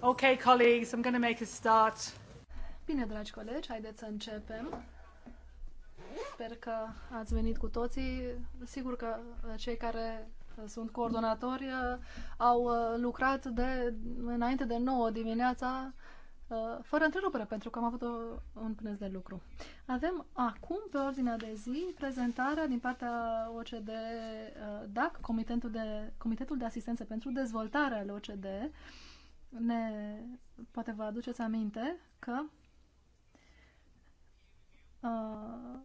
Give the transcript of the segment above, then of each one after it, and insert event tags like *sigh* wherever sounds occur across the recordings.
Ok, colleagues, I'm going to make a start. Bine, dragi colegi, haideți să începem. Sper că ați venit cu toții. Sigur că cei care sunt coordonatori uh, au uh, lucrat de înainte de 9 dimineața uh, fără întrerupere, pentru că am avut o, un prânz de lucru. Avem acum pe ordinea de zi prezentarea din partea OCD DAC, Comitetul de, Comitetul de Asistență pentru Dezvoltare al OCD, ne, poate vă aduceți aminte că uh,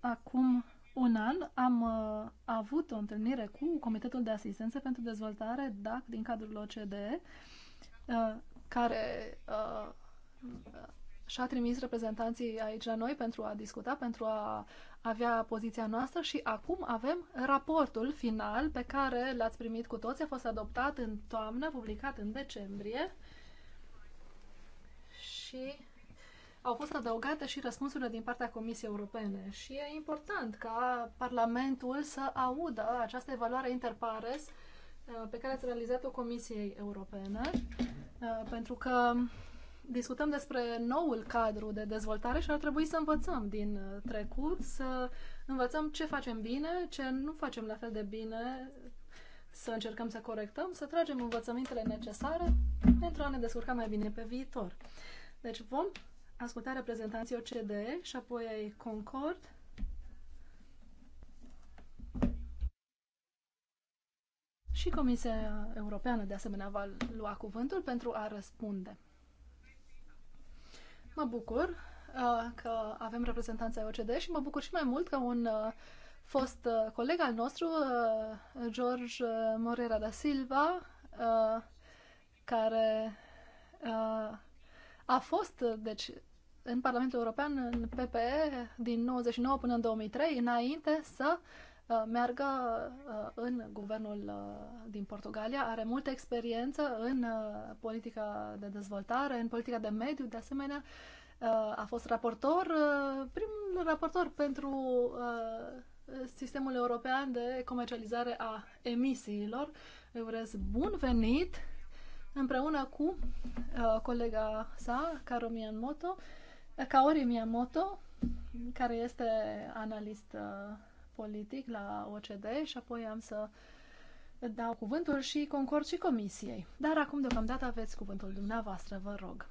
acum un an am uh, avut o întâlnire cu Comitetul de Asistență pentru Dezvoltare DAC din cadrul OCDE, uh, care uh, și-a trimis reprezentanții aici la noi pentru a discuta, pentru a avea poziția noastră și acum avem raportul final pe care l-ați primit cu toți, a fost adoptat în toamnă, publicat în decembrie și au fost adăugate și răspunsurile din partea Comisiei Europene și e important ca Parlamentul să audă această evaluare interpares uh, pe care ați realizat-o Comisiei Europene, uh, pentru că discutăm despre noul cadru de dezvoltare și ar trebui să învățăm din uh, trecut, să învățăm ce facem bine, ce nu facem la fel de bine, să încercăm să corectăm, să tragem învățămintele necesare pentru a ne descurca mai bine pe viitor. Deci vom asculta reprezentanții OCDE și apoi ai Concord. Și Comisia Europeană, de asemenea, va lua cuvântul pentru a răspunde. Mă bucur uh, că avem reprezentanța OCD și mă bucur și mai mult că un uh, fost uh, coleg al nostru, uh, George uh, Morera da Silva, uh, care uh, a fost, uh, deci, în Parlamentul European, în PPE, din 99 până în 2003, înainte să uh, Uh, meargă uh, în guvernul uh, din Portugalia, are multă experiență în politica de dezvoltare, în politica de mediu, de asemenea, a fost raportor, primul raportor pentru sistemul european de comercializare a emisiilor. Îi urez bun venit împreună cu colega sa, Caro Miyamoto, Kaori Miyamoto, care este analist politic la OCD și apoi am să dau cuvântul și concord și comisiei. Dar acum deocamdată aveți cuvântul dumneavoastră, vă rog.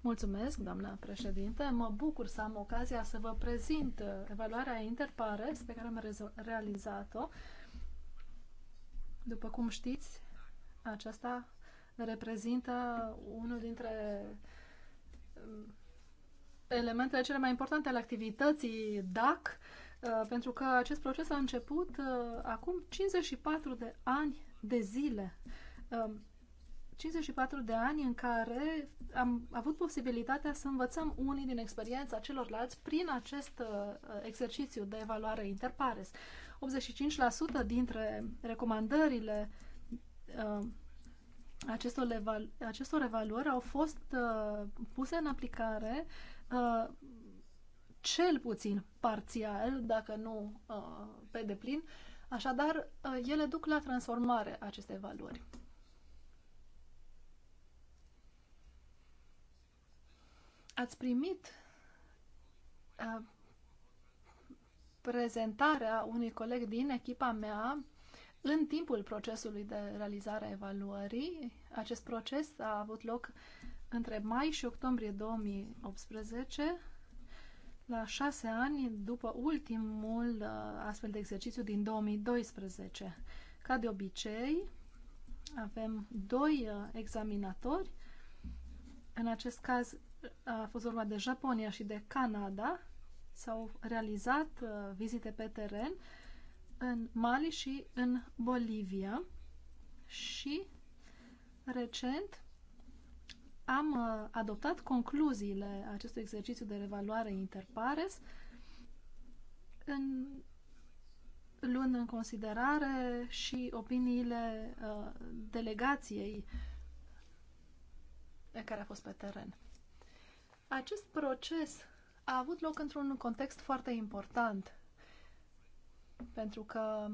Mulțumesc, doamna președinte. Mă bucur să am ocazia să vă prezint evaluarea Interpares pe care am realizat-o. După cum știți, aceasta reprezintă unul dintre elementele cele mai importante ale activității DAC, uh, pentru că acest proces a început uh, acum 54 de ani de zile. 54 um, de ani în care am avut posibilitatea să învățăm unii din experiența celorlalți prin acest uh, exercițiu de evaluare interpares. 85% dintre recomandările acestor, evalu- acestor evaluări au fost puse în aplicare uh, cel puțin parțial, dacă nu uh, pe deplin. Așadar, uh, ele duc la transformare aceste valori. Ați primit uh, prezentarea unui coleg din echipa mea în timpul procesului de realizare a evaluării. Acest proces a avut loc uh, între mai și octombrie 2018, la șase ani după ultimul uh, astfel de exercițiu din 2012. Ca de obicei, avem doi uh, examinatori. În acest caz a fost vorba de Japonia și de Canada. S-au realizat uh, vizite pe teren în Mali și în Bolivia și recent am uh, adoptat concluziile acestui exercițiu de revaluare interpares în, luând în considerare și opiniile uh, delegației care a fost pe teren. Acest proces a avut loc într-un context foarte important, pentru că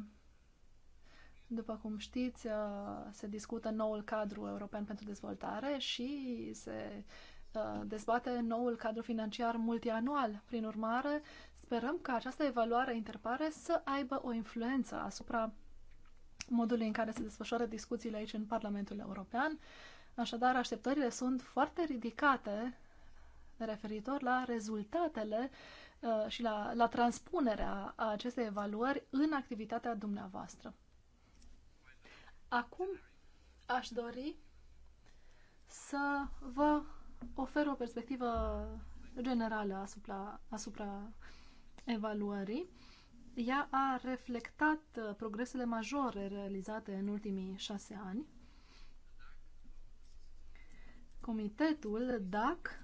după cum știți, uh, se discută noul cadru european pentru dezvoltare și se uh, dezbate noul cadru financiar multianual. Prin urmare, sperăm că această evaluare interpare să aibă o influență asupra modului în care se desfășoară discuțiile aici în Parlamentul European. Așadar, așteptările sunt foarte ridicate referitor la rezultatele uh, și la, la transpunerea acestei evaluări în activitatea dumneavoastră. Acum aș dori să vă ofer o perspectivă generală asupra, asupra evaluării. Ea a reflectat progresele majore realizate în ultimii șase ani. Comitetul DAC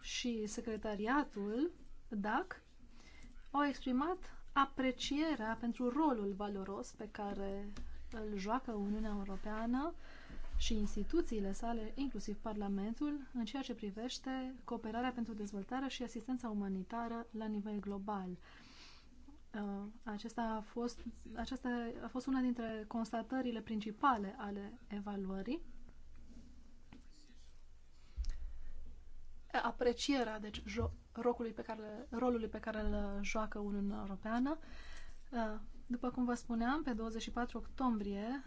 și secretariatul DAC au exprimat aprecierea pentru rolul valoros pe care îl joacă Uniunea Europeană și instituțiile sale, inclusiv Parlamentul, în ceea ce privește cooperarea pentru dezvoltare și asistența umanitară la nivel global. Uh, acesta a fost, aceasta a fost una dintre constatările principale ale evaluării. Aprecierea, deci, rolului pe care, rolului pe care îl joacă Uniunea Europeană. Uh, după cum vă spuneam, pe 24 octombrie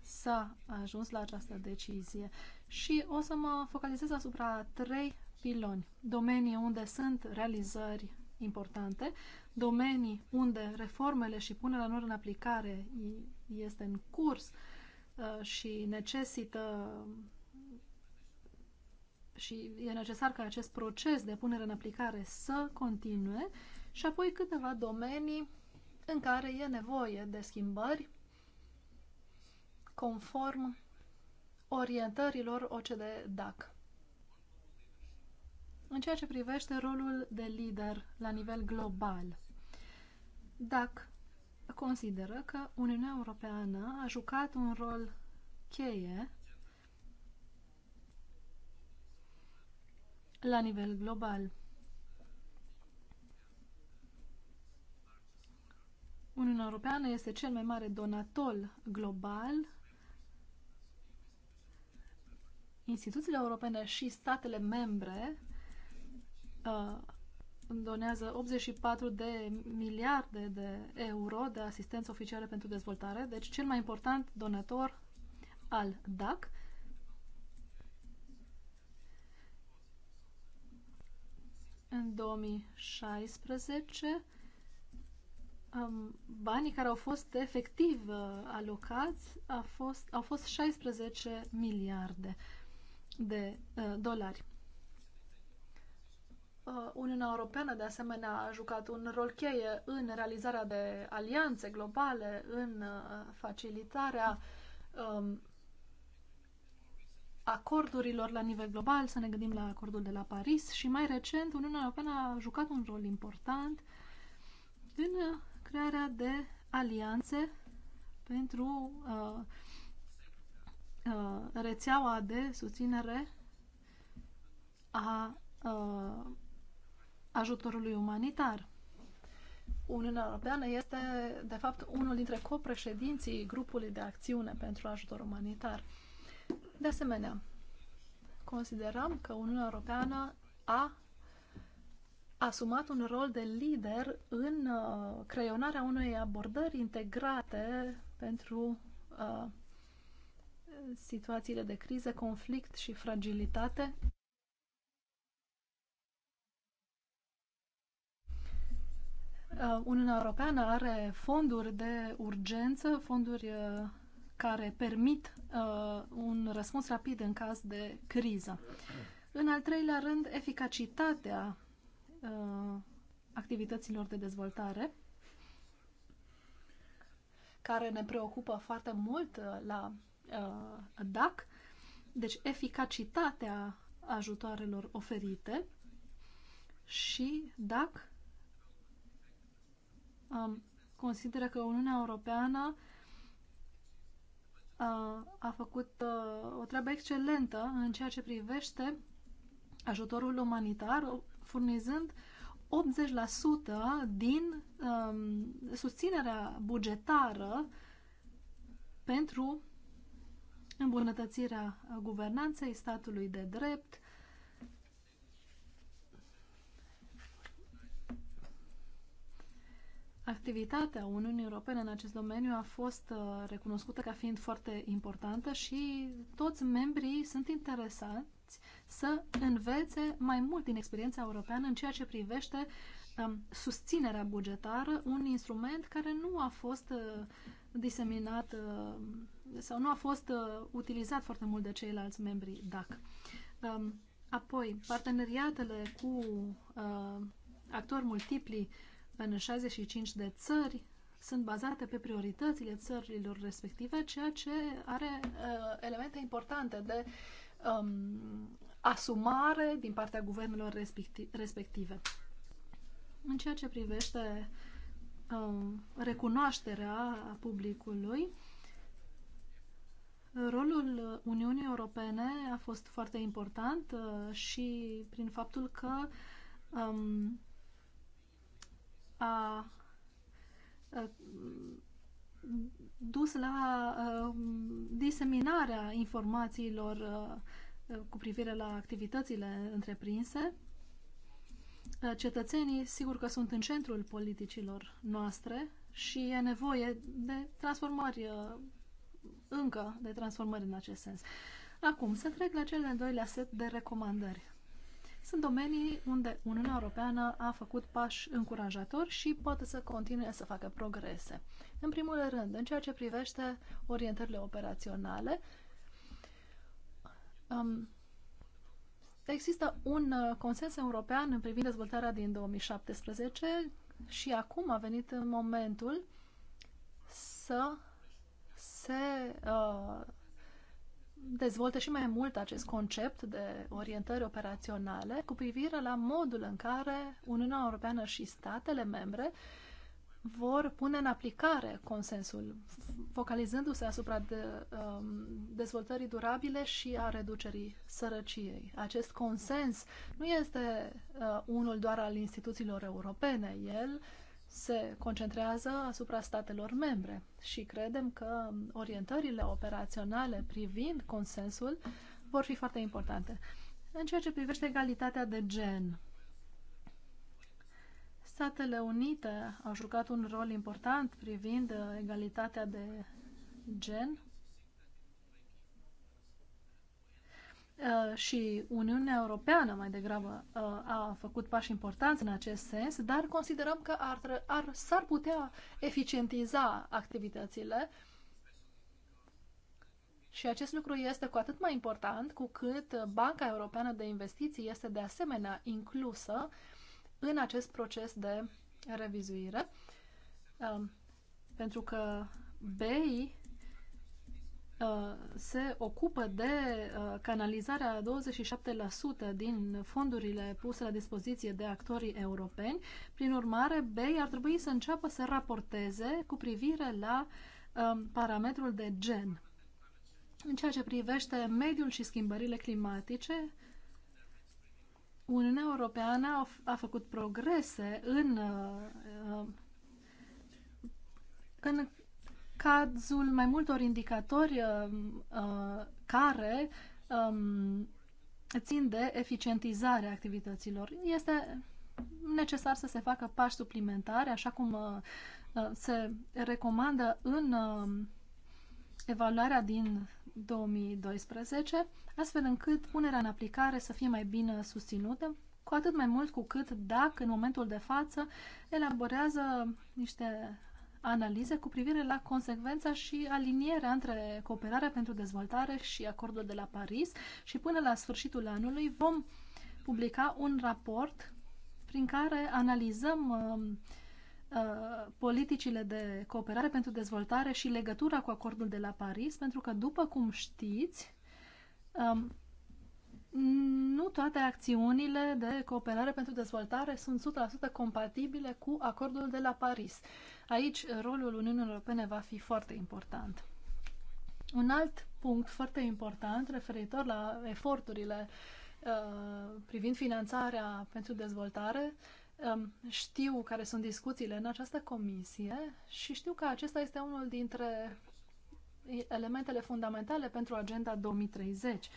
s-a ajuns la această decizie și o să mă focalizez asupra trei piloni, domenii unde sunt realizări importante, domenii unde reformele și punerea lor în aplicare este în curs uh, și necesită și e necesar ca acest proces de punere în aplicare să continue și apoi câteva domenii în care e nevoie de schimbări conform orientărilor ocd dac În ceea ce privește rolul de lider la nivel global, DAC consideră că Uniunea Europeană a jucat un rol cheie la nivel global. Uniunea Europeană este cel mai mare donator global. Instituțiile europene și statele membre uh, donează 84 de miliarde de euro de asistență oficială pentru dezvoltare, deci cel mai important donator al DAC în 2016 banii care au fost efectiv uh, alocați a fost, au fost 16 miliarde de uh, dolari. Uh, Uniunea Europeană, de asemenea, a jucat un rol cheie în realizarea de alianțe globale, în uh, facilitarea um, acordurilor la nivel global, să ne gândim la acordul de la Paris și mai recent Uniunea Europeană a jucat un rol important în crearea de alianțe pentru uh, uh, rețeaua de susținere a uh, ajutorului umanitar. Uniunea Europeană este, de fapt, unul dintre copreședinții grupului de acțiune pentru ajutor umanitar. Uh, de asemenea, considerăm că Uniunea Europeană a asumat un rol de lider în uh, creionarea unei abordări integrate pentru uh, situațiile de criză, conflict și fragilitate. Uh, Uniunea Europeană are fonduri de urgență, fonduri uh, care permit uh, un răspuns rapid în caz de criză. În al treilea rând, eficacitatea uh, activităților de dezvoltare, care ne preocupă foarte mult uh, la uh, DAC, deci eficacitatea ajutoarelor oferite și DAC um, consideră că Uniunea Europeană uh, a făcut o treabă excelentă în ceea ce privește ajutorul umanitar, furnizând 80% din susținerea bugetară pentru îmbunătățirea guvernanței statului de drept, Activitatea Uniunii Europene în acest domeniu a fost uh, recunoscută ca fiind foarte importantă și toți membrii sunt interesați să învețe mai mult din experiența europeană în ceea ce privește um, susținerea bugetară, un instrument care nu a fost uh, diseminat uh, sau nu a fost utilizat foarte mult de ceilalți membri DAC. Um, apoi, parteneriatele cu actori multipli dar în 65 de țări sunt bazate pe prioritățile țărilor respective, ceea ce are uh, elemente importante de um, asumare din partea guvernelor respective. În ceea ce privește um, recunoașterea publicului, rolul Uniunii Europene a fost foarte important uh, și prin faptul că um, a, a dus la a, diseminarea informațiilor a, cu privire la activitățile întreprinse. cetățenii, sigur că sunt în centrul politicilor noastre și e nevoie de transformări, încă de transformări în acest sens. Acum, să trec la cel de-al doilea set de recomandări. Sunt domenii unde Uniunea Europeană a făcut pași încurajatori și poate să continue să facă progrese. În primul rând, în ceea ce privește orientările operaționale, um, există un uh, consens european în privind dezvoltarea din 2017 și acum a venit momentul să se uh, dezvolte și mai mult acest concept de orientări operaționale cu privire la modul în care Uniunea Europeană și statele membre vor pune în aplicare consensul, focalizându-se asupra de, um, dezvoltării durabile și a reducerii sărăciei. Acest consens nu este uh, unul doar al instituțiilor europene, el uh, se concentrează asupra statelor membre și credem că orientările operaționale privind consensul vor fi foarte importante. În ceea ce privește egalitatea de gen, Statele Unite au jucat un rol important privind egalitatea de gen Uh, și Uniunea Europeană mai degrabă uh, a făcut pași importanți în acest sens, dar considerăm că ar, ar, s-ar putea eficientiza activitățile și acest lucru este cu atât mai important cu cât Banca Europeană de Investiții este de asemenea inclusă în acest proces de revizuire, um, pentru că BEI Uh, se ocupă de uh, canalizarea 27% din fondurile puse la dispoziție de actorii europeni. Prin urmare, BEI ar trebui să înceapă să raporteze cu privire la um, parametrul de gen. În ceea ce privește mediul și schimbările climatice, Uniunea Europeană a făcut progrese în, uh, în cazul mai multor indicatori uh, uh, care um, țin de eficientizarea activităților. Este necesar să se facă pași suplimentare, așa cum uh, uh, se recomandă în uh, evaluarea din 2012, astfel încât punerea în aplicare să fie mai bine susținută, cu atât mai mult cu cât dacă în momentul de față elaborează niște analize cu privire la consecvența și alinierea între cooperarea pentru dezvoltare și acordul de la Paris și până la sfârșitul anului vom publica un raport prin care analizăm uh, uh, politicile de cooperare pentru dezvoltare și legătura cu acordul de la Paris, pentru că, după cum știți, um, nu toate acțiunile de cooperare pentru dezvoltare sunt 100% compatibile cu acordul de la Paris. Aici rolul Uniunii Europene va fi foarte important. Un alt punct foarte important referitor la eforturile uh, privind finanțarea pentru dezvoltare um, știu care sunt discuțiile în această comisie și știu că acesta este unul dintre elementele fundamentale pentru Agenda 2030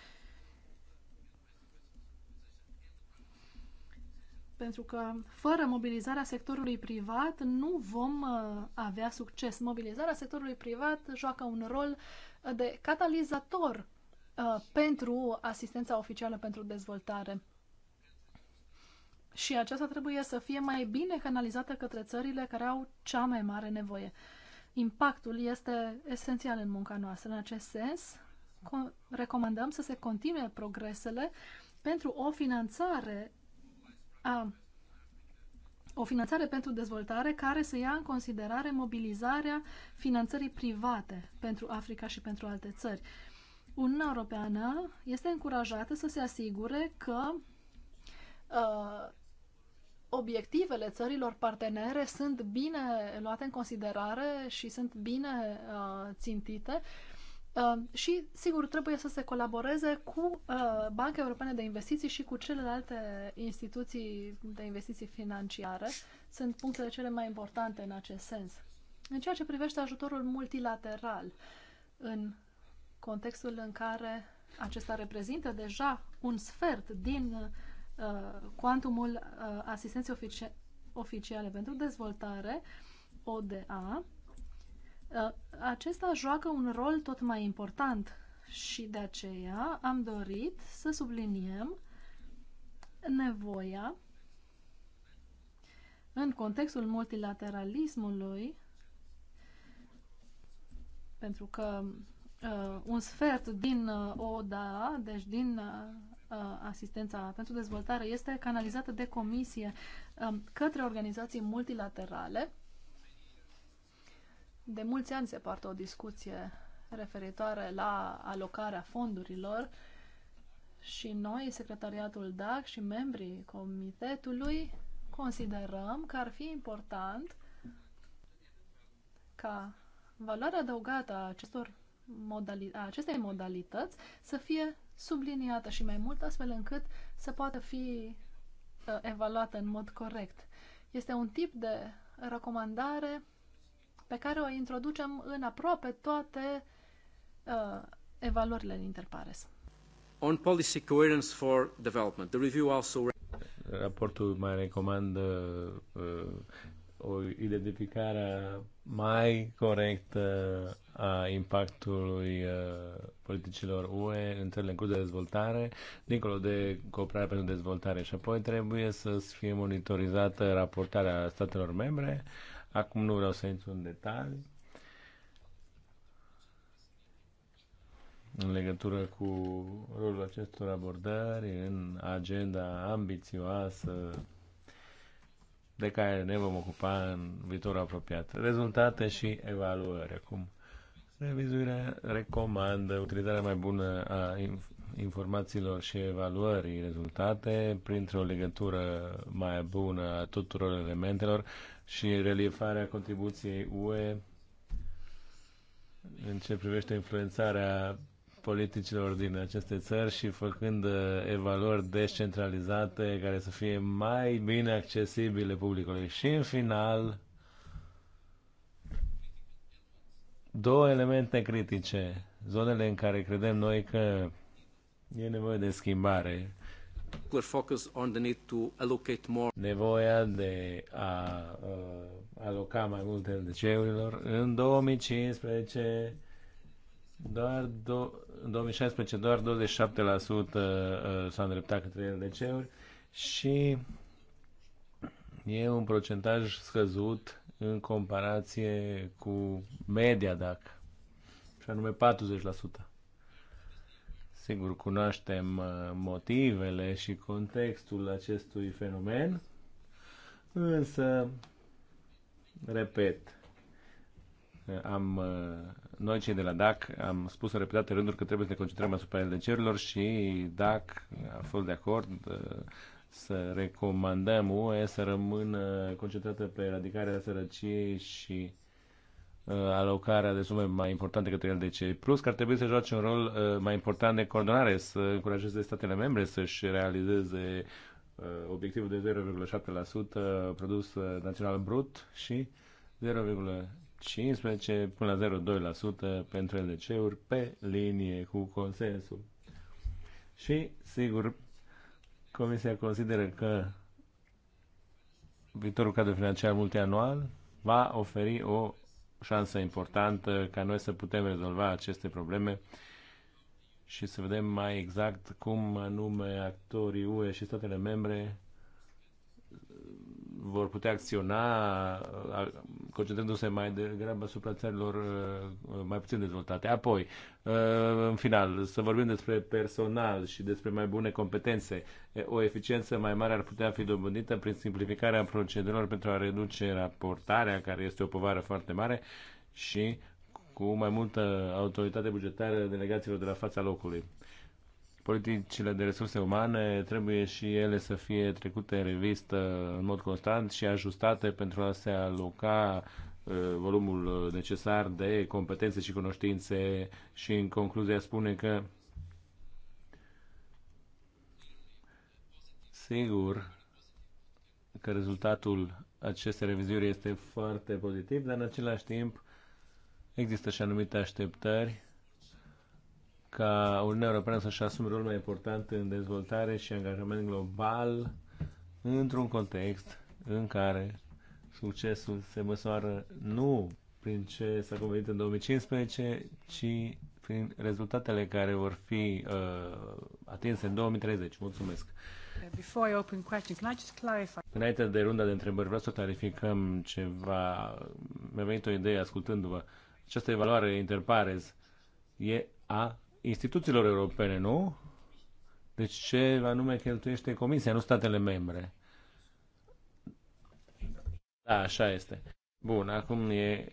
pentru că fără mobilizarea sectorului privat nu vom uh, avea succes. Mobilizarea sectorului privat joacă un rol uh, de catalizator uh, pentru asistența oficială pentru dezvoltare. Și aceasta trebuie să fie mai bine canalizată către țările care au cea mai mare nevoie. Impactul este esențial în munca noastră. În acest sens, recomandăm să se continue progresele pentru o finanțare a o finanțare pentru dezvoltare care să ia în considerare mobilizarea finanțării private pentru Africa și pentru alte țări. Uniunea Europeană este încurajată să se asigure că uh, obiectivele țărilor partenere sunt bine luate în considerare și sunt bine uh, țintite uh, Um, și, sigur, trebuie să se colaboreze cu uh, Banca Europeană de Investiții și cu celelalte instituții de investiții financiare. Sunt punctele cele mai importante în acest sens. În ceea ce privește ajutorul multilateral, în contextul în care acesta reprezintă deja un sfert din uh, cuantumul uh, asistenței ofici oficiale pentru dezvoltare, ODA, Uh, acesta joacă un rol tot mai important și de aceea am dorit să subliniem nevoia în contextul multilateralismului pentru că uh, un sfert din uh, ODA, deci din uh, asistența pentru dezvoltare, este canalizată de comisie uh, către organizații multilaterale de mulți ani se poartă o discuție referitoare la alocarea fondurilor și noi, secretariatul DAC și membrii comitetului, considerăm că ar fi important ca valoarea adăugată a acestor modali- a acestei modalități să fie subliniată și mai mult, astfel încât să poată fi uh, evaluată în mod corect. Este un tip de recomandare pe care o introducem în aproape toate uh, evaluările în Interpares. On policy coherence for development, the review also raportul mai recomandă uh, o identificare mai corectă a impactului uh, politicilor UE în țările în curs de dezvoltare, dincolo de cooperare pentru dezvoltare. Și apoi trebuie să fie monitorizată raportarea statelor membre, uh, Acum nu vreau să intru în detalii. în legătură cu rolul acestor abordări în agenda ambițioasă de care ne vom ocupa în viitorul apropiat. Rezultate și evaluări. Acum, revizuirea recomandă utilizarea mai bună a informațiilor și evaluării rezultate printr-o legătură mai bună a tuturor elementelor și reliefarea contribuției UE în ce privește influențarea politicilor din aceste țări și făcând uh, evaluări descentralizate care să fie mai bine accesibile publicului. Și în final, două elemente critice, zonele în care credem noi că e nevoie de schimbare Nevoia de a uh, aloca mai multe de ceurilor. În 2015, doar do- în 2016, doar 27% uh, s-a îndreptat către LDC-uri și e un procentaj scăzut în comparație cu media DAC, și anume 40%. Sigur, cunoaștem uh, motivele și contextul acestui fenomen, însă, repet, uh, am, uh, noi cei de la DAC am spus în repetate rânduri că trebuie să ne concentrăm asupra cerurilor și DAC a fost de acord să recomandăm UE să rămână concentrată pe eradicarea sărăciei și Uh, alocarea de sume mai importante către LDC, deci, plus că ar trebui să joace un rol uh, mai important de coordonare, să încurajeze statele membre să-și realizeze uh, obiectivul de 0,7% produs național brut și 0,15 până la 0,2% pentru LDC-uri pe linie cu consensul. Și, sigur, Comisia consideră că viitorul cadru financiar multianual va oferi o șansă importantă ca noi să putem rezolva aceste probleme și să vedem mai exact cum anume actorii UE și statele membre vor putea acționa concentrându-se mai degrabă asupra țărilor mai puțin dezvoltate. Apoi, în final, să vorbim despre personal și despre mai bune competențe. O eficiență mai mare ar putea fi dobândită prin simplificarea procedurilor pentru a reduce raportarea, care este o povară foarte mare, și cu mai multă autoritate bugetară delegațiilor de la fața locului politicile de resurse umane trebuie și ele să fie trecute în revistă în mod constant și ajustate pentru a se aloca uh, volumul necesar de competențe și cunoștințe și în concluzie spune că sigur că rezultatul acestei revizuiri este foarte pozitiv, dar în același timp există și anumite așteptări ca Uniunea Europeană să-și asume rol mai important în dezvoltare și angajament global într-un context în care succesul se măsoară nu prin ce s-a convenit în 2015, ci prin rezultatele care vor fi uh, atinse în 2030. Mulțumesc! Before I open question, can I just clarify? Înainte de runda de întrebări, vreau să clarificăm ceva. Mi-a venit o idee ascultându-vă. Această evaluare interpares e a instituțiilor europene, nu? Deci ce anume cheltuiește Comisia, nu statele membre. Da, așa este. Bun, acum e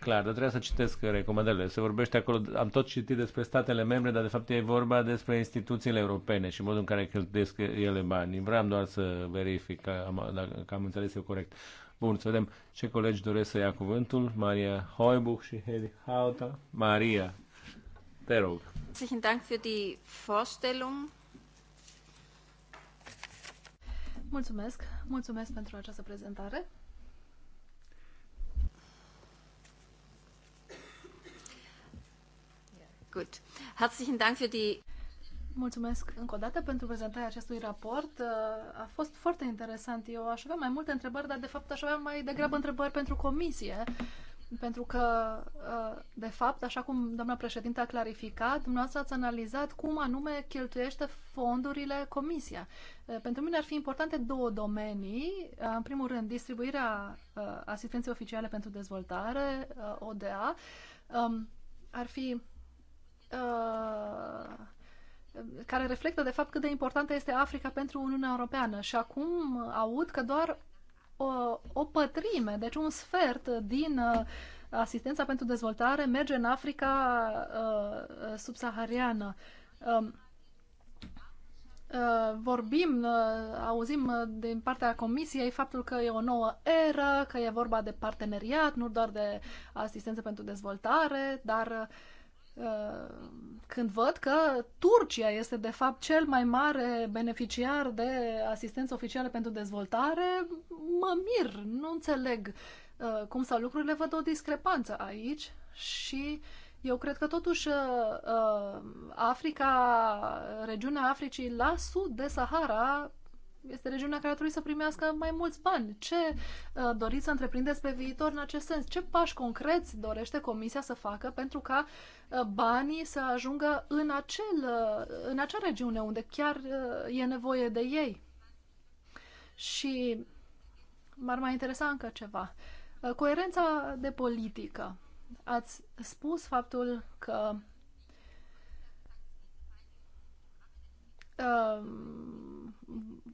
clar, dar trebuie să citesc recomandările. Se vorbește acolo, am tot citit despre statele membre, dar de fapt e vorba despre instituțiile europene și modul în care cheltuiesc ele bani. Vreau doar să verific că am, dacă am înțeles eu corect. Bun, să vedem ce colegi doresc să ia cuvântul. Maria Hoibuch și Heidi Hauta. Maria. Te rog. Herzlichen Dank für die Vorstellung. Mulțumesc, mulțumesc pentru această prezentare. Gut. Herzlichen Dank für die Mulțumesc încă o dată pentru prezentarea acestui raport. A fost foarte interesant. Eu aș avea mai multe întrebări, dar de fapt aș avea mai degrabă întrebări pentru comisie pentru că, uh, de fapt, așa cum doamna președinte a clarificat, dumneavoastră ați analizat cum anume cheltuiește fondurile comisia. Uh, pentru mine ar fi importante două domenii. Uh, în primul rând, distribuirea asistenței oficiale pentru dezvoltare, ODA, um, ar fi care reflectă, de fapt, cât de importantă este Africa pentru Uniunea Europeană. Și acum aud că doar o, o pătrime, deci un sfert din uh, asistența pentru dezvoltare merge în Africa uh, subsahariană. Um, uh, vorbim, uh, auzim uh, din partea Comisiei faptul că e o nouă eră, că e vorba de parteneriat, nu doar de asistență pentru dezvoltare, dar uh, Uh, când văd că Turcia este de fapt cel mai mare beneficiar de asistență oficială pentru dezvoltare, mă mir, nu înțeleg uh, cum să lucrurile, văd o discrepanță aici și eu cred că totuși uh, Africa, regiunea Africii la sud de Sahara este regiunea care trebuie să primească mai mulți bani. Ce uh, doriți să întreprindeți pe viitor în acest sens? Ce pași concreți dorește Comisia să facă pentru ca uh, banii să ajungă în, acel, uh, în acea regiune unde chiar e nevoie de ei? Și m-ar mai interesa încă ceva. coerența de politică. Ați spus faptul că uh,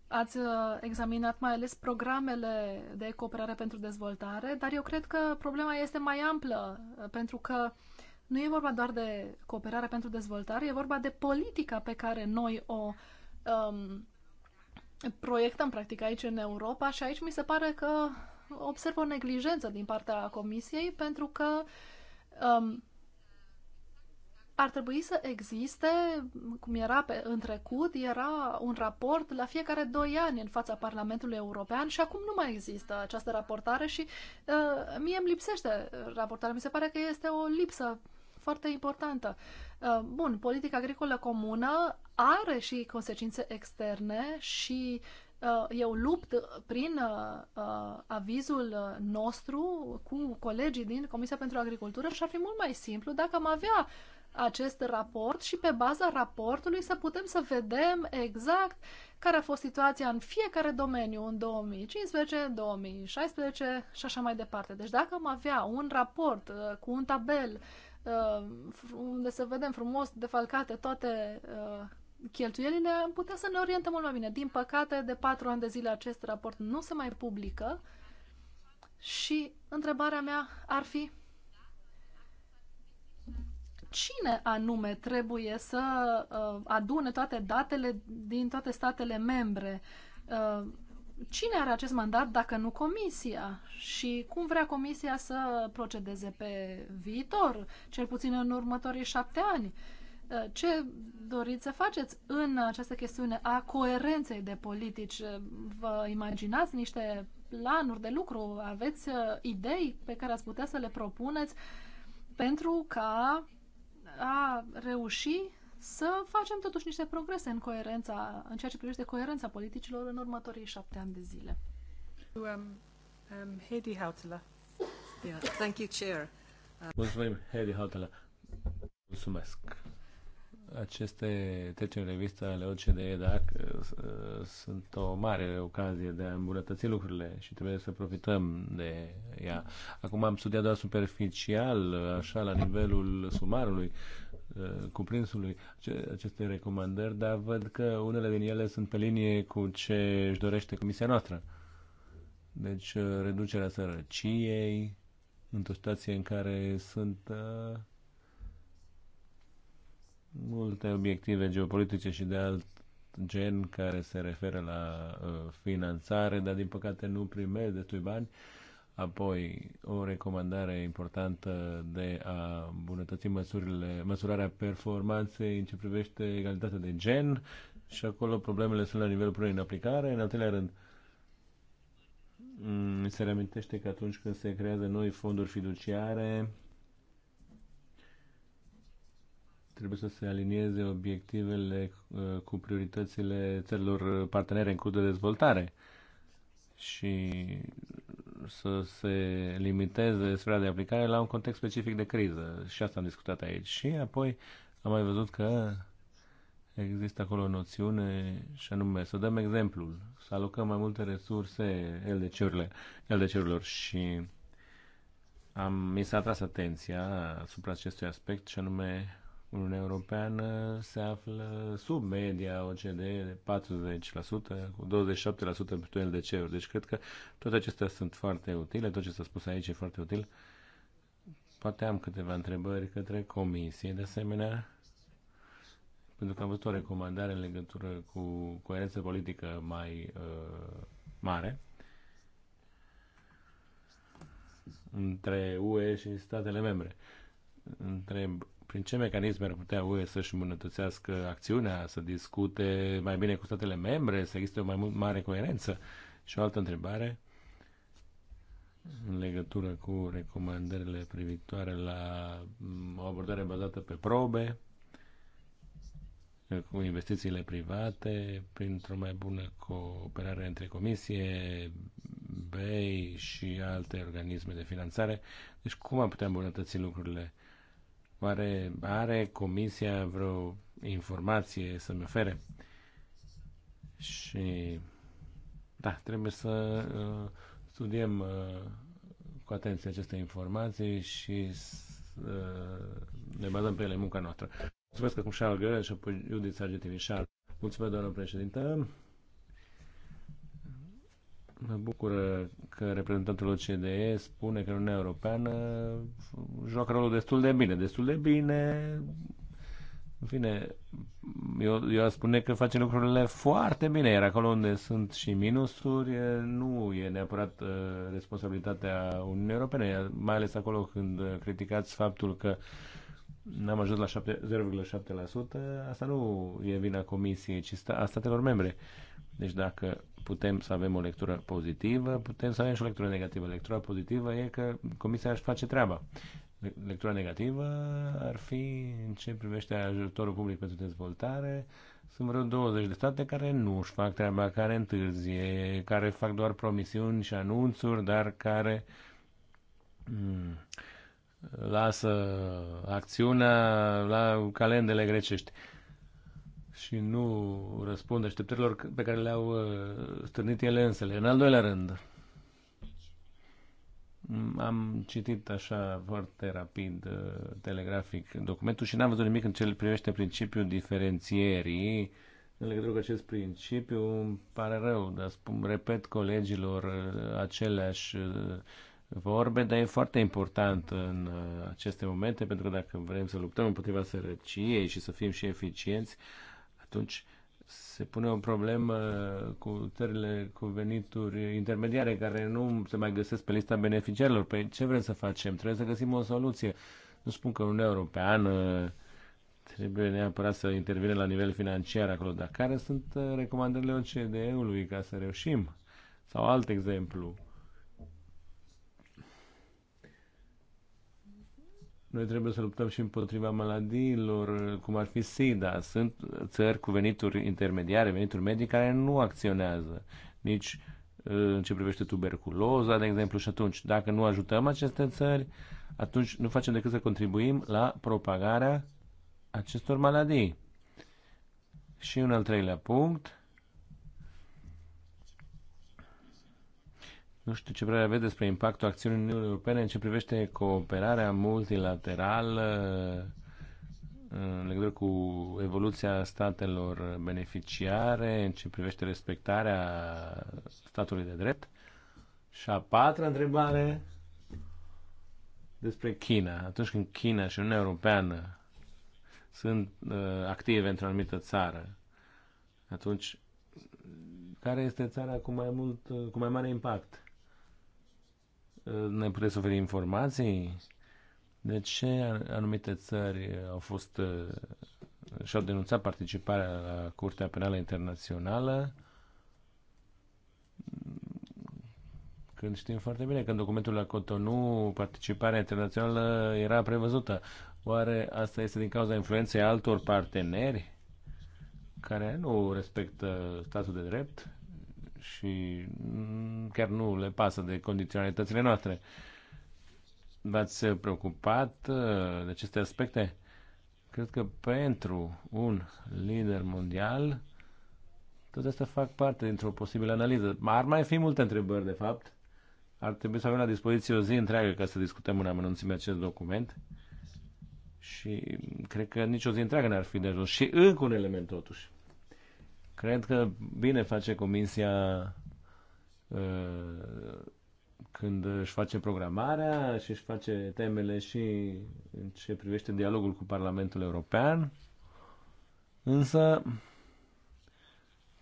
ați uh, examinat mai ales programele de cooperare pentru dezvoltare, dar eu cred că problema este mai amplă, uh, pentru că nu e vorba doar de cooperare pentru dezvoltare, e vorba de politica pe care noi o um, proiectăm, practic, aici în Europa și aici mi se pare că observ o neglijență din partea Comisiei, pentru că um, ar trebui să existe, cum era pe, în trecut, era un raport la fiecare doi ani în fața Parlamentului European și acum nu mai există această raportare și uh, mie îmi lipsește raportarea. Mi se pare că este o lipsă foarte importantă. Uh, bun, politica agricolă comună are și consecințe externe și uh, eu lupt prin uh, uh avizul nostru cu colegii din Comisia pentru Agricultură și ar fi mult mai simplu dacă am avea uh, acest raport și pe baza raportului să putem să vedem exact care a fost situația în fiecare domeniu în 2015, 2016 și așa mai departe. Deci dacă am avea un raport uh, cu un tabel uh, unde să vedem frumos defalcate toate uh, cheltuielile, am putea să ne orientăm mult mai bine. Din păcate, de patru ani de zile acest raport nu se mai publică și întrebarea mea ar fi cine anume trebuie să uh, adune toate datele din toate statele membre. Uh, cine are acest mandat dacă nu Comisia? Și cum vrea Comisia să procedeze pe viitor, cel puțin în următorii șapte ani? Uh, ce doriți să faceți în această chestiune a coerenței de politici? Vă imaginați niște planuri de lucru? Aveți idei pe care ați putea să le propuneți pentru ca a reuși să facem totuși niște progrese în coerența, în ceea ce privește coerența politicilor în următorii șapte ani de zile. Um, um, Hautala. Thank you, Chair. Uh, Mulțumim, Hedy Hautala. Mulțumesc aceste treceri revistă ale OCDE DAC uh, uh, sunt o mare ocazie de a îmbunătăți lucrurile și trebuie să profităm de ea. Acum am studiat doar superficial, așa, la nivelul sumarului, uh, cuprinsului aceste recomandări, dar văd că unele din ele sunt pe linie cu ce își dorește comisia noastră. Deci reducerea sărăciei, într-o situație în care sunt uh, multe obiective geopolitice și de alt gen care se referă la uh, finanțare, dar din păcate nu primesc destui bani. Apoi, o recomandare importantă de a îmbunătăți măsurile, măsurarea performanței în ce privește egalitatea de gen și acolo problemele sunt la nivelul punerii în aplicare. În al treilea rând, mm, se reamintește că atunci când se creează noi fonduri fiduciare, trebuie să se alinieze obiectivele uh, cu prioritățile țărilor partenere în curs de dezvoltare și să se limiteze sfera de aplicare la un context specific de criză. Și asta am discutat aici. Și apoi am mai văzut că există acolo o noțiune și anume să dăm exemplul, să alocăm mai multe resurse LDC-urile, LDC-urilor și am, mi s-a atras atenția asupra acestui aspect și anume Uniunea Europeană se află sub media OCDE 40%, cu 27% pentru LDC-uri. Deci cred că toate acestea sunt foarte utile, tot ce s-a spus aici e foarte util. Poate am câteva întrebări către comisie, de asemenea, pentru că am văzut o recomandare în legătură cu coerență politică mai uh, mare între UE și statele membre. Întreb prin ce mecanisme ar putea UE să-și îmbunătățească acțiunea, să discute mai bine cu statele membre, să existe o mai mare coerență? Și o altă întrebare în legătură cu recomandările privitoare la mm, o abordare bazată pe probe, cu investițiile private, printr-o mai bună cooperare între Comisie, BEI și alte organisme de finanțare. Deci cum am putea îmbunătăți lucrurile? Oare are Comisia vreo informație să-mi ofere? Și da, trebuie să uh, studiem uh, cu atenție aceste informații și să uh, ne bazăm pe ele munca noastră. Mulțumesc cum Charles Gără și apoi Judith Sargentini Charles. Mulțumesc, doamnă președintă. Mă bucură că reprezentantul OCDE spune că Uniunea Europeană joacă rolul destul de bine. Destul de bine, în fine, eu, eu aș spune că face lucrurile foarte bine, iar acolo unde sunt și minusuri, nu e neapărat uh, responsabilitatea Uniunii Europene, mai ales acolo când criticați faptul că n-am ajuns la 0,7%, asta nu e vina Comisiei, ci a statelor membre. Uh, deci dacă putem să avem o lectură pozitivă, putem să avem și o lectură negativă. Lectura pozitivă e că Comisia își face treaba. Lectura negativă ar fi în ce privește ajutorul public pentru dezvoltare. Sunt vreo 20 de state care nu își fac treaba, care întârzie, care fac doar promisiuni și anunțuri, dar care hmm, lasă acțiunea la calendele grecești. Uh, și nu răspund așteptărilor pe care le-au uh, stârnit ele însele. În al doilea rând, am citit așa foarte rapid, uh, telegrafic, documentul și n-am văzut nimic în ce privește principiul diferențierii. În legătură cu acest principiu, îmi pare rău, dar spun, repet colegilor uh, aceleași vorbe, dar e foarte important în aceste momente, pentru că dacă vrem să luptăm împotriva sărăciei și să fim și eficienți, atunci se pune o problemă cu țările cu venituri intermediare care nu se mai găsesc pe lista beneficiarilor. Păi ce vrem să facem? Trebuie să găsim o soluție. Nu spun că Uniunea Europeană trebuie neapărat să intervine la nivel financiar acolo, dar care sunt uh, recomandările OCDE-ului ca să reușim? Sau alt exemplu, Noi trebuie să luptăm și împotriva maladiilor, cum ar fi SIDA. Sunt țări cu venituri intermediare, venituri medii, care nu acționează nici uh, în ce privește tuberculoza, de exemplu, și atunci, dacă nu ajutăm aceste țări, atunci nu facem decât să contribuim la propagarea acestor maladii. Și un al treilea punct, Nu știu ce părere aveți despre impactul acțiunii Uniunii Europene în ce privește cooperarea multilaterală în legătură cu evoluția statelor beneficiare, în ce privește respectarea statului de drept. Și a patra întrebare despre China. Atunci când China și Uniunea Europeană sunt uh, active într-o anumită țară, atunci care este țara cu mai, mult, uh, cu mai mare impact? Ne puteți oferi informații? De ce anumite țări au fost uh, și-au denunțat participarea la Curtea Penală Internațională când știm foarte bine că în documentul la Cotonou participarea internațională era prevăzută. Oare asta este din cauza influenței altor parteneri care nu respectă statul de drept? și chiar nu le pasă de condiționalitățile noastre. V-ați preocupat uh, de aceste aspecte? Cred că pentru un lider mondial tot asta fac parte dintr-o posibilă analiză. Ar mai fi multe întrebări, de fapt. Ar trebui să avem la dispoziție o zi întreagă ca să discutăm în amănunțime acest document. Și cred că nici o zi întreagă n-ar fi de ajuns. Și încă un element, totuși. Cred că bine face Comisia uh, când își face programarea și își face temele și în ce privește dialogul cu Parlamentul European. Însă,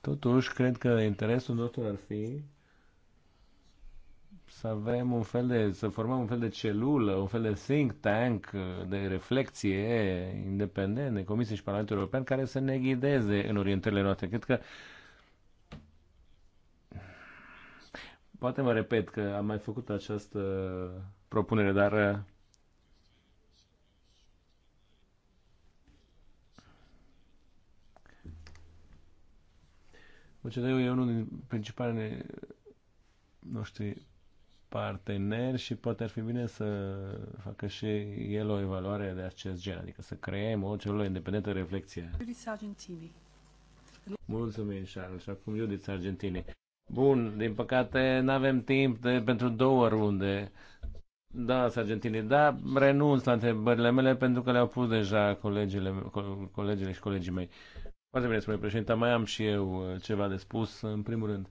totuși, cred că interesul nostru ar fi să avem un fel de, să formăm un fel de celulă, un fel de think tank de reflexie independent de Comisie și Parlamentul European care să ne ghideze în orientările noastre. Cred că poate mă repet că am mai făcut această propunere, dar OCD-ul uh, e unul din principalele noștri Partener și poate ar fi bine să facă și el o evaluare de acest gen, adică să creăm o celulă independentă de reflexie. Mulțumim, Charles. Și acum Judith Argentini. Bun, din păcate nu avem timp de, pentru două runde. Da, Sargentini, da, renunț la întrebările mele pentru că le-au pus deja colegile, co- colegile și colegii mei. Foarte bine, spune președinte, mai am și eu uh, ceva de spus, în primul rând.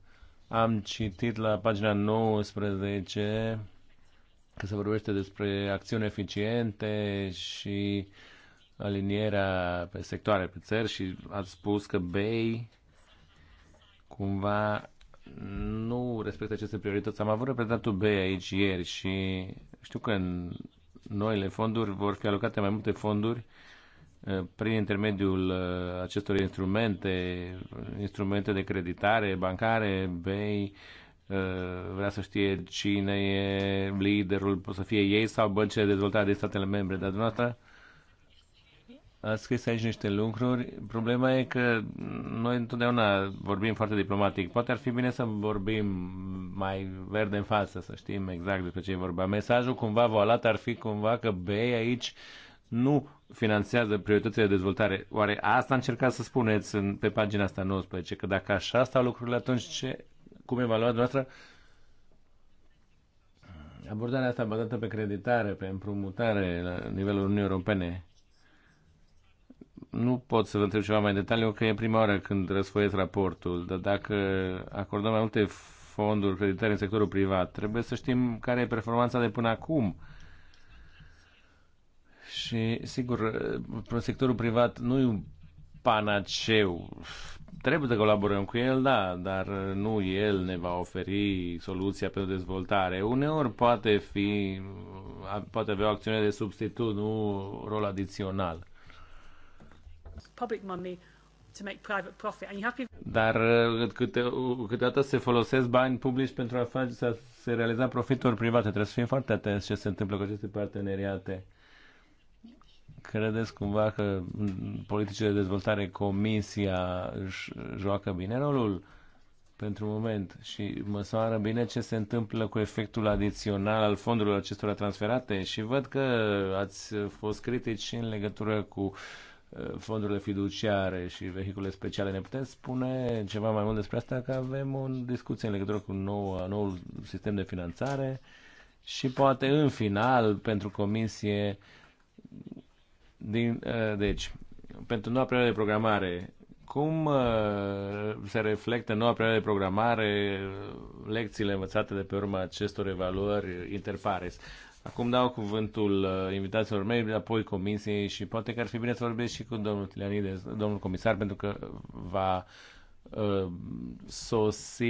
Am citit la pagina 19 că se vorbește despre acțiuni eficiente și alinierea pe sectoare, pe țări și ați spus că BEI cumva nu respectă aceste priorități. Am avut reprezentatul bei aici ieri și știu că în noile fonduri vor fi alocate mai multe fonduri Eh, prin intermediul eh, acestor instrumente, instrumente de creditare, bancare, bei, eh, vrea să știe cine e liderul, pot să fie ei sau băncile dezvoltate de statele membre, dar dumneavoastră ați scris aici niște lucruri. Problema e că noi întotdeauna vorbim foarte diplomatic. Poate ar fi bine să vorbim mai verde în față, să știm exact despre ce e vorba. Mesajul cumva voalat ar fi cumva că bei aici nu finanțează prioritățile de dezvoltare. Oare asta încercați să spuneți în, pe pagina asta 19, că dacă așa stau lucrurile, atunci ce, cum evaluați noastră abordarea asta bazată pe creditare, pe împrumutare la nivelul Uniunii Europene? Nu pot să vă întreb ceva mai în detaliu, că e prima oară când răsfoiesc raportul, dar dacă acordăm mai multe fonduri creditare în sectorul privat, trebuie să știm care e performanța de până acum și, sigur, sectorul privat nu e un panaceu. Trebuie să colaborăm cu el, da, dar nu el ne va oferi soluția pentru dezvoltare. Uneori poate fi, poate avea o acțiune de substitut, nu rol adițional. Public money to make private profit. And you have to... Dar uh, câte, uh, câteodată se folosesc bani publici pentru a face să se realiza profituri private. Trebuie să fim foarte atenți ce se întâmplă cu aceste parteneriate. Credeți cumva că politicile de dezvoltare, Comisia își joacă bine rolul pentru moment și măsoară bine ce se întâmplă cu efectul adițional al fondurilor acestora transferate și văd că ați fost critici și în legătură cu uh, fondurile fiduciare și vehicule speciale. Ne puteți spune ceva mai mult despre asta? Că avem o discuție în legătură cu nou, noul sistem de finanțare și poate în final pentru comisie din, uh, deci, pentru noua perioadă de programare, cum uh, se reflectă noua perioadă de programare lecțiile învățate de pe urma acestor evaluări interpares? Acum dau cuvântul uh, invitațiilor mei, apoi comisiei și poate că ar fi bine să vorbesc și cu domnul Tilianides, domnul comisar, pentru că va sosi,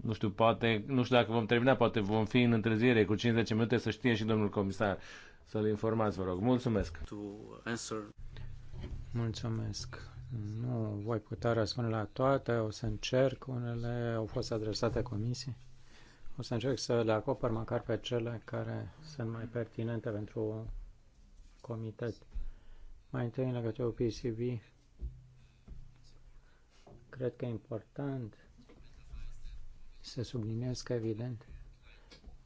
nu știu, poate, nu știu dacă vom termina, poate vom fi în întârziere cu 50 minute, să știe și domnul comisar. Uh, să-l informați, vă rog. Mulțumesc! Mulțumesc! Nu voi putea răspunde la toate, o să încerc. Unele au fost adresate comisiei. O să încerc să le acopăr măcar pe cele care sunt mai pertinente pentru comitet. Mai întâi în legătură cu PCB, cred că e important să subliniez că, evident,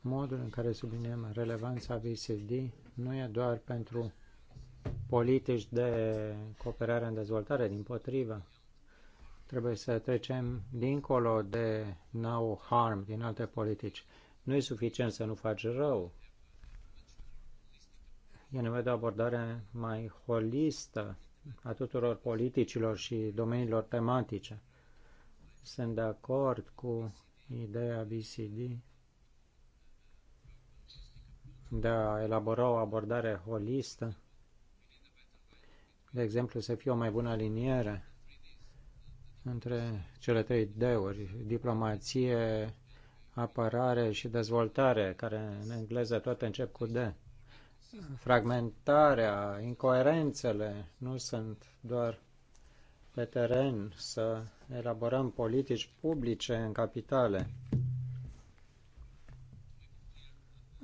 modul în care subliniem relevanța VSD nu e doar pentru politici de cooperare în dezvoltare, din potrivă. Trebuie să trecem dincolo de no harm din alte politici. Nu e suficient să nu faci rău. E nevoie de o abordare mai holistă a tuturor politicilor și domeniilor tematice. Sunt de acord cu ideea BCD de a elabora o abordare holistă, de exemplu, să fie o mai bună aliniere între cele trei D-uri, diplomație, apărare și dezvoltare, care în engleză toate încep cu D. Fragmentarea, incoerențele nu sunt doar pe teren să elaborăm politici publice în capitale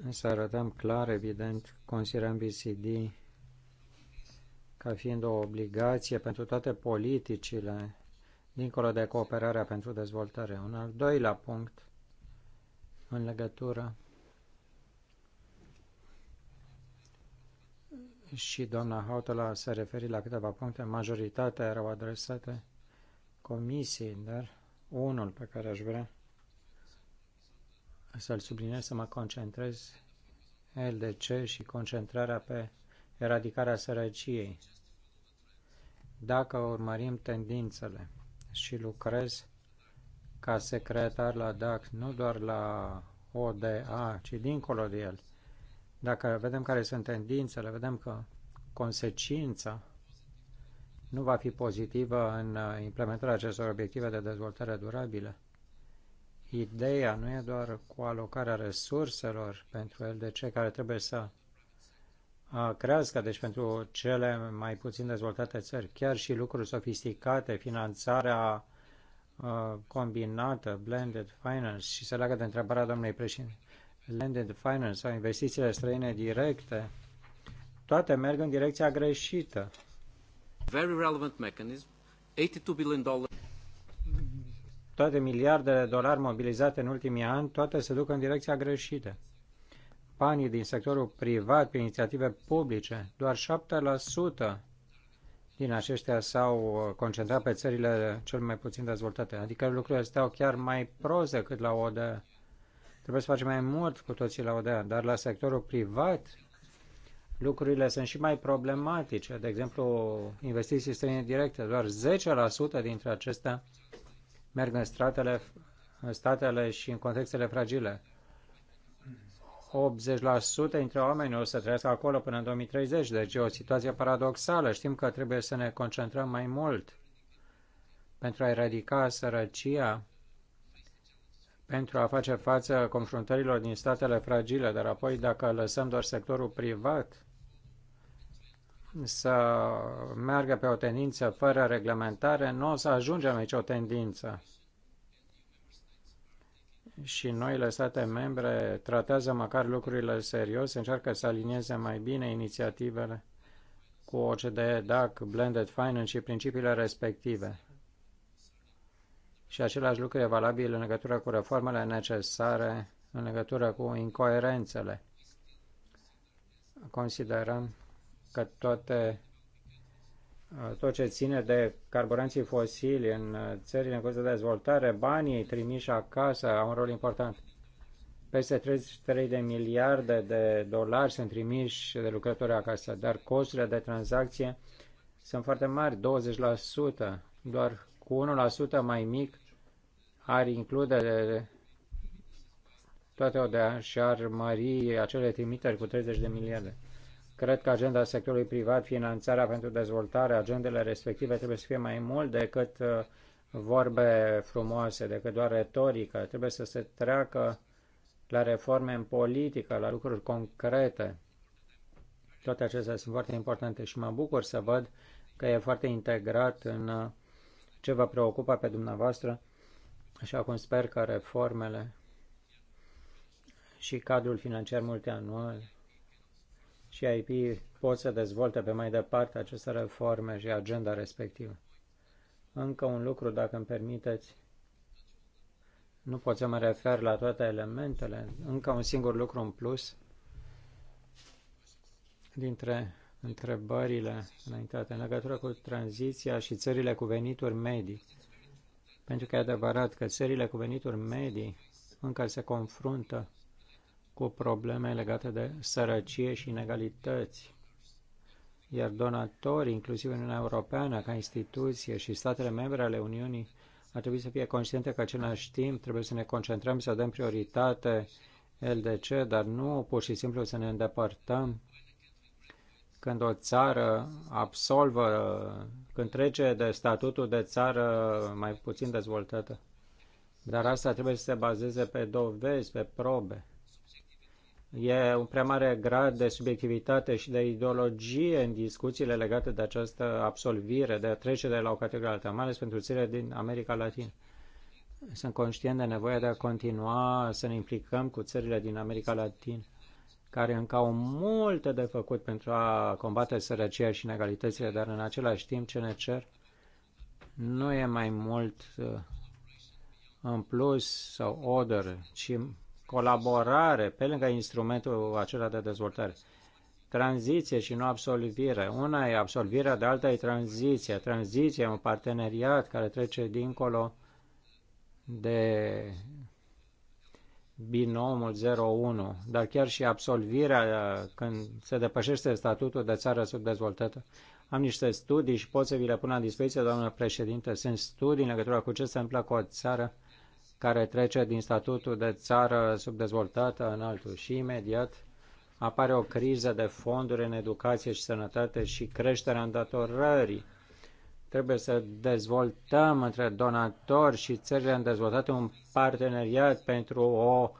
să arătăm clar, evident, considerăm BCD ca fiind o obligație pentru toate politicile, dincolo de cooperarea pentru dezvoltare. Un al doilea punct în legătură și doamna Hautala s-a referit la câteva puncte, majoritatea erau adresate comisiei, dar unul pe care aș vrea să-l subliniez, să mă concentrez LDC și concentrarea pe eradicarea sărăciei. Dacă urmărim tendințele și lucrez ca secretar la DAC, nu doar la ODA, ci dincolo de el, dacă vedem care sunt tendințele, vedem că consecința nu va fi pozitivă în uh, implementarea acestor obiective de dezvoltare durabilă Ideea nu e doar cu alocarea resurselor pentru el. De ce care trebuie să crească, deci pentru cele mai puțin dezvoltate țări, chiar și lucruri sofisticate, finanțarea combinată, blended finance și se leagă de întrebarea domnului președinte. Blended finance sau investițiile străine directe, toate merg în direcția greșită. Very relevant mechanism, 82 billion dollars toate miliardele de dolari mobilizate în ultimii ani, toate se duc în direcția greșită. Banii din sectorul privat, pe inițiative publice, doar 7% din aceștia s-au uh, concentrat pe țările cel mai puțin dezvoltate. Adică lucrurile stau chiar mai proze cât la ODA. Trebuie să facem mai mult cu toții la ODA, dar la sectorul privat lucrurile sunt și mai problematice. De exemplu, investiții străine directe, doar 10% dintre acestea merg în statele, în statele și în contextele fragile. 80% dintre oameni o să trăiască acolo până în 2030, deci e o situație paradoxală. Știm că trebuie să ne concentrăm mai mult pentru a eradica sărăcia, pentru a face față confruntărilor din statele fragile, dar apoi dacă lăsăm doar sectorul privat să meargă pe o tendință fără reglementare, nu o să ajungem aici o tendință. Și noile state membre tratează măcar lucrurile serios, încearcă să alinieze mai bine inițiativele cu OCDE, DAC, Blended Finance și principiile respective. Și același lucru e valabil în legătură cu reformele necesare, în legătură cu incoerențele. Considerăm că toate, uh, tot ce ține de carburanții fosili în uh, țările în curs de dezvoltare, banii trimiși acasă au un rol important. Peste 33 de miliarde de dolari sunt trimiși de lucrători acasă, dar costurile de tranzacție sunt foarte mari, 20%, doar cu 1% mai mic ar include toate odea și ar mări acele trimiteri cu 30 de miliarde. Cred că agenda sectorului privat, finanțarea pentru dezvoltare, agendele respective trebuie să fie mai mult decât uh, vorbe frumoase, decât doar retorică. Trebuie să se treacă la reforme în politică, la lucruri concrete. Toate acestea sunt foarte importante și mă bucur să văd că e foarte integrat în uh, ce vă preocupa pe dumneavoastră, așa cum sper că reformele și cadrul financiar multianual și IP pot să dezvolte pe mai departe aceste reforme și agenda respectivă. Încă un lucru, dacă îmi permiteți, nu pot să mă refer la toate elementele, încă un singur lucru în plus dintre întrebările înaintate în legătură cu tranziția și țările cu venituri medii. Pentru că e adevărat că țările cu venituri medii încă se confruntă cu probleme legate de sărăcie și inegalități. Iar donatorii, inclusiv Uniunea Europeană, ca instituție și statele membre ale Uniunii, ar trebui să fie conștiente că același timp trebuie să ne concentrăm, să dăm prioritate LDC, dar nu pur și simplu să ne îndepărtăm când o țară absolvă, când trece de statutul de țară mai puțin dezvoltată. Dar asta trebuie să se bazeze pe dovezi, pe probe. E un prea mare grad de subiectivitate și de ideologie în discuțiile legate de această absolvire, de trecere de la o categorie alta, mai ales pentru țările din America Latină. Sunt conștient de nevoia de a continua să ne implicăm cu țările din America Latină, care încă au multe de făcut pentru a combate sărăcia și inegalitățile, dar în același timp ce ne cer nu e mai mult uh, în plus sau odor, ci colaborare pe lângă instrumentul acela de dezvoltare. Tranziție și nu absolvire. Una e absolvirea, de alta e tranziția. Tranziția e un parteneriat care trece dincolo de binomul 01, dar chiar și absolvirea uh, când se depășește statutul de țară subdezvoltată. Am niște studii și pot să vi le pun la dispoziție, doamnă președinte. Sunt studii în legătură cu ce se întâmplă cu o țară care trece din statutul de țară subdezvoltată în altul și imediat apare o criză de fonduri în educație și sănătate și creșterea îndatorării. Trebuie să dezvoltăm între donatori și țările îndezvoltate un parteneriat pentru o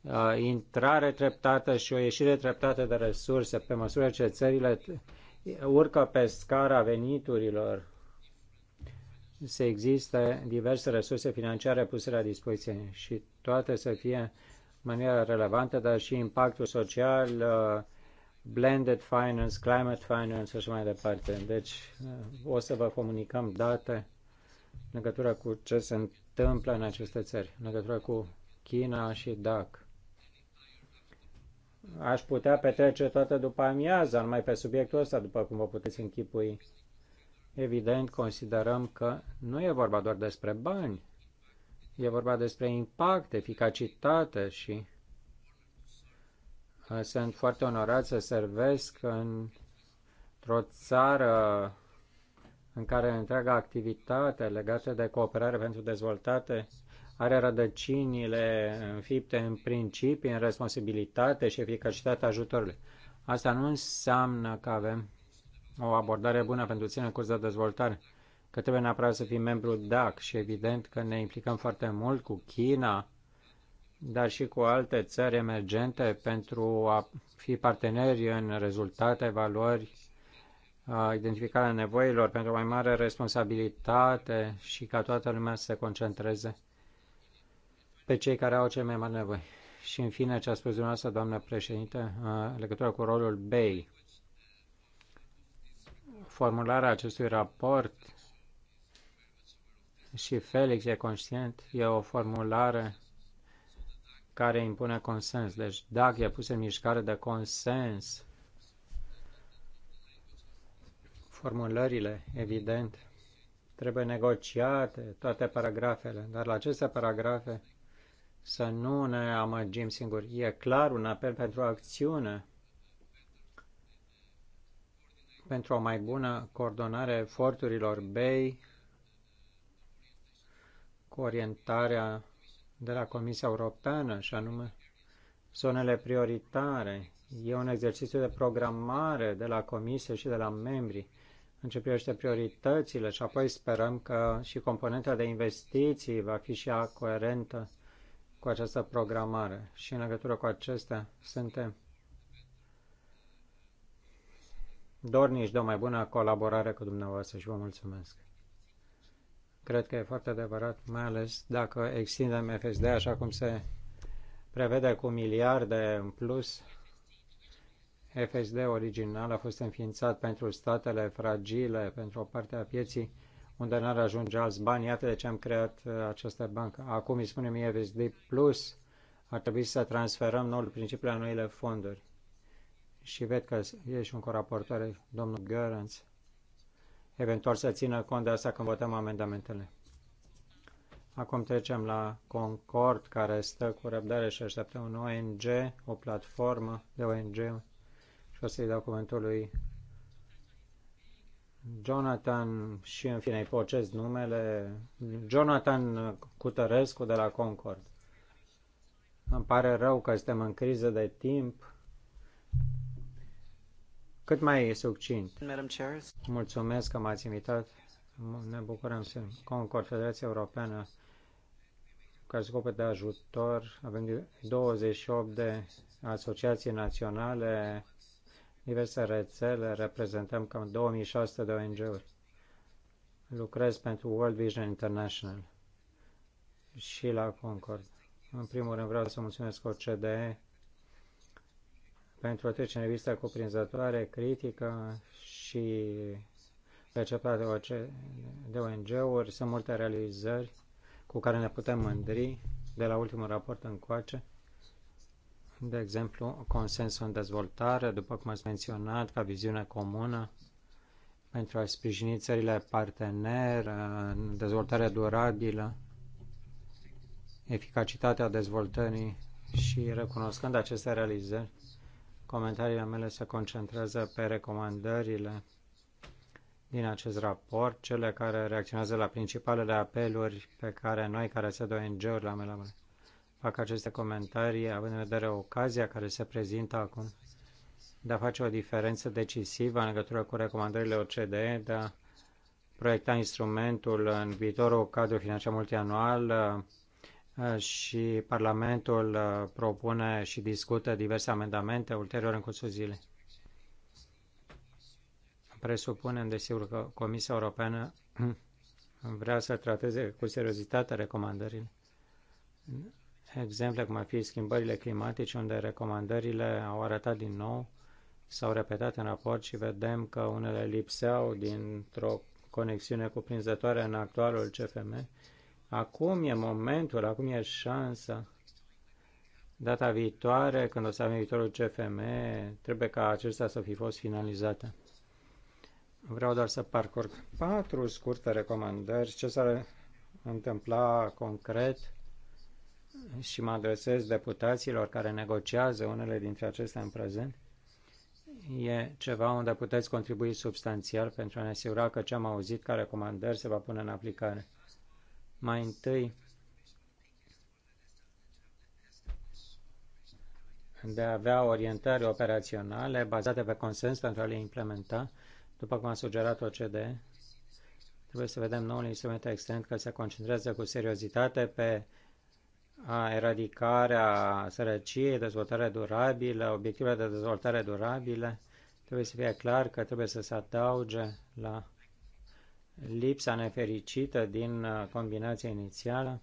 uh, intrare treptată și o ieșire treptată de resurse, pe măsură ce țările urcă pe scara veniturilor să existe diverse resurse financiare puse la dispoziție și toate să fie în maniera relevantă, dar și impactul social, uh, blended finance, climate finance și așa mai departe. Deci uh, o să vă comunicăm date în legătură cu ce se întâmplă în aceste țări, în legătură cu China și DAC. Aș putea petrece toată după amiaza, numai pe subiectul ăsta, după cum vă puteți închipui. Evident, considerăm că nu e vorba doar despre bani, e vorba despre impact, eficacitate și uh, sunt foarte onorat să servesc într-o țară în care întreaga activitate legată de cooperare pentru dezvoltare are rădăcinile înfipte în principii, în responsabilitate și eficacitatea ajutorului. Asta nu înseamnă că avem o abordare bună pentru ține în curs de dezvoltare, că trebuie neapărat să fii membru DAC și evident că ne implicăm foarte mult cu China, dar și cu alte țări emergente pentru a fi parteneri în rezultate, valori, identificarea nevoilor pentru mai mare responsabilitate și ca toată lumea să se concentreze pe cei care au cei mai mari nevoi. Și în fine, ce a spus dumneavoastră, doamnă președinte, în legătură cu rolul BEI formularea acestui raport și Felix e conștient, e o formulare care impune consens. Deci dacă e pus în mișcare de consens, formulările, evident, trebuie negociate toate paragrafele, dar la aceste paragrafe să nu ne amăgim singuri. E clar un apel pentru acțiune pentru o mai bună coordonare a eforturilor BEI cu orientarea de la Comisia Europeană și anume zonele prioritare. E un exercițiu de programare de la Comisie și de la membrii în ce privește prioritățile și apoi sperăm că și componenta de investiții va fi și ea coerentă cu această programare. Și în legătură cu acestea suntem dornici de o mai bună colaborare cu dumneavoastră și vă mulțumesc. Cred că e foarte adevărat, mai ales dacă extindem FSD așa cum se prevede cu miliarde în plus. FSD original a fost înființat pentru statele fragile, pentru o parte a pieții unde n-ar ajunge alți bani. Iată de ce am creat uh, această bancă. Acum îi spunem FSD Plus, ar trebui să transferăm noul principiu la noile fonduri și ved că e și un coraportor, domnul Gărânț, eventual să țină cont de asta când votăm amendamentele. Acum trecem la Concord, care stă cu răbdare și așteaptă un ONG, o platformă de ONG și o să-i dau cuvântul lui Jonathan și în fine îi pocesc numele, Jonathan Cutărescu de la Concord. Îmi pare rău că suntem în criză de timp, cât mai succint. Mulțumesc că m-ați invitat. Ne bucurăm să Concord Federația Europeană care se de ajutor. Avem 28 de asociații naționale, diverse rețele, reprezentăm cam 2600 de ONG-uri. Lucrez pentru World Vision International și la Concord. În primul rând vreau să mulțumesc OCDE pentru a trece în revista cuprinzătoare, critică și perceptată de ONG-uri. Sunt multe realizări cu care ne putem mândri de la ultimul raport încoace. De exemplu, consensul în dezvoltare, după cum ați menționat, ca viziune comună pentru a sprijini țările partener în dezvoltare durabilă, eficacitatea dezvoltării și recunoscând aceste realizări, Comentariile mele se concentrează pe recomandările din acest raport, cele care reacționează la principalele apeluri pe care noi, care se ONG-uri la mele, fac aceste comentarii, având în vedere ocazia care se prezintă acum de a face o diferență decisivă în legătură cu recomandările OCDE, de a proiecta instrumentul în viitorul cadru financiar multianual, și Parlamentul uh, propune și discută diverse amendamente ulterior în cursul zilei. Presupunem, desigur, că Comisia Europeană *clears throat* vrea să trateze cu seriozitate recomandările. Exemple cum ar fi schimbările climatice, unde recomandările au arătat din nou, s-au repetat în raport și vedem că unele lipseau dintr-o conexiune cuprinzătoare în actualul CFM Acum e momentul, acum e șansa. Data viitoare, când o să avem viitorul CFM, trebuie ca acesta să fi fost finalizată. Vreau doar să parcurg patru scurte recomandări ce s-ar întâmpla concret și mă adresez deputaților care negociază unele dintre acestea în prezent. E ceva unde puteți contribui substanțial pentru a ne asigura că ce am auzit ca recomandări se va pune în aplicare. Mai întâi, de a avea orientări operaționale bazate pe consens pentru a le implementa, după cum a sugerat OCD, Trebuie să vedem noul instrument extent care se concentrează cu seriozitate pe a eradicarea sărăciei, dezvoltare durabilă, obiectivele de dezvoltare durabile. Trebuie să fie clar că trebuie să se adauge la lipsa nefericită din uh, combinația inițială.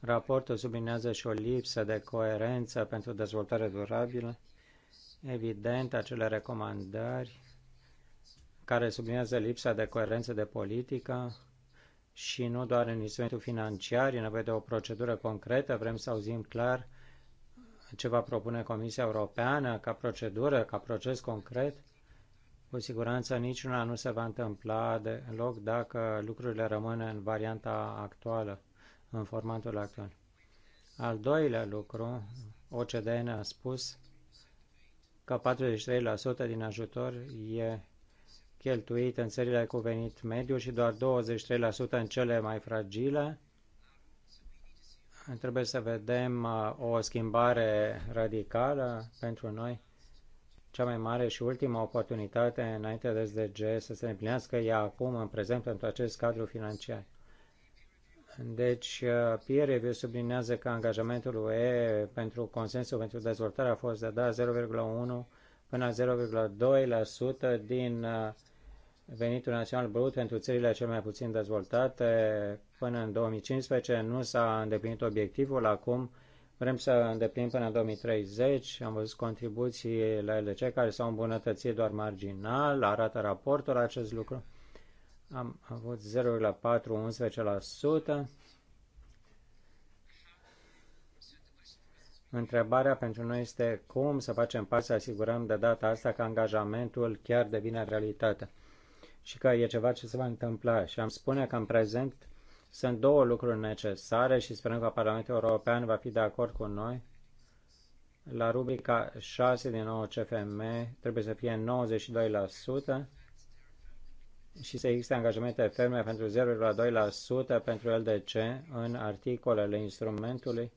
Raportul sublinează și o lipsă de coerență pentru dezvoltare durabilă. Evident, acele recomandări care sublinează lipsa de coerență de politică și nu doar în instrumentul financiar, e nevoie de o procedură concretă, vrem să auzim clar ce va propune Comisia Europeană ca procedură, ca proces concret cu siguranță niciuna nu se va întâmpla de loc dacă lucrurile rămân în varianta actuală, în formatul actual. Al doilea lucru, OCDN a spus că 43% din ajutor e cheltuit în țările cu venit mediu și doar 23% în cele mai fragile. Trebuie să vedem uh, o schimbare radicală pentru noi cea mai mare și ultima oportunitate înainte de SDG să se împlinească ea acum, în prezent, pentru acest cadru financiar. Deci, uh, Pierre review sublinează că angajamentul UE pentru consensul pentru dezvoltare a fost de da 0,1 până 0,2% din uh, venitul național brut pentru țările cel mai puțin dezvoltate până în 2015. Nu s-a îndeplinit obiectivul, acum Vrem să îndeplinim până în 2030. Am văzut contribuții la LDC care s-au îmbunătățit doar marginal. Arată raportul acest lucru. Am avut 0,4-11%. Întrebarea pentru noi este cum să facem pas să asigurăm de data asta că angajamentul chiar devine realitate și că e ceva ce se va întâmpla. Și am spune că în prezent sunt două lucruri necesare și sperăm că Parlamentul European va fi de acord cu noi. La rubrica 6 din nou CFM trebuie să fie 92% și să existe angajamente ferme pentru 0,2% pentru LDC în articolele instrumentului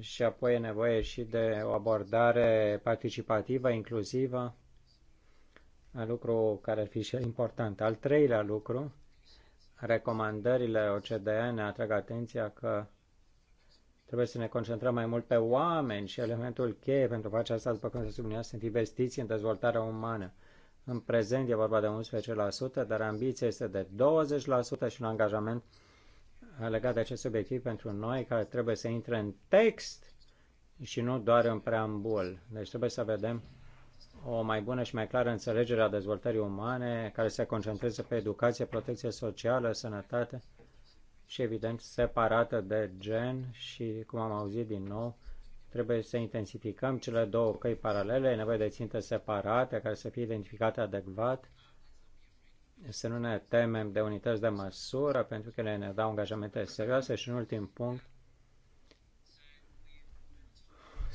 și apoi e nevoie și de o abordare participativă, inclusivă, un lucru care ar fi și important. Al treilea lucru, recomandările OCDE ne atrag atenția că trebuie să ne concentrăm mai mult pe oameni și elementul cheie pentru face asta, după cum se sublinia, sunt investiții în dezvoltarea umană. În prezent e vorba de 11%, dar ambiția este de 20% și un angajament legat de acest obiectiv pentru noi care trebuie să intre în text și nu doar în preambul. Deci trebuie să vedem o mai bună și mai clară înțelegere a dezvoltării umane, care se concentreze pe educație, protecție socială, sănătate și, evident, separată de gen și, cum am auzit din nou, trebuie să intensificăm cele două căi paralele, e nevoie de ținte separate care să fie identificate adecvat, să nu ne temem de unități de măsură, pentru că ne dau angajamente serioase și, în ultim punct,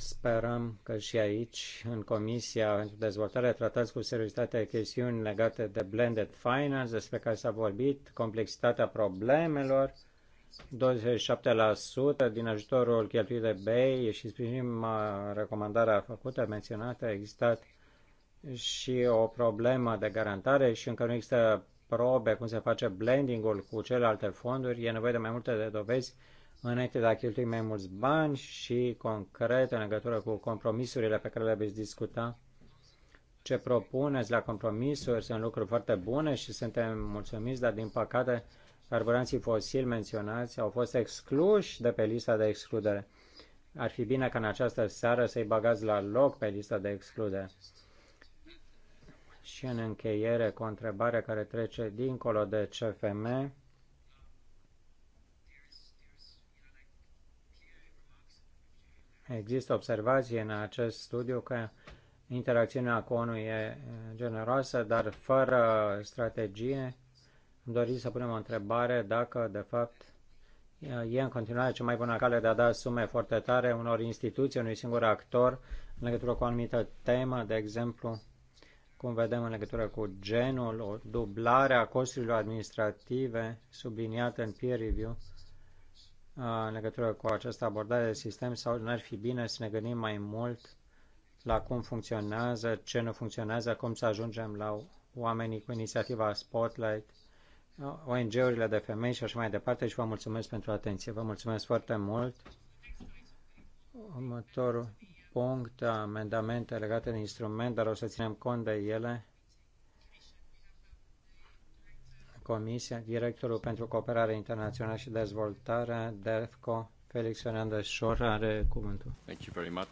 Sperăm că și aici, în Comisia pentru Dezvoltare, tratați cu seriozitate chestiuni legate de blended finance, despre care s-a vorbit, complexitatea problemelor, 27% din ajutorul cheltuit de BEI și sprijinim uh, recomandarea făcută, menționată, a existat și o problemă de garantare și încă nu există probe cum se face blending-ul cu celelalte fonduri, e nevoie de mai multe de dovezi înainte de a cheltui mai mulți bani și concret în legătură cu compromisurile pe care le veți discuta. Ce propuneți la compromisuri sunt lucruri foarte bune și suntem mulțumiți, dar din păcate carburanții fosili menționați au fost excluși de pe lista de excludere. Ar fi bine ca în această seară să-i bagați la loc pe lista de excludere. Și în încheiere, cu o întrebare care trece dincolo de CFM, Există observație în acest studiu că interacțiunea cu ONU e generoasă, dar fără strategie. Am dorit să punem o întrebare dacă, de fapt, e în continuare cea mai bună cale de a da sume foarte tare unor instituții, unui singur actor, în legătură cu o anumită temă, de exemplu, cum vedem în legătură cu genul, o dublare a costurilor administrative subliniată în peer review, Uh, în legătură cu această abordare de sistem sau n-ar fi bine să ne gândim mai mult la cum funcționează, ce nu funcționează, cum să ajungem la oamenii cu inițiativa Spotlight, uh, ONG-urile de femei și așa mai departe și vă mulțumesc pentru atenție. Vă mulțumesc foarte mult. Următorul punct, amendamente legate de instrument, dar o să ținem cont de ele Comisia, directorul pentru cooperare internațională și dezvoltare, DEFCO, Felix Fernandez Șor, are cuvântul. Thank you very much.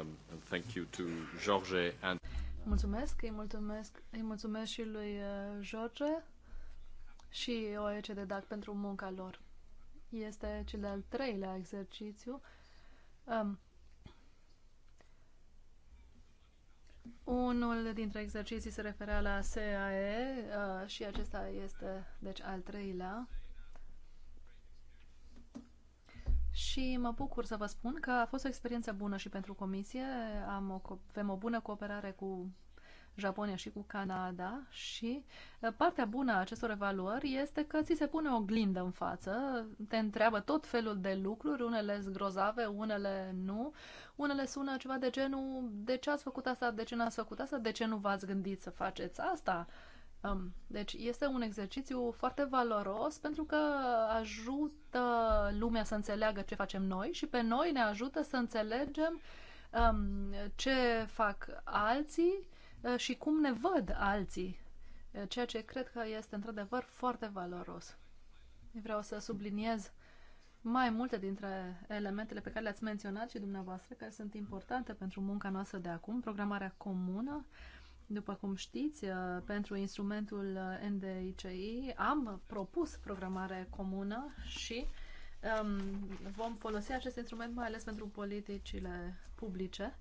Um, thank you to George and... Mulțumesc, îi mulțumesc, îi mulțumesc și lui uh, George și OECD DAC pentru munca lor. Este cel de-al treilea exercițiu. Um, Unul dintre exerciții se referea la SAE uh, și acesta este, deci, al treilea. Și mă bucur să vă spun că a fost o experiență bună și pentru comisie. Am o, avem o bună cooperare cu Japonia și cu Canada și uh, partea bună a acestor evaluări este că ți se pune o glindă în față, te întreabă tot felul de lucruri, unele sunt grozave, unele nu, unele sună ceva de genul de ce ați făcut asta, de ce n-ați făcut asta, de ce nu v-ați gândit să faceți asta. Um, deci este un exercițiu foarte valoros pentru că ajută lumea să înțeleagă ce facem noi și pe noi ne ajută să înțelegem um, ce fac alții Uh, și cum ne văd alții, uh, ceea ce cred că este într-adevăr foarte valoros. Vreau să subliniez mai multe dintre elementele pe care le-ați menționat și dumneavoastră, care sunt importante pentru munca noastră de acum, programarea comună, după cum știți, uh, pentru instrumentul NDICI am propus programare comună și um, vom folosi acest instrument mai ales pentru politicile publice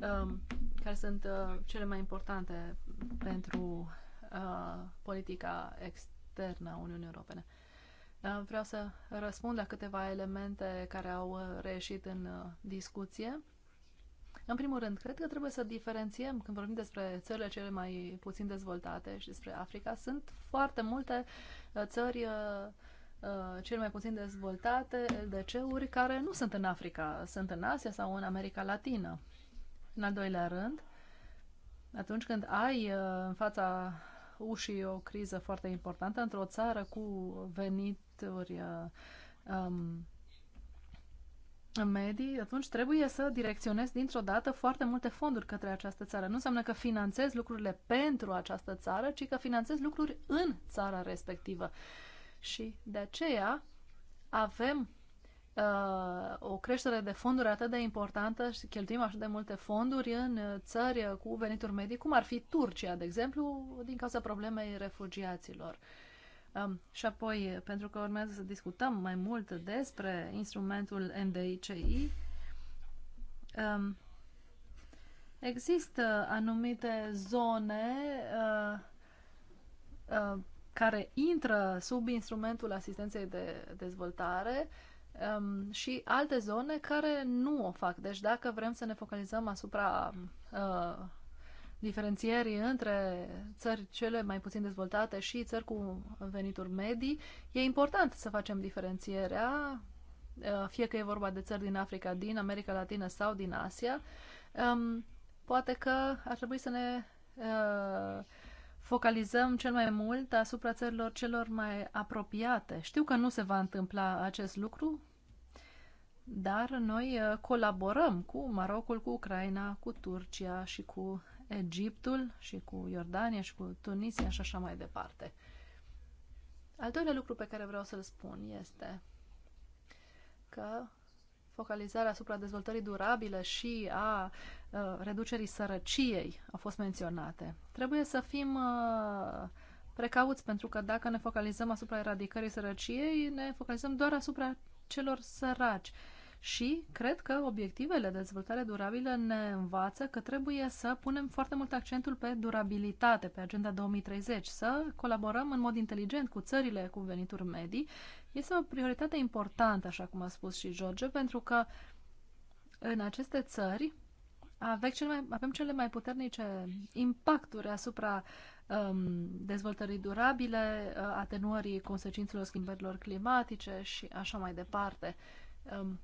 Um, care sunt uh, cele mai importante pentru uh, politica externă a Uniunii Europene. Da, vreau să răspund la câteva elemente care au uh, reieșit în discuție. În primul rând, cred că trebuie să diferențiem când vorbim despre țările cele mai puțin dezvoltate și despre Africa. Sunt foarte multe țări cele mai puțin dezvoltate, LDC-uri, care nu sunt în Africa, sunt în Asia sau în America Latină. În al doilea rând, atunci când ai uh, în fața ușii o criză foarte importantă într-o țară cu venituri uh, um, medii, atunci trebuie să direcționezi dintr-o dată foarte multe fonduri către această țară. Nu înseamnă că finanțezi lucrurile pentru această țară, ci că finanțezi lucruri în țara respectivă. Și de aceea avem Uh, o creștere de fonduri atât de importantă și cheltuim așa de multe fonduri în uh, țări uh, cu venituri medii, cum ar fi Turcia, de exemplu, din cauza problemei refugiaților. Um, și apoi, pentru că urmează să discutăm mai mult despre instrumentul NDICI, um, există anumite zone care intră sub instrumentul asistenței de dezvoltare um, și alte zone care nu o fac. Deci dacă vrem să ne focalizăm asupra uh, diferențierii între țări cele mai puțin dezvoltate și țări cu venituri medii, e important să facem diferențierea, uh, fie că e vorba de țări din Africa, din America Latină sau din Asia. Um, poate că ar trebui să ne uh, focalizăm cel mai mult asupra țărilor celor mai apropiate. Știu că nu se va întâmpla acest lucru, dar noi uh, colaborăm cu Marocul, cu Ucraina, cu Turcia și cu Egiptul și cu Iordania și cu Tunisia și așa mai departe. Al doilea lucru pe care vreau să-l spun este că focalizarea asupra dezvoltării durabile și a uh, reducerii sărăciei au fost menționate. Trebuie să fim uh, precauți pentru că dacă ne focalizăm asupra eradicării sărăciei, ne focalizăm doar asupra celor săraci. Uh, și cred că obiectivele de dezvoltare durabilă ne învață că trebuie să punem foarte mult accentul pe durabilitate, pe Agenda 2030, să colaborăm în mod inteligent cu țările cu venituri medii. Este o prioritate importantă, așa cum a spus și George, pentru că în aceste țări avem cele mai, avem cele mai puternice impacturi asupra um, dezvoltării durabile, uh, atenuării consecințelor schimbărilor climatice și așa mai departe. Um,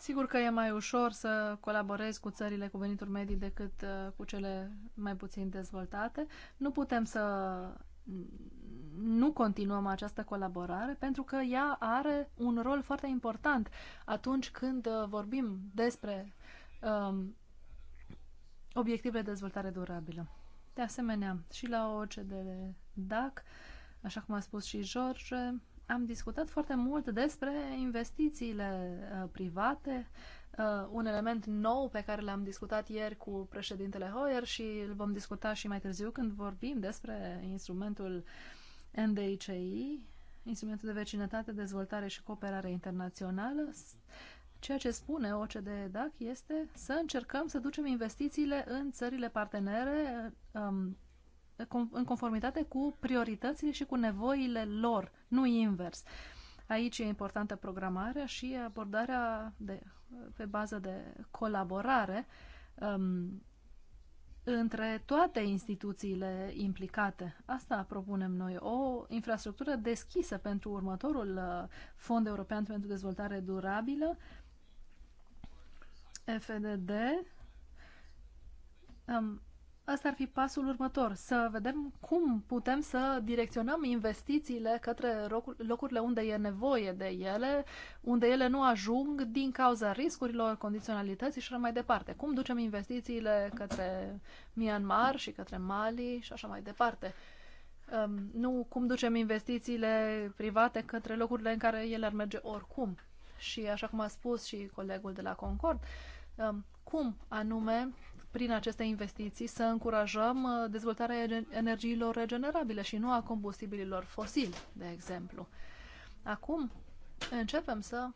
Sigur că e mai ușor să colaborezi cu țările cu venituri medii decât uh, cu cele mai puțin dezvoltate. Nu putem să nu continuăm această colaborare pentru că ea are un rol foarte important atunci când uh, vorbim despre um, obiectivele de dezvoltare durabilă. De asemenea, și la OCDE DAC, așa cum a spus și George, am discutat foarte mult despre investițiile uh, private, uh, un element nou pe care l-am discutat ieri cu președintele Hoyer și îl vom discuta și mai târziu când vorbim despre instrumentul NDICI, instrumentul de vecinătate, dezvoltare și cooperare internațională. Ceea ce spune OCDE DAC este să încercăm să ducem investițiile în țările partenere, uh, um, în conformitate cu prioritățile și cu nevoile lor, nu invers. Aici e importantă programarea și abordarea de, pe bază de colaborare um, între toate instituțiile implicate. Asta propunem noi, o infrastructură deschisă pentru următorul uh, Fond European pentru Dezvoltare Durabilă, FDD, um, Asta ar fi pasul următor, să vedem cum putem să direcționăm investițiile către locurile unde e nevoie de ele, unde ele nu ajung din cauza riscurilor, condiționalității și așa mai departe. Cum ducem investițiile către Myanmar și către Mali și așa mai departe. Um, nu cum ducem investițiile private către locurile în care ele ar merge oricum. Și așa cum a spus și colegul de la Concord, um, cum anume prin aceste investiții să încurajăm uh, dezvoltarea energiilor regenerabile și nu a combustibililor fosili, de exemplu. Acum începem să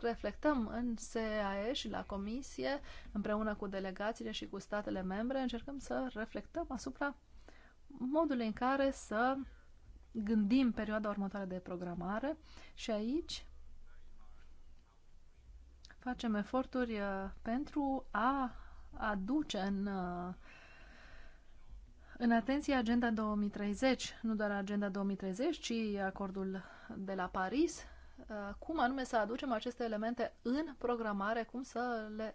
reflectăm în CAE și la Comisie, împreună cu delegațiile și cu statele membre, încercăm să reflectăm asupra modului în care să gândim perioada următoare de programare și aici facem eforturi uh, pentru a aduce în, uh, în atenție Agenda 2030, nu doar Agenda 2030, ci acordul de la Paris, uh, cum anume să aducem aceste elemente în programare, cum să le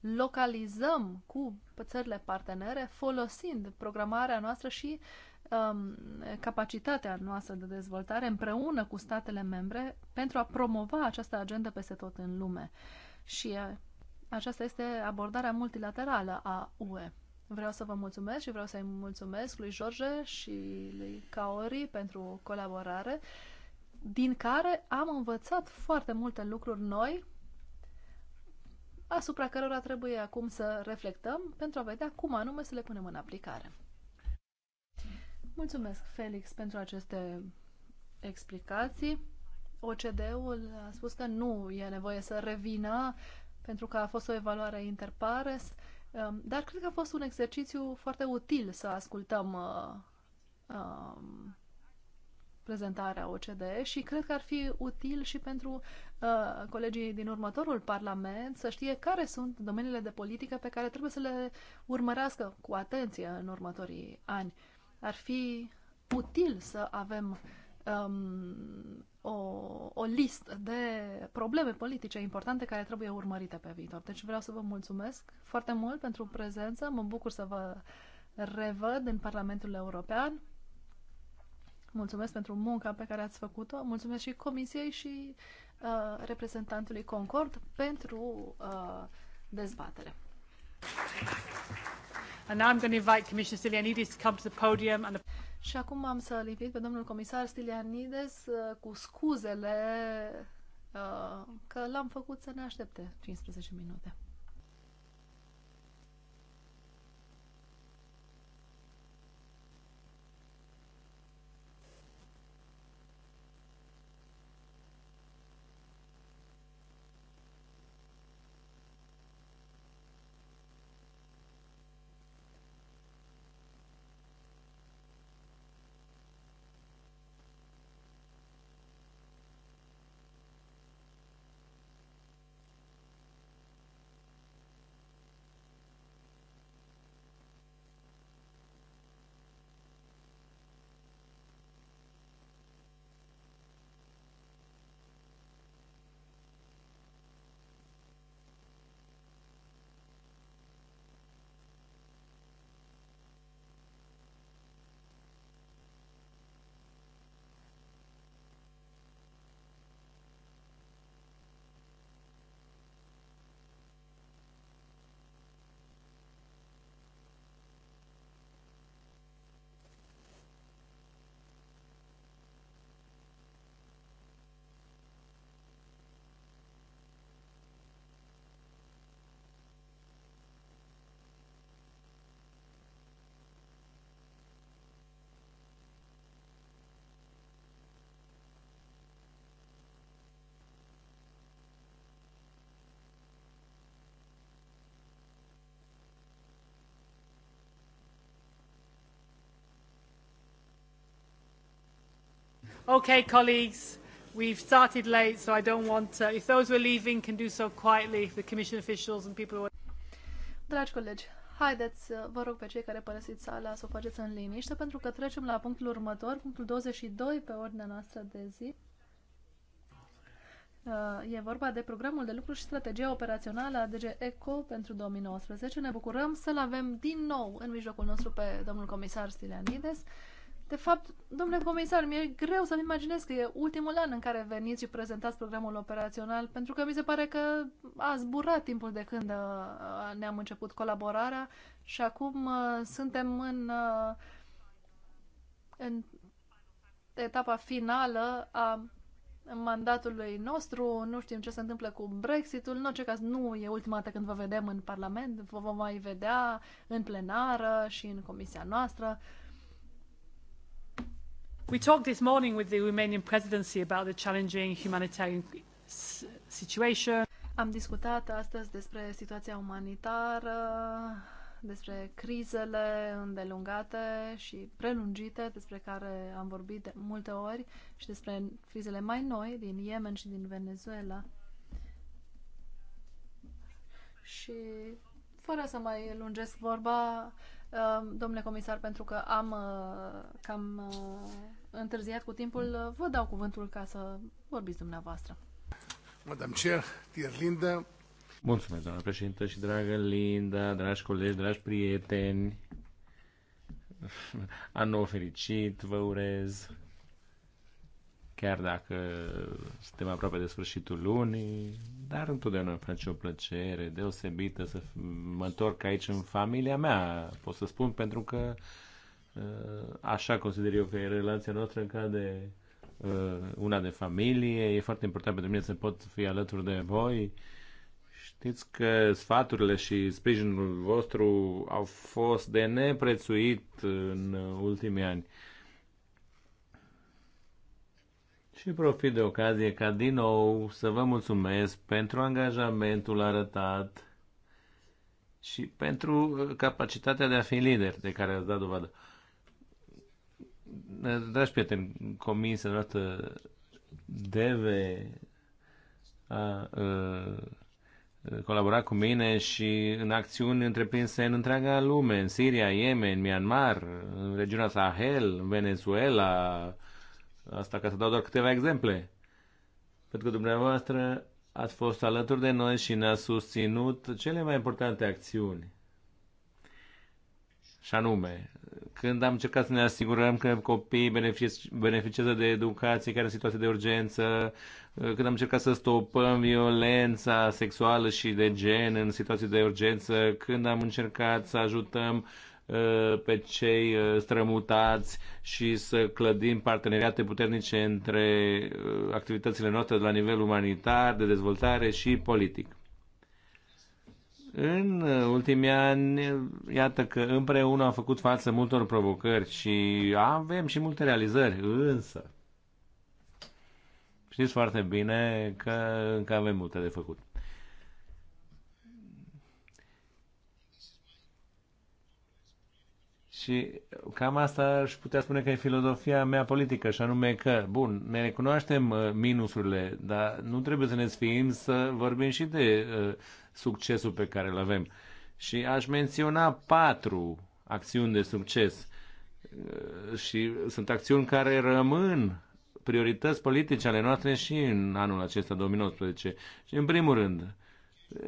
localizăm cu țările partenere, folosind programarea noastră și um, capacitatea noastră de dezvoltare împreună cu statele membre pentru a promova această agendă peste tot în lume. Și uh, aceasta este abordarea multilaterală a UE. Vreau să vă mulțumesc și vreau să-i mulțumesc lui George și lui Kaori pentru colaborare, din care am învățat foarte multe lucruri noi, asupra cărora trebuie acum să reflectăm pentru a vedea cum anume să le punem în aplicare. Mulțumesc, Felix, pentru aceste explicații. OCD-ul a spus că nu e nevoie să revină pentru că a fost o evaluare interpares, um, dar cred că a fost un exercițiu foarte util să ascultăm uh, um, prezentarea OCDE și cred că ar fi util și pentru uh, colegii din următorul Parlament să știe care sunt domeniile de politică pe care trebuie să le urmărească cu atenție în următorii ani. Ar fi util să avem uh, um, o, o listă de probleme politice importante care trebuie urmărite pe viitor. Deci vreau să vă mulțumesc foarte mult pentru prezență. Mă bucur să vă revăd în Parlamentul European. Mulțumesc pentru munca pe care ați făcut-o. Mulțumesc și Comisiei și uh, reprezentantului Concord pentru uh, dezbatere. And now I'm going to invite Commissioner Silianidis to come to the podium and the și acum am să-l invit pe domnul comisar Stilianides uh, cu scuzele uh, că l-am făcut să ne aștepte 15 minute. Okay, colleagues, we've started late, so I don't want to, uh, if those who are leaving can do so quietly, if the commission officials and people who are... Dragi colegi, haideți, uh, vă rog pe cei care părăsiți sala să o faceți în liniște, pentru că trecem la punctul următor, punctul 22 pe ordinea noastră de zi. Uh, e vorba de programul de lucru și strategia operațională a DG ECO pentru 2019. Ne bucurăm să-l avem din nou în mijlocul nostru pe domnul comisar Stilianides. De fapt, domnule comisar, mi-e greu să-mi imaginez că e ultimul an în care veniți și prezentați programul operațional, pentru că mi se pare că a zburat timpul de când uh, ne-am început colaborarea și acum uh, suntem în, uh, în etapa finală a mandatului nostru, nu știm ce se întâmplă cu Brexitul, în orice caz nu e ultima dată când vă vedem în Parlament, vă vom mai vedea în plenară și în comisia noastră. We talked this morning with the Romanian presidency about the challenging humanitarian situation. Am discutat astăzi despre situația umanitară, despre crizele îndelungate și prelungite despre care am vorbit de multe ori și despre crizele mai noi din Yemen și din Venezuela. Și fără să mai lungesc vorba, uh, domnule comisar, pentru că am uh, cam uh, întârziat cu timpul, uh, vă dau cuvântul ca să vorbiți dumneavoastră. Madam Chair, dear Linda. Mulțumesc, doamnă președintă și dragă Linda, dragi colegi, dragi prieteni. Anul fericit vă urez. Chiar dacă suntem aproape de sfârșitul lunii, dar întotdeauna îmi face o plăcere deosebită să mă întorc aici în familia mea, pot să spun, pentru că uh, Uh, așa consider eu că e relația noastră ca de uh, una de familie. E foarte important pentru mine să pot fi alături de voi. Știți că sfaturile și sprijinul vostru au fost de neprețuit în ultimii ani. Și profit de ocazie ca din nou să vă mulțumesc pentru angajamentul arătat și pentru uh, capacitatea de a fi lider de care ați dat dovadă. Dragi prieteni, se noastră deve a, a, colabora cu mine și în acțiuni întreprinse în întreaga lume, în Siria, Yemen, Myanmar, în regiunea Sahel, în Venezuela, asta ca să dau doar câteva exemple. Pentru că dumneavoastră ați fost alături de noi și ne-ați susținut cele mai importante acțiuni și anume, când am încercat să ne asigurăm că copiii beneficiază de educație care în situație de urgență, când am încercat să stopăm violența sexuală și de gen în situații de urgență, când am încercat să ajutăm uh, pe cei uh, strămutați și să clădim parteneriate puternice între uh, activitățile noastre de la nivel umanitar, de dezvoltare și politic. În ultimii ani, iată că împreună am făcut față multor provocări și avem și multe realizări, însă știți foarte bine că încă avem multe de făcut. Și cam asta aș putea spune că e filozofia mea politică, și anume că, bun, ne recunoaștem uh, minusurile, dar nu trebuie să ne sfim să vorbim și de uh, succesul pe care îl avem. Și aș menționa patru acțiuni de succes uh, și sunt acțiuni care rămân priorități politice ale noastre și în anul acesta 2019. Și în primul rând,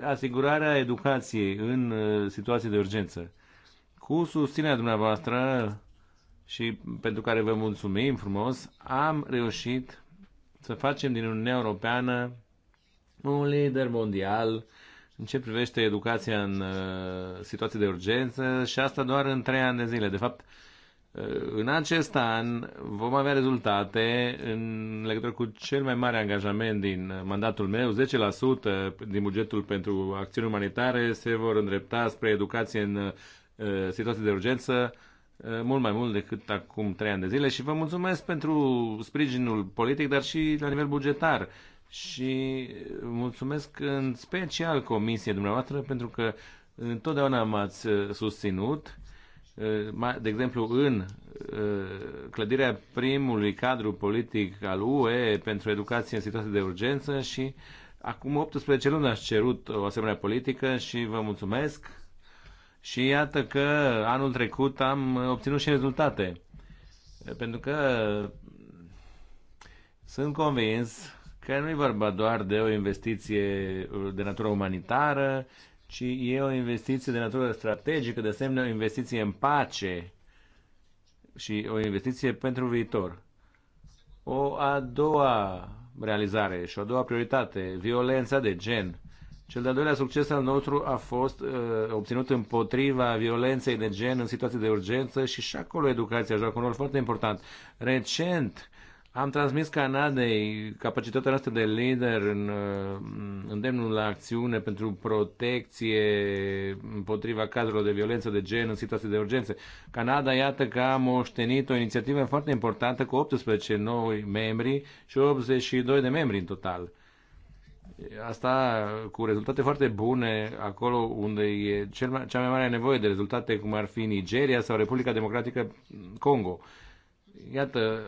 asigurarea educației în uh, situații de urgență. Cu susținerea dumneavoastră și pentru care vă mulțumim frumos, am reușit să facem din Uniunea Europeană un lider mondial în ce privește educația în uh, situații de urgență și asta doar în trei ani de zile. De fapt, uh, în acest an vom avea rezultate în legătură cu cel mai mare angajament din mandatul meu. 10% din bugetul pentru acțiuni umanitare se vor îndrepta spre educație în uh, situații de urgență uh, mult mai mult decât acum trei ani de zile și vă mulțumesc pentru sprijinul politic, dar și la nivel bugetar și mulțumesc în special comisiei dumneavoastră pentru că întotdeauna m-ați uh, susținut uh, de exemplu, în uh, clădirea primului cadru politic al UE pentru educație în situații de urgență și acum 18 luni ați cerut o asemenea politică și vă mulțumesc și iată că anul trecut am obținut și rezultate. Pentru că sunt convins că nu e vorba doar de o investiție de natură umanitară, ci e o investiție de natură strategică, de asemenea o investiție în pace și o investiție pentru viitor. O a doua realizare și o a doua prioritate, violența de gen. Cel de-al doilea succes al nostru a fost uh, obținut împotriva violenței de gen în situații de urgență și și acolo educația joacă un rol foarte important. Recent, am transmis Canadei capacitatea noastră de lider în uh, îndemnul la acțiune pentru protecție împotriva cazurilor de violență de gen în situații de urgență. Canada, iată că a moștenit o inițiativă foarte importantă cu 18 noi membri și 82 de membri în total. Asta cu rezultate foarte bune acolo unde e cel mai, cea mai mare nevoie de rezultate, cum ar fi Nigeria sau Republica Democratică Congo. Uh, Iată,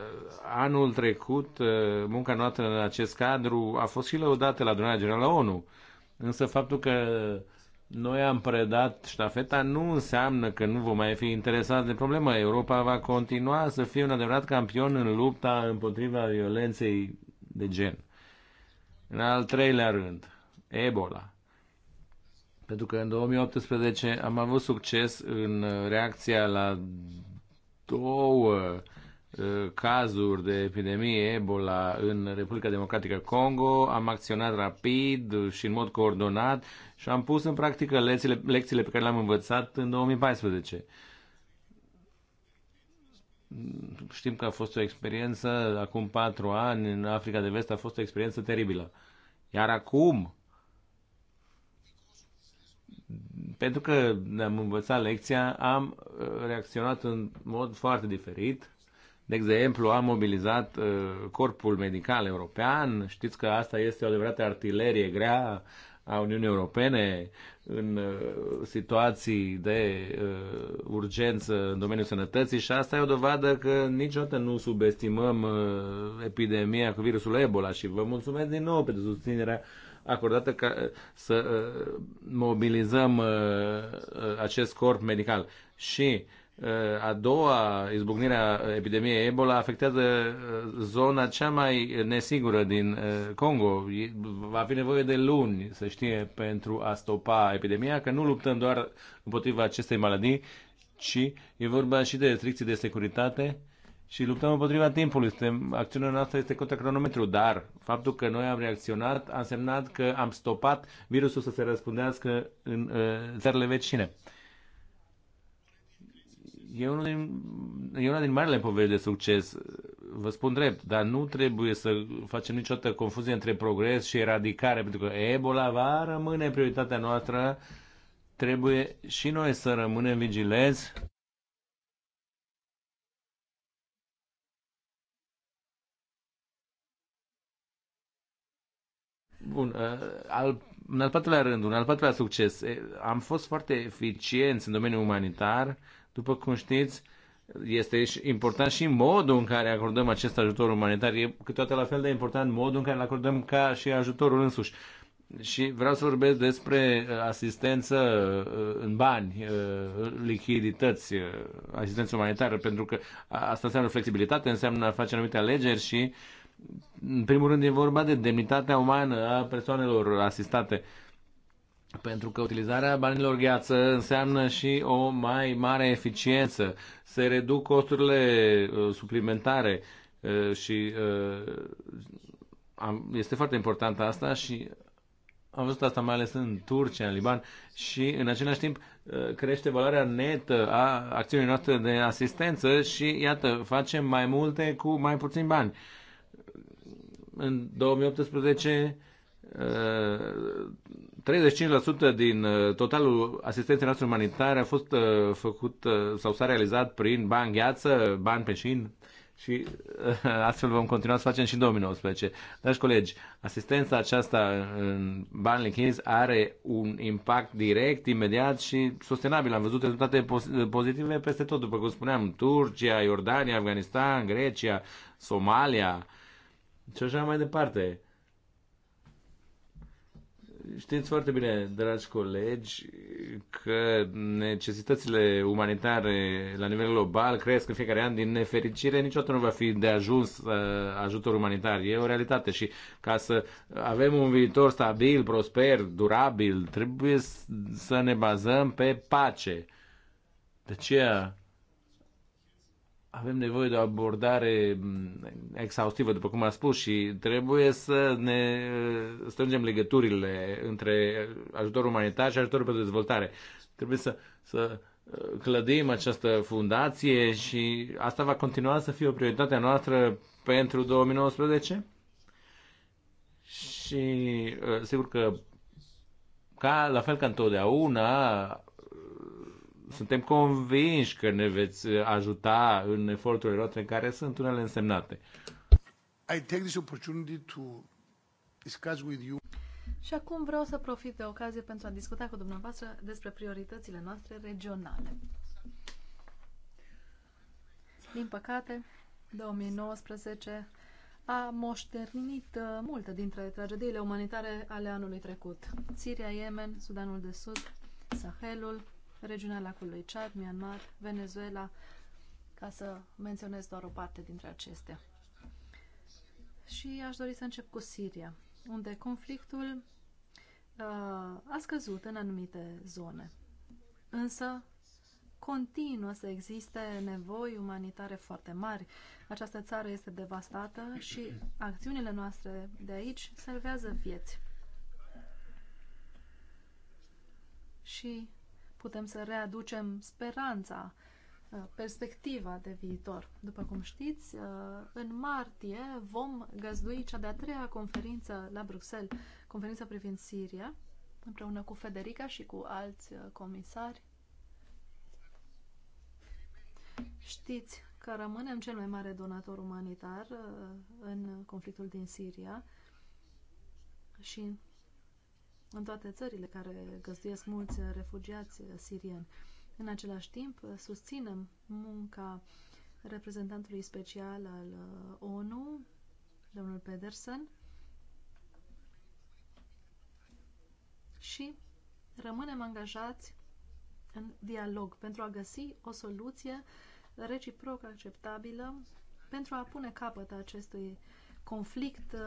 anul trecut, eh, munca noastră în acest cadru a fost și lăudată la adunarea generală ONU. Însă faptul că noi am predat ștafeta nu înseamnă că nu vom mai fi interesați de problemă. Europa va continua să fie un adevărat campion în lupta împotriva violenței de gen. În al treilea rând, Ebola. Pentru că în 2018 am avut succes în reacția la două Uh, cazuri de epidemie Ebola în Republica Democratică Congo, am acționat rapid și în mod coordonat și am pus în practică lecțiile, lecțiile pe care le-am învățat în 2014. Știm că a fost o experiență, acum patru ani, în Africa de Vest a fost o experiență teribilă. Iar acum, pentru că ne-am învățat lecția, am uh, reacționat în mod foarte diferit de exemplu, am mobilizat uh, corpul medical european. Știți că asta este o adevărată artilerie grea a Uniunii Europene în uh, situații de uh, urgență în domeniul sănătății și asta e o dovadă că niciodată nu subestimăm epidemia cu virusul Ebola și vă mulțumesc din nou pentru susținerea acordată ca să mobilizăm acest corp medical. Și a doua izbucnire a epidemiei Ebola afectează zona cea mai nesigură din Congo. Va fi nevoie de luni, să știe, pentru a stopa epidemia, că nu luptăm doar împotriva acestei maladii, ci e vorba și de restricții de securitate și luptăm împotriva timpului. Suntem, acțiunea noastră este contra cronometru, dar faptul că noi am reacționat a însemnat că am stopat virusul să se răspundească în țările vecine. E, unul din, e una din marele povești de succes, vă spun drept, dar nu trebuie să facem niciodată confuzie între progres și eradicare, pentru că Ebola va rămâne prioritatea noastră, trebuie și noi să rămânem vigilenți. Bun, uh, al, în al patrulea rând, un al patrulea succes, am fost foarte eficienți în domeniul umanitar, după cum știți, este important și modul în care acordăm acest ajutor umanitar. E câteodată la fel de important modul în care îl acordăm ca și ajutorul însuși. Și vreau să vorbesc despre uh, asistență uh, în bani, uh, lichidități, asistență umanitară, pentru că asta înseamnă flexibilitate, înseamnă a face anumite alegeri și, în primul rând, e vorba de demnitatea umană a persoanelor asistate pentru că utilizarea banilor gheață înseamnă și o mai mare eficiență. Se reduc costurile uh, suplimentare uh, și uh, am, este foarte important asta și am văzut asta mai ales în Turcia, în Liban și în același timp uh, crește valoarea netă a acțiunii noastre de asistență și iată, facem mai multe cu mai puțin bani. În 2018 35% din uh, totalul asistenței noastre umanitare a fost uh, făcut uh, sau s-a realizat prin bani gheață, bani pe șin și *laughs* astfel vom continua să facem și în 2019. Dragi colegi, asistența aceasta în bani lichizi are un impact direct, imediat și sustenabil. Am văzut rezultate pozitive peste tot, după cum spuneam, Turcia, Iordania, Afganistan, Grecia, Somalia și așa mai departe Știți foarte bine, dragi colegi, că necesitățile umanitare la nivel global cresc în fiecare an. Din nefericire, niciodată nu va fi de ajuns uh, ajutor umanitar. E o realitate și ca să avem un viitor stabil, prosper, durabil, trebuie să ne bazăm pe pace. De aceea avem nevoie de o abordare mm, exhaustivă, după cum am spus, și trebuie să ne uh, strângem legăturile între ajutorul umanitar și ajutorul pentru dezvoltare. Trebuie să, să uh, clădim această fundație și asta va continua să fie o prioritate a noastră pentru 2019? Și uh, sigur că, ca, la fel ca întotdeauna, suntem convinși că ne veți ajuta în eforturile noastre în care sunt unele însemnate. I take this opportunity to discuss with you. Și acum vreau să profit de ocazie pentru a discuta cu dumneavoastră despre prioritățile noastre regionale. Din păcate, 2019 a moșternit uh, multe dintre tragediile umanitare ale anului trecut. Siria, Yemen, Sudanul de Sud, Sahelul, regiunea lacului Chad, Myanmar, Venezuela, ca să menționez doar o parte dintre acestea. Și aș dori să încep cu Siria, unde conflictul uh, a scăzut în anumite zone. Însă continuă să existe nevoi umanitare foarte mari. Această țară este devastată și acțiunile noastre de aici salvează vieți. Și putem să readucem speranța, uh, perspectiva de viitor. După cum știți, uh, în martie vom găzdui cea de-a treia conferință la Bruxelles, conferința privind Siria, împreună cu Federica și cu alți uh, comisari. Știți că rămânem cel mai mare donator umanitar în conflictul din Siria și în toate țările care găzduiesc mulți refugiați sirieni. În același timp, susținem munca reprezentantului special al uh, ONU, domnul Pedersen, și rămânem angajați în dialog pentru a găsi o soluție reciproc acceptabilă pentru a pune capăt acestui conflict uh,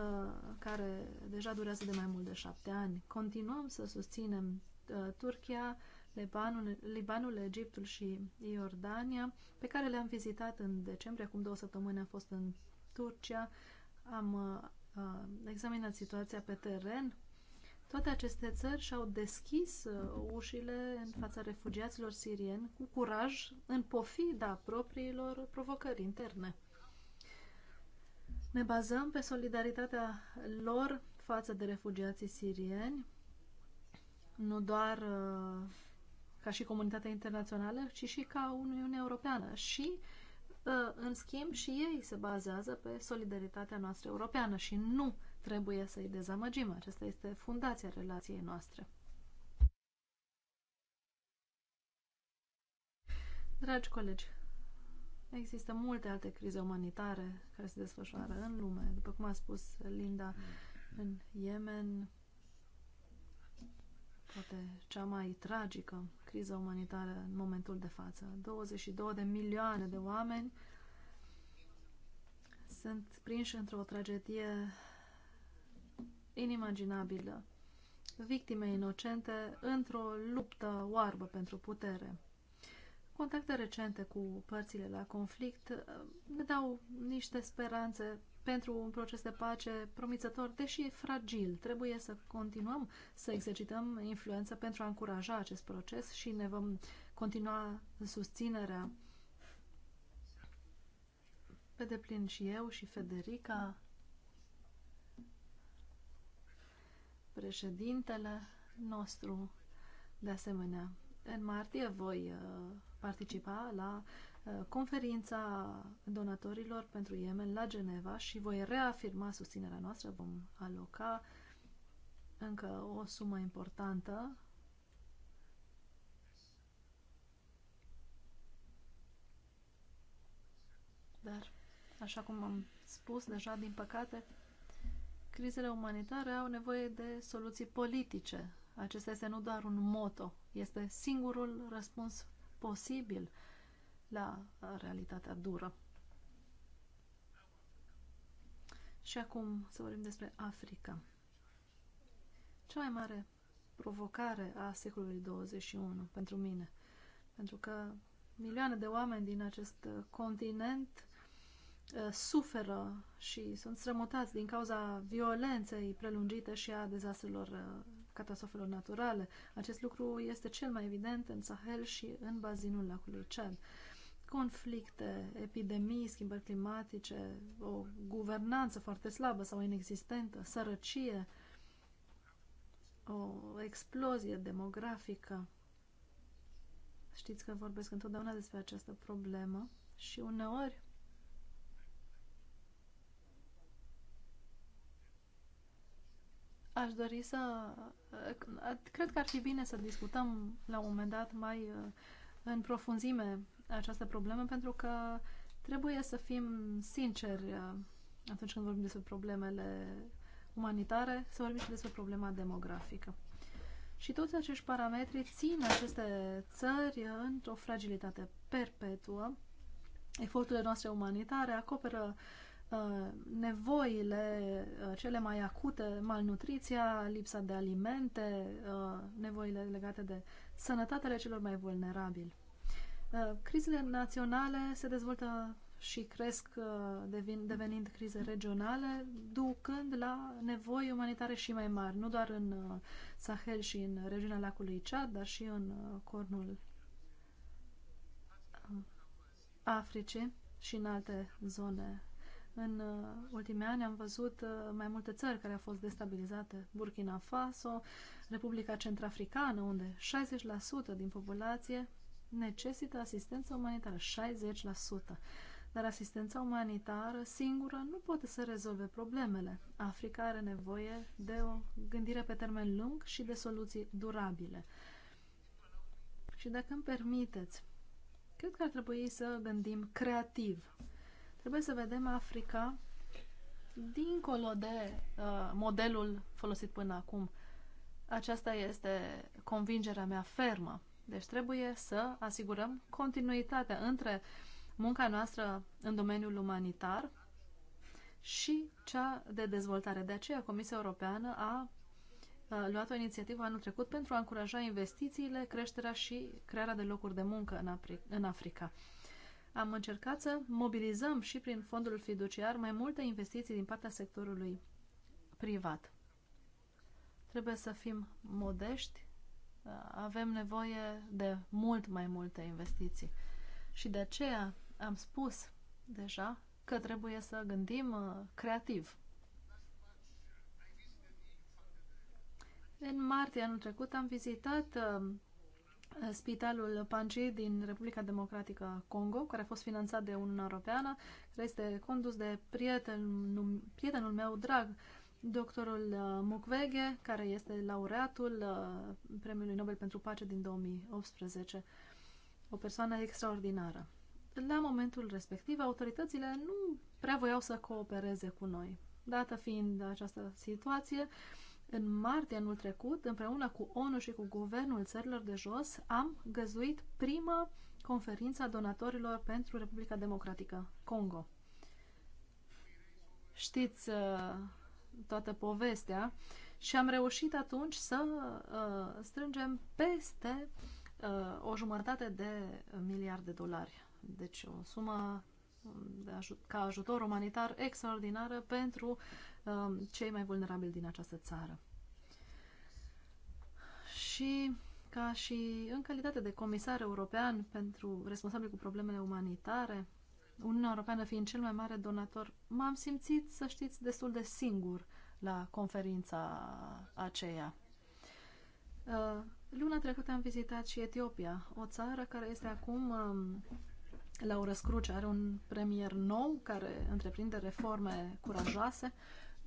care deja durează de mai mult de șapte ani. Continuăm să susținem uh, Turcia, Libanul, Libanul, Egiptul și Iordania, pe care le-am vizitat în decembrie, acum două săptămâni am fost în Turcia, am uh, uh examinat situația pe teren. Toate aceste țări și-au deschis ușile în fața refugiaților sirieni cu curaj, în pofida propriilor provocări interne. Ne bazăm pe solidaritatea lor față de refugiații sirieni, nu doar uh, ca și comunitatea internațională, ci și ca Uniunea Europeană. Și, uh, în schimb, și ei se bazează pe solidaritatea noastră europeană și nu trebuie să-i dezamăgim. Aceasta este fundația relației noastre. Dragi colegi, Există multe alte crize umanitare care se desfășoară în lume. După cum a spus Linda, în Yemen, poate cea mai tragică criză umanitară în momentul de față. 22 de milioane de oameni sunt prinși într-o tragedie inimaginabilă. Victime inocente într-o luptă oarbă pentru putere. Contacte recente cu părțile la conflict uh, ne dau niște speranțe pentru un proces de pace promițător, deși e fragil. Trebuie să continuăm să exercităm influență pentru a încuraja acest proces și ne vom continua susținerea pe deplin și eu și Federica, președintele nostru, de asemenea. În martie voi uh, participa la uh, conferința donatorilor pentru Yemen la Geneva și voi reafirma susținerea noastră, vom aloca încă o sumă importantă dar, așa cum am spus deja, din păcate, crizele umanitare au nevoie de soluții politice. Acesta este nu doar un moto, este singurul răspuns posibil la realitatea dură. Și acum să vorbim despre Africa. Cea mai mare provocare a secolului 21 pentru mine, pentru că milioane de oameni din acest uh, continent uh, suferă și sunt strămutați din cauza violenței prelungite și a dezastrelor uh, catastrofelor naturale. Acest lucru este cel mai evident în Sahel și în bazinul lacului Cel. Conflicte, epidemii, schimbări climatice, o guvernanță foarte slabă sau inexistentă, sărăcie, o explozie demografică. Știți că vorbesc întotdeauna despre această problemă și uneori Aș dori să... Cred că ar fi bine să discutăm la un moment dat mai uh, în profunzime această problemă, pentru că trebuie să fim sinceri uh, atunci când vorbim despre problemele umanitare, să vorbim și despre problema demografică. Și toți acești parametri țin aceste țări într-o fragilitate perpetuă. Eforturile noastre umanitare acoperă uh, Uh, nevoile uh, cele mai acute, malnutriția, lipsa de alimente, uh, nevoile legate de sănătatele celor mai vulnerabili. Crizele naționale se dezvoltă și cresc devenind crize regionale, ducând la nevoi umanitare și mai mari, nu doar în Sahel și în regiunea lacului Chad, dar și în cornul Africii și în alte zone în uh, ultimii ani am văzut uh, mai multe țări care au fost destabilizate. Burkina Faso, Republica Centrafricană, unde 60% din populație necesită asistență umanitară. 60%. Dar asistența umanitară singură nu poate să rezolve problemele. Africa are nevoie de o gândire pe termen lung și de soluții durabile. Și dacă îmi permiteți, cred că ar trebui să gândim creativ Trebuie să vedem Africa dincolo de uh, modelul folosit până acum. Aceasta este convingerea mea fermă. Deci trebuie să asigurăm continuitatea între munca noastră în domeniul umanitar și cea de dezvoltare. De aceea Comisia Europeană a uh, luat o inițiativă anul trecut pentru a încuraja investițiile, creșterea și crearea de locuri de muncă în, în Africa. Am încercat să mobilizăm și prin fondul fiduciar mai multe investiții din partea sectorului privat. Trebuie să fim modești, avem nevoie de mult mai multe investiții. Și de aceea am spus deja că trebuie să gândim uh, creativ. În martie anul trecut am vizitat uh, Spitalul Panji din Republica Democratică Congo, care a fost finanțat de Uniunea Europeană, care este condus de prietenul, prietenul meu drag, doctorul uh, Mukwege, care este laureatul uh, Premiului Nobel pentru Pace din 2018. O persoană extraordinară. La momentul respectiv, autoritățile nu prea voiau să coopereze cu noi. Dată fiind această situație, uh, în martie anul trecut, împreună cu ONU și cu Guvernul Țărilor de Jos, am găzuit prima conferință a donatorilor pentru Republica Democratică, Congo. Știți uh, toată povestea și am reușit atunci să uh, strângem peste uh, o jumătate de miliard de dolari. Deci o sumă de ca ajutor umanitar extraordinară pentru Um, cei mai vulnerabili din această țară. Și ca și în calitate de comisar european pentru responsabil cu problemele umanitare, Uniunea Europeană fiind cel mai mare donator, m-am simțit, să știți, destul de singur la conferința aceea. Uh, luna trecută am vizitat și Etiopia, o țară care este acum um, la o răscruce, are un premier nou care întreprinde reforme curajoase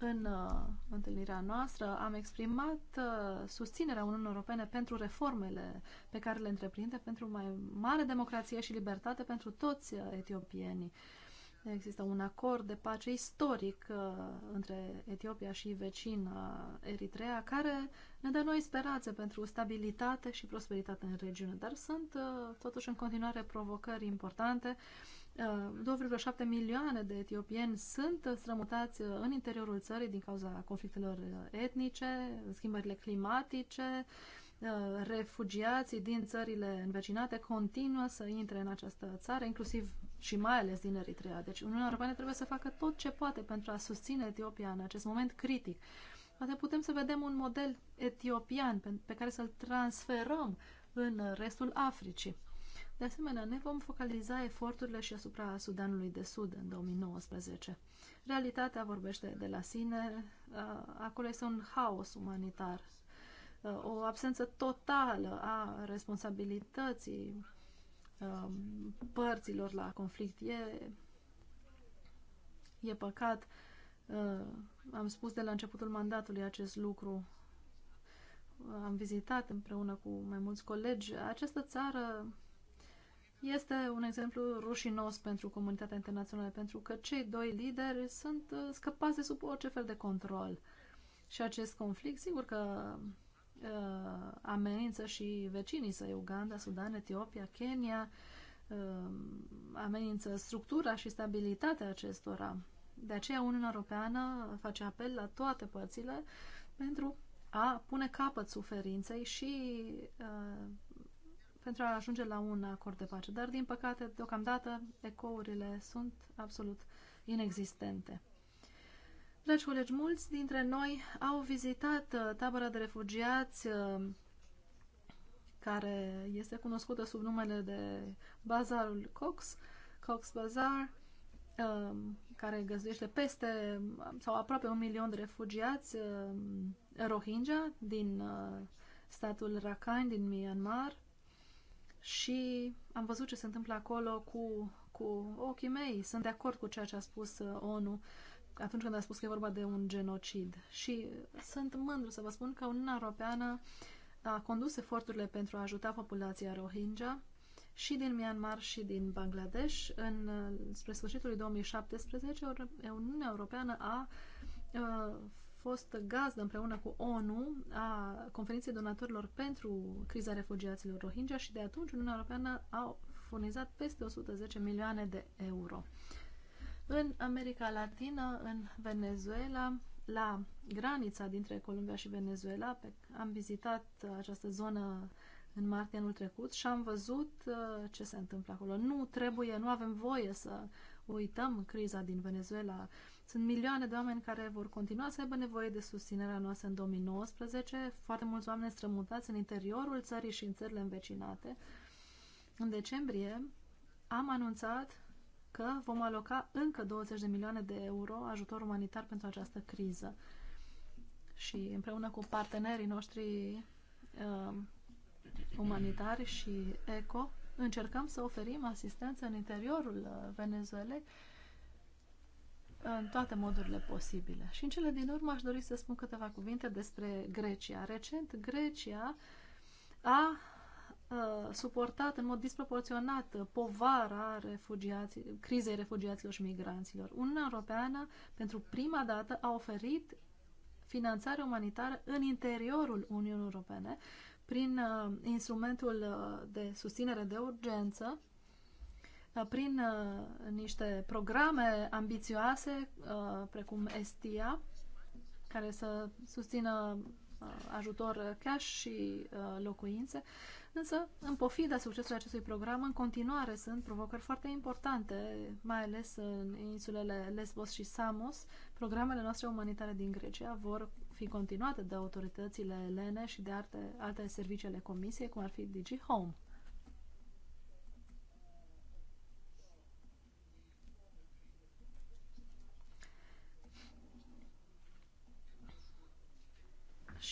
în uh, întâlnirea noastră am exprimat uh, susținerea Uniunii Europene pentru reformele pe care le întreprinde, pentru mai mare democrație și libertate pentru toți uh, etiopienii. Există un acord de pace istoric uh, între Etiopia și vecina Eritrea, care ne dă noi speranțe pentru stabilitate și prosperitate în regiune, dar sunt uh, totuși în continuare provocări importante uh, 2,7 uh, milioane de etiopieni sunt strămutați uh, în interiorul țării din cauza conflictelor uh, etnice, schimbările climatice, refugiații din țările învecinate continuă să intre în această țară, inclusiv și mai ales din Eritrea. Deci Uniunea Europeană trebuie să facă tot ce poate pentru a susține Etiopia în acest moment critic. Poate putem să vedem un model etiopian pe care să-l transferăm în restul Africii. De asemenea, ne vom focaliza eforturile și asupra Sudanului de Sud în 2019. Realitatea vorbește de la sine. Acolo este un haos umanitar, o absență totală a responsabilității părților la conflict. E, e păcat. Am spus de la începutul mandatului acest lucru. Am vizitat împreună cu mai mulți colegi această țară este un exemplu rușinos pentru comunitatea internațională, pentru că cei doi lideri sunt uh, scăpați de sub orice fel de control. Și acest conflict, sigur că uh, amenință și vecinii săi, Uganda, Sudan, Etiopia, Kenya, uh, amenință structura și stabilitatea acestora. De aceea Uniunea Europeană face apel la toate părțile pentru a pune capăt suferinței și uh, pentru a ajunge la un acord de pace. Dar, din păcate, deocamdată, ecourile sunt absolut inexistente. Dragi colegi, mulți dintre noi au vizitat uh, tabăra de refugiați uh, care este cunoscută sub numele de Bazarul Cox, Cox Bazar, um, care găzduiește peste um, sau aproape un milion de refugiați um, Rohingya din uh, statul Rakhine din Myanmar și am văzut ce se întâmplă acolo cu, cu ochii mei. Sunt de acord cu ceea ce a spus uh, ONU atunci când a spus că e vorba de un genocid. Și sunt mândru să vă spun că Uniunea Europeană a condus eforturile pentru a ajuta populația Rohingya și din Myanmar și din Bangladesh. În, spre sfârșitul 2017, Uniunea Europeană a, a uh, fost gazdă împreună cu ONU a conferinței donatorilor pentru criza refugiaților Rohingya și de atunci Uniunea Europeană a furnizat peste 110 milioane de euro. În America Latină, în Venezuela, la granița dintre Columbia și Venezuela, pe, am vizitat această zonă în martie anul trecut și am văzut uh, ce se întâmplă acolo. Nu trebuie, nu avem voie să uităm criza din Venezuela sunt milioane de oameni care vor continua să aibă nevoie de susținerea noastră în 2019, foarte mulți oameni strămutați în interiorul țării și în țările învecinate. În decembrie am anunțat că vom aloca încă 20 de milioane de euro ajutor umanitar pentru această criză. Și împreună cu partenerii noștri uh, umanitari și ECO, încercăm să oferim asistență în interiorul uh, Venezuelei uh, în toate modurile posibile. Și în cele din urmă aș dori să spun câteva cuvinte despre Grecia. Recent, Grecia a suportat în mod disproporționat povara refugiații, crizei refugiaților și migranților. Uniunea Europeană, pentru prima dată, a oferit finanțare umanitară în interiorul Uniunii Europene prin uh, instrumentul uh, de susținere de urgență Uh, prin uh, niște programe ambițioase, uh, precum Estia, care să susțină ajutor cash și locuințe, însă, în pofida succesului acestui program, în continuare sunt provocări foarte importante, mai ales în insulele Lesbos și Samos. Programele noastre umanitare din Grecia vor fi continuate de autoritățile elene și de alte, alte serviciile comisiei, cum ar fi DigiHome.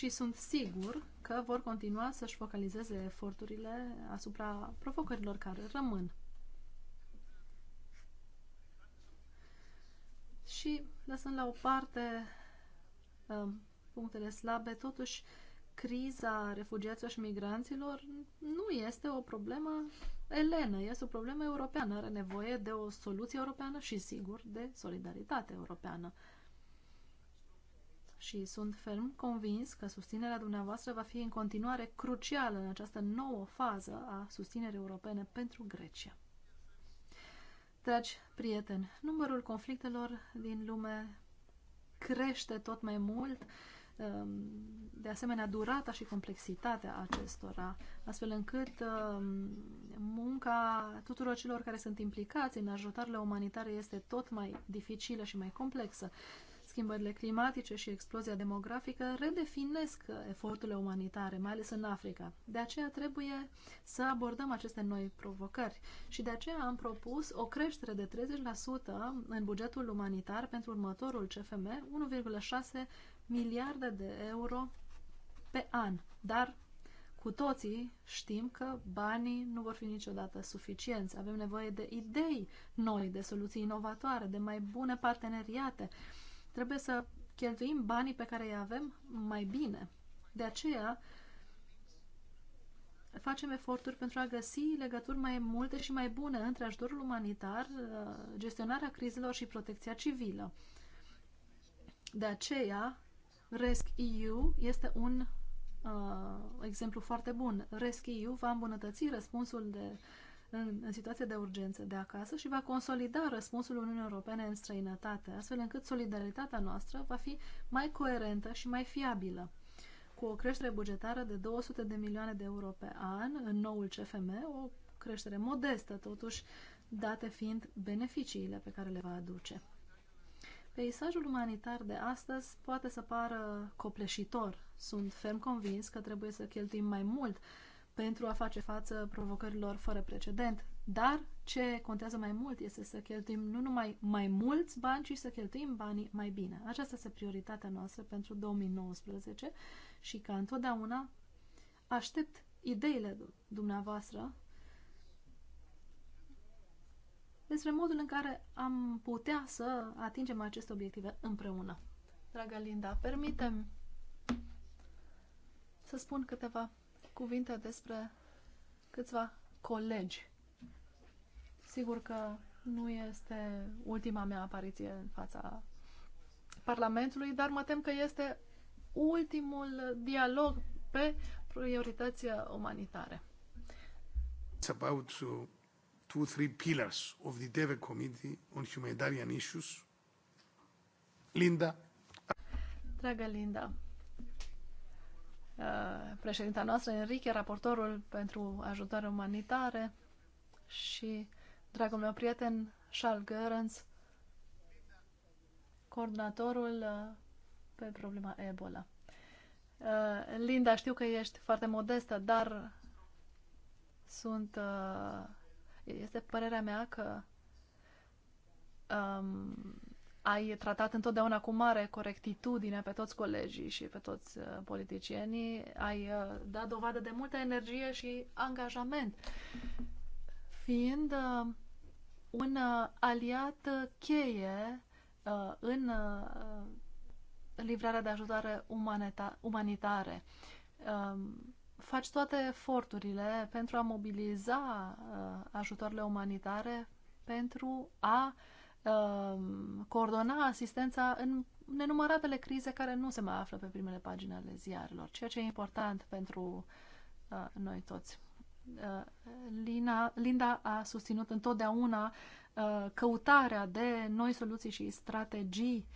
și sunt sigur că vor continua să-și focalizeze eforturile asupra provocărilor care rămân. Și, lăsând la o parte um, punctele slabe, totuși, criza refugiaților și migranților nu este o problemă elenă, este o problemă europeană. Are nevoie de o soluție europeană și, sigur, de solidaritate europeană și sunt ferm convins că susținerea dumneavoastră va fi în continuare crucială în această nouă fază a susținerii europene pentru Grecia. Dragi prieteni, numărul conflictelor din lume crește tot mai mult, um, de asemenea durata și complexitatea acestora, astfel încât um, munca tuturor celor care sunt implicați în ajutarele umanitare este tot mai dificilă și mai complexă schimbările climatice și explozia demografică redefinesc eforturile umanitare, mai ales în Africa. De aceea trebuie să abordăm aceste noi provocări și de aceea am propus o creștere de 30% în bugetul umanitar pentru următorul CFM, 1,6 miliarde de euro pe an. Dar cu toții știm că banii nu vor fi niciodată suficienți. Avem nevoie de idei noi, de soluții inovatoare, de mai bune parteneriate. Uh, Trebuie să cheltuim banii pe care îi avem mai bine. De aceea facem eforturi pentru a găsi legături mai multe și mai bune între ajutorul umanitar, gestionarea crizelor și protecția civilă. De aceea, RESC-EU este un uh, exemplu foarte bun. RESC-EU va îmbunătăți răspunsul de în, în situație de urgență de acasă și va consolida răspunsul Uniunii Europene în străinătate, astfel încât solidaritatea noastră va fi mai coerentă și mai fiabilă. Cu o creștere bugetară de 200 de milioane de euro pe an în noul CFM, o creștere modestă, totuși, date fiind beneficiile pe care le va aduce. Peisajul umanitar de astăzi poate să pară copleșitor. Sunt ferm convins că trebuie să cheltuim mai mult pentru a face față provocărilor fără precedent. Dar ce contează mai mult este să cheltuim nu numai mai mulți bani, ci să cheltuim banii mai bine. Aceasta este prioritatea noastră pentru 2019 și ca întotdeauna aștept ideile dumneavoastră despre modul în care am putea să atingem aceste obiective împreună. Draga Linda, permitem să spun câteva cuvinte despre câțiva colegi. Sigur că nu este ultima mea apariție în fața Parlamentului, dar mă tem că este ultimul dialog pe priorități umanitare. It's about two, three pillars of the DEVE Committee on Humanitarian Issues. Linda. Dragă Linda, Uh, președinta noastră, Enrique, raportorul pentru ajutoare umanitare și dragul meu prieten, Charles Görens, coordonatorul uh, pe problema Ebola. Uh, Linda, știu că ești foarte modestă, dar sunt. Este părerea mea că um, ai tratat întotdeauna cu mare corectitudine pe toți colegii și pe toți uh, politicienii, ai uh, dat dovadă de multă energie și angajament, fiind uh, un aliat cheie în livrarea de ajutoare umanita- umanitare. Um, faci toate eforturile pentru a mobiliza ajutoarele umanitare pentru a uh, Um, coordona asistența în nenumăratele crize care nu se mai află pe primele pagini ale ziarelor, ceea ce e important pentru uh, noi toți. Uh, Lina, Linda a susținut întotdeauna uh, căutarea de noi soluții și strategii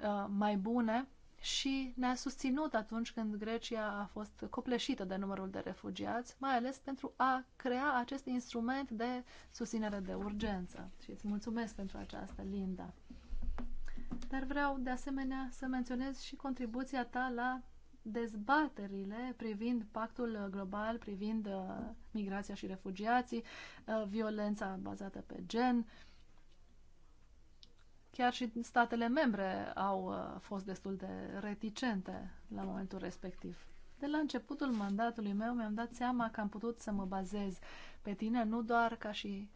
uh, mai bune și ne-a susținut atunci când Grecia a fost copleșită de numărul de refugiați, mai ales pentru a crea acest instrument de susținere de urgență. Și îți mulțumesc pentru această Linda. Dar vreau de asemenea să menționez și contribuția ta la dezbaterile privind pactul global, privind uh, migrația și refugiații, uh, violența bazată pe gen, Chiar și statele membre au uh, fost destul de reticente la momentul respectiv. De la începutul mandatului meu mi-am dat seama că am putut să mă bazez pe tine nu doar ca și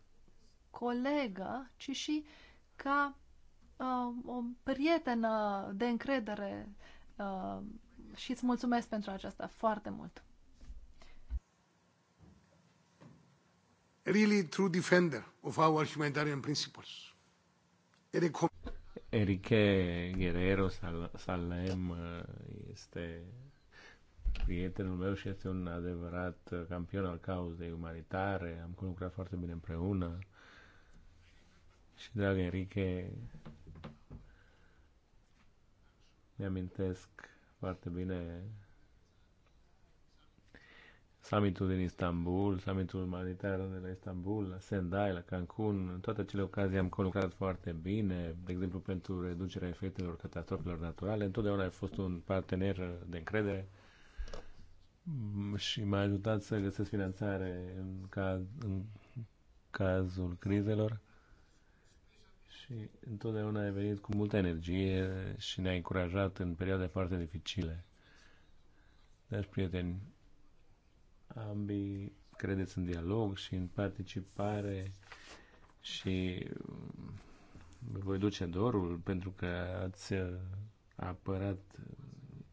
colegă, ci și ca uh, o prietenă de încredere uh, și îți mulțumesc pentru aceasta foarte mult. Really true defender of our humanitarian principles. Enrique Guerrero Sal Salem uh, este prietenul meu și este un adevărat uh, campion al cauzei umanitare. Am lucrat foarte bine împreună. Și, drag Enrique, mi-amintesc foarte bine summitul din Istanbul, summitul umanitar de la Istanbul, la Sendai, la Cancun, în toate acele ocazii am colucrat foarte bine, de exemplu pentru reducerea efectelor catastrofelor naturale, întotdeauna ai fost un partener de încredere și m-a ajutat să găsesc finanțare în, caz, în cazul crizelor și întotdeauna ai venit cu multă energie și ne-ai încurajat în perioade foarte dificile. Dragi prieteni, ambii credeți în dialog și în participare și um, vă voi duce dorul pentru că ați uh, apărat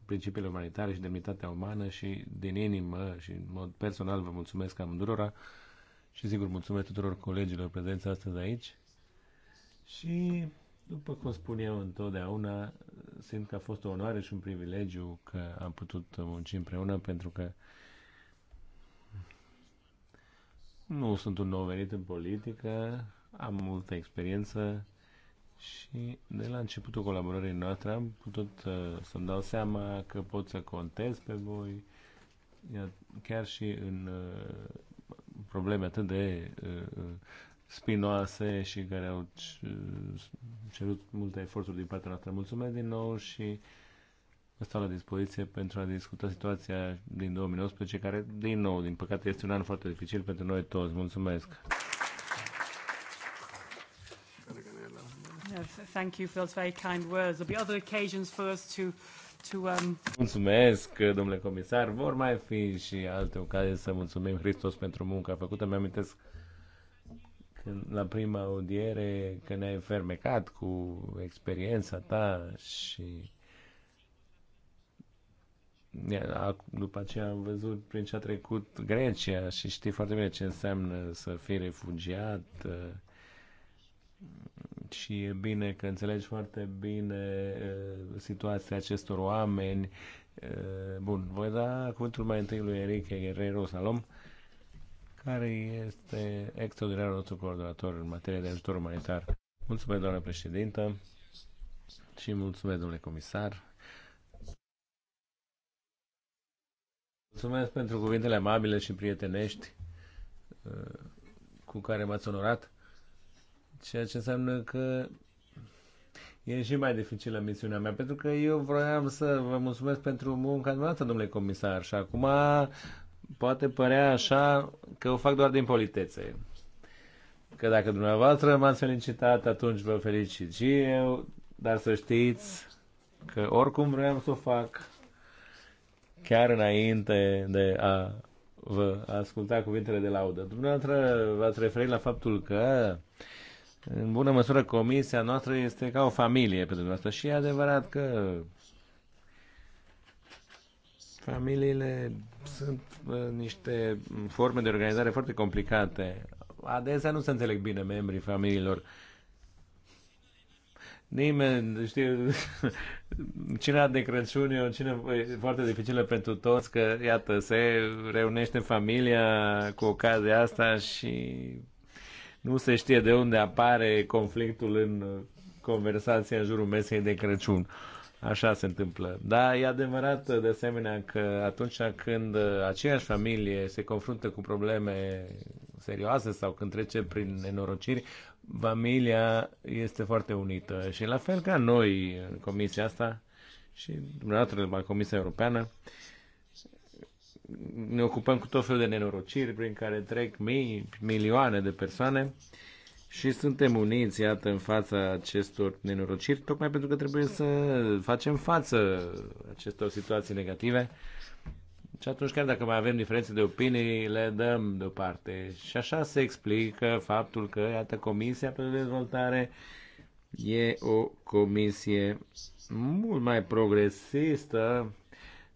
principiile umanitare și demnitatea umană și din inimă și în mod personal vă mulțumesc amândurora și sigur mulțumesc tuturor colegilor prezenți astăzi aici și după cum spun eu întotdeauna simt că a fost o onoare și un privilegiu că am putut munci împreună pentru că Nu sunt un nou venit în politică, am multă experiență și de la începutul colaborării noastre am putut uh, să-mi dau seama că pot să contez pe voi, chiar și în uh, probleme atât de uh, spinoase și care au uh, cerut multe eforturi din partea noastră. Mulțumesc din nou și stau la dispoziție pentru a discuta situația din 2019, care, din nou, din păcate, este un an foarte dificil pentru noi toți. Mulțumesc! Thank you for those very kind words. There'll be other occasions for us to to, um... Mulțumesc, domnule comisar. Vor mai fi și alte ocazii să mulțumim Hristos pentru munca făcută. Mi-amintesc când, la prima audiere că ne-ai fermecat cu experiența ta și după aceea am văzut prin ce a trecut Grecia și știi foarte bine ce înseamnă să fii refugiat uh, și e bine că înțelegi foarte bine uh, situația acestor oameni. Uh, bun, voi da cuvântul mai întâi lui Enrique Guerrero Salom, care este extraordinarul nostru coordonator în materie de ajutor umanitar. Mulțumesc, doamnă președintă, și mulțumesc, domnule comisar Mulțumesc pentru cuvintele amabile și prietenești uh, cu care m-ați onorat, ceea ce înseamnă că e și mai dificilă misiunea mea, pentru că eu vroiam să vă mulțumesc pentru munca dumneavoastră, domnule comisar, și acum poate părea așa că o fac doar din politețe. Că dacă dumneavoastră m-ați felicitat, atunci vă felicit și eu, dar să știți că oricum vreau să o fac, chiar înainte de a vă asculta cuvintele de laudă. Dumneavoastră v-ați referit la faptul că în bună măsură comisia noastră este ca o familie pentru dumneavoastră și e adevărat că familiile sunt niște forme de organizare foarte complicate. Adesea nu se înțeleg bine membrii familiilor. Uh, Nimeni, știu, *laughs* cina de Crăciun e o cină foarte dificilă pentru toți, că, iată, se reunește familia cu ocazia asta și nu se știe de unde apare conflictul în conversația în jurul mesei de Crăciun. Așa se întâmplă. Da, e adevărat de asemenea că atunci când aceeași familie se confruntă cu probleme serioase sau când trece prin nenorociri, familia este foarte unită și la fel ca noi în comisia asta și dumneavoastră la Comisia Europeană ne ocupăm cu tot felul de nenorociri prin care trec mii, milioane de persoane și suntem uniți, iată, în fața acestor nenorociri, tocmai pentru că trebuie să facem față acestor situații negative și atunci, chiar dacă mai avem diferențe de opinii, le dăm deoparte. Și așa se explică faptul că, iată, Comisia pentru Dezvoltare e o comisie mult mai progresistă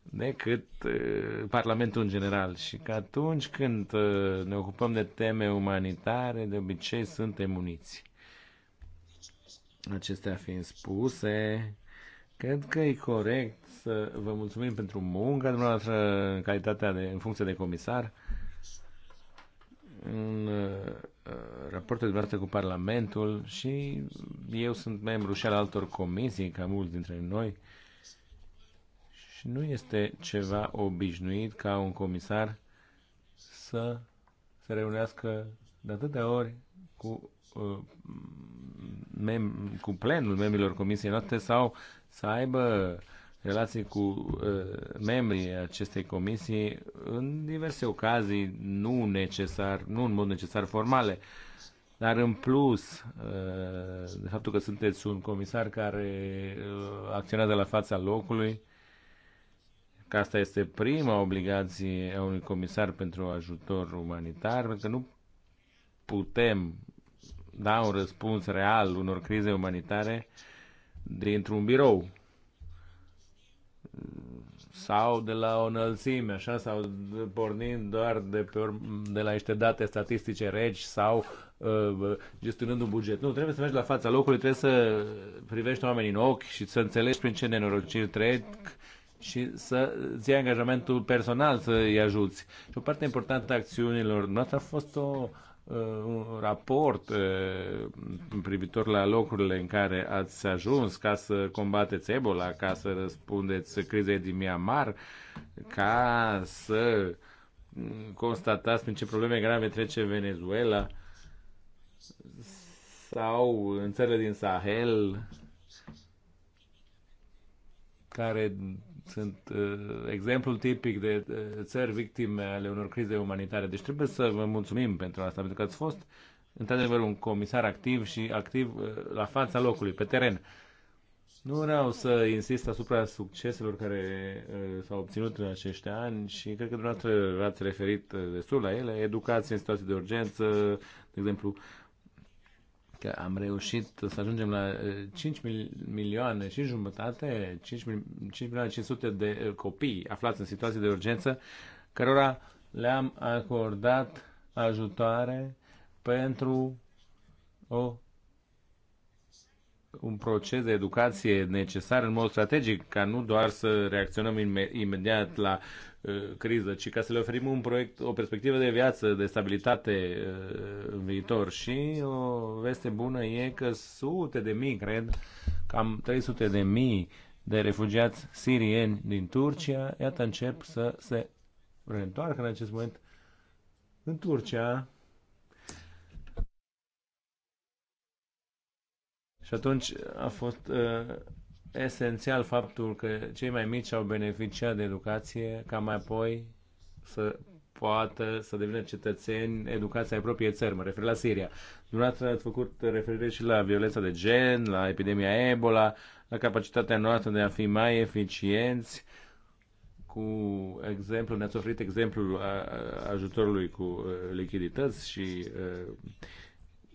decât uh, Parlamentul în general și că atunci când uh, ne ocupăm de teme umanitare, de obicei suntem uniți. Acestea fiind spuse, cred că e corect să vă mulțumim pentru munca dumneavoastră în calitatea de, în funcție de comisar. În uh, raportul dumneavoastră cu Parlamentul și eu sunt membru și al altor comisii, ca mulți dintre noi, și nu este ceva obișnuit ca un comisar să se reunească de atâtea ori cu, uh, mem- cu plenul membrilor comisiei noastre sau să aibă relații cu uh, membrii acestei comisii în diverse ocazii, nu necesar, nu în mod necesar formale, dar în plus, uh, de faptul că sunteți un comisar care uh, acționează la fața locului, că asta este prima obligație a unui comisar pentru ajutor umanitar, pentru că nu putem da un răspuns real unor crize umanitare dintr-un birou sau de la o înălțime, așa, sau pornind doar de, pe urm- de la niște date statistice regi sau uh, gestionând un buget. Nu, trebuie să mergi la fața locului, trebuie să privești oamenii în ochi și să înțelegi prin ce nenorociri trec și să îți iei angajamentul personal să-i ajuți. Și o parte importantă a acțiunilor noastre a fost o Uh, un raport uh, privitor la locurile în care ați ajuns ca să combateți Ebola, ca să răspundeți crizei din Myanmar, ca să constatați prin ce probleme grave trece Venezuela sau în țările din Sahel care sunt uh, exemplul tipic de uh, țări victime ale unor crize umanitare. Deci trebuie să vă mulțumim pentru asta, pentru că ați fost într-adevăr un comisar activ și activ uh, la fața locului, pe teren. Nu vreau să insist asupra succeselor care uh, s-au obținut în acești ani și cred că dumneavoastră v-ați referit uh, destul la ele, educație în situații de urgență, de exemplu, uh, că am reușit să ajungem la 5 eh, milioane și jumătate, 5, 5 milioane 500 de eh, copii aflați în situații de urgență, cărora le-am acordat ajutoare pentru o, un proces de educație necesar în mod strategic, ca nu doar să reacționăm imediat la uh, Uh, criză, ci ca să le oferim un proiect, o perspectivă de viață, de stabilitate uh, în viitor. Și o veste bună e că sute de mii, cred, cam 300 de mii de refugiați sirieni din Turcia, iată încep să se reîntoarcă în acest moment în Turcia. Și atunci a fost uh, esențial faptul că cei mai mici au beneficiat de educație ca mai apoi să poată să devină cetățeni educația ai propriei țări, mă refer la Siria. Dumneavoastră ați făcut referire și la violența de gen, la epidemia Ebola, la capacitatea noastră de a fi mai eficienți cu exemplu, ne-ați oferit exemplul ajutorului cu uh, lichidități și uh,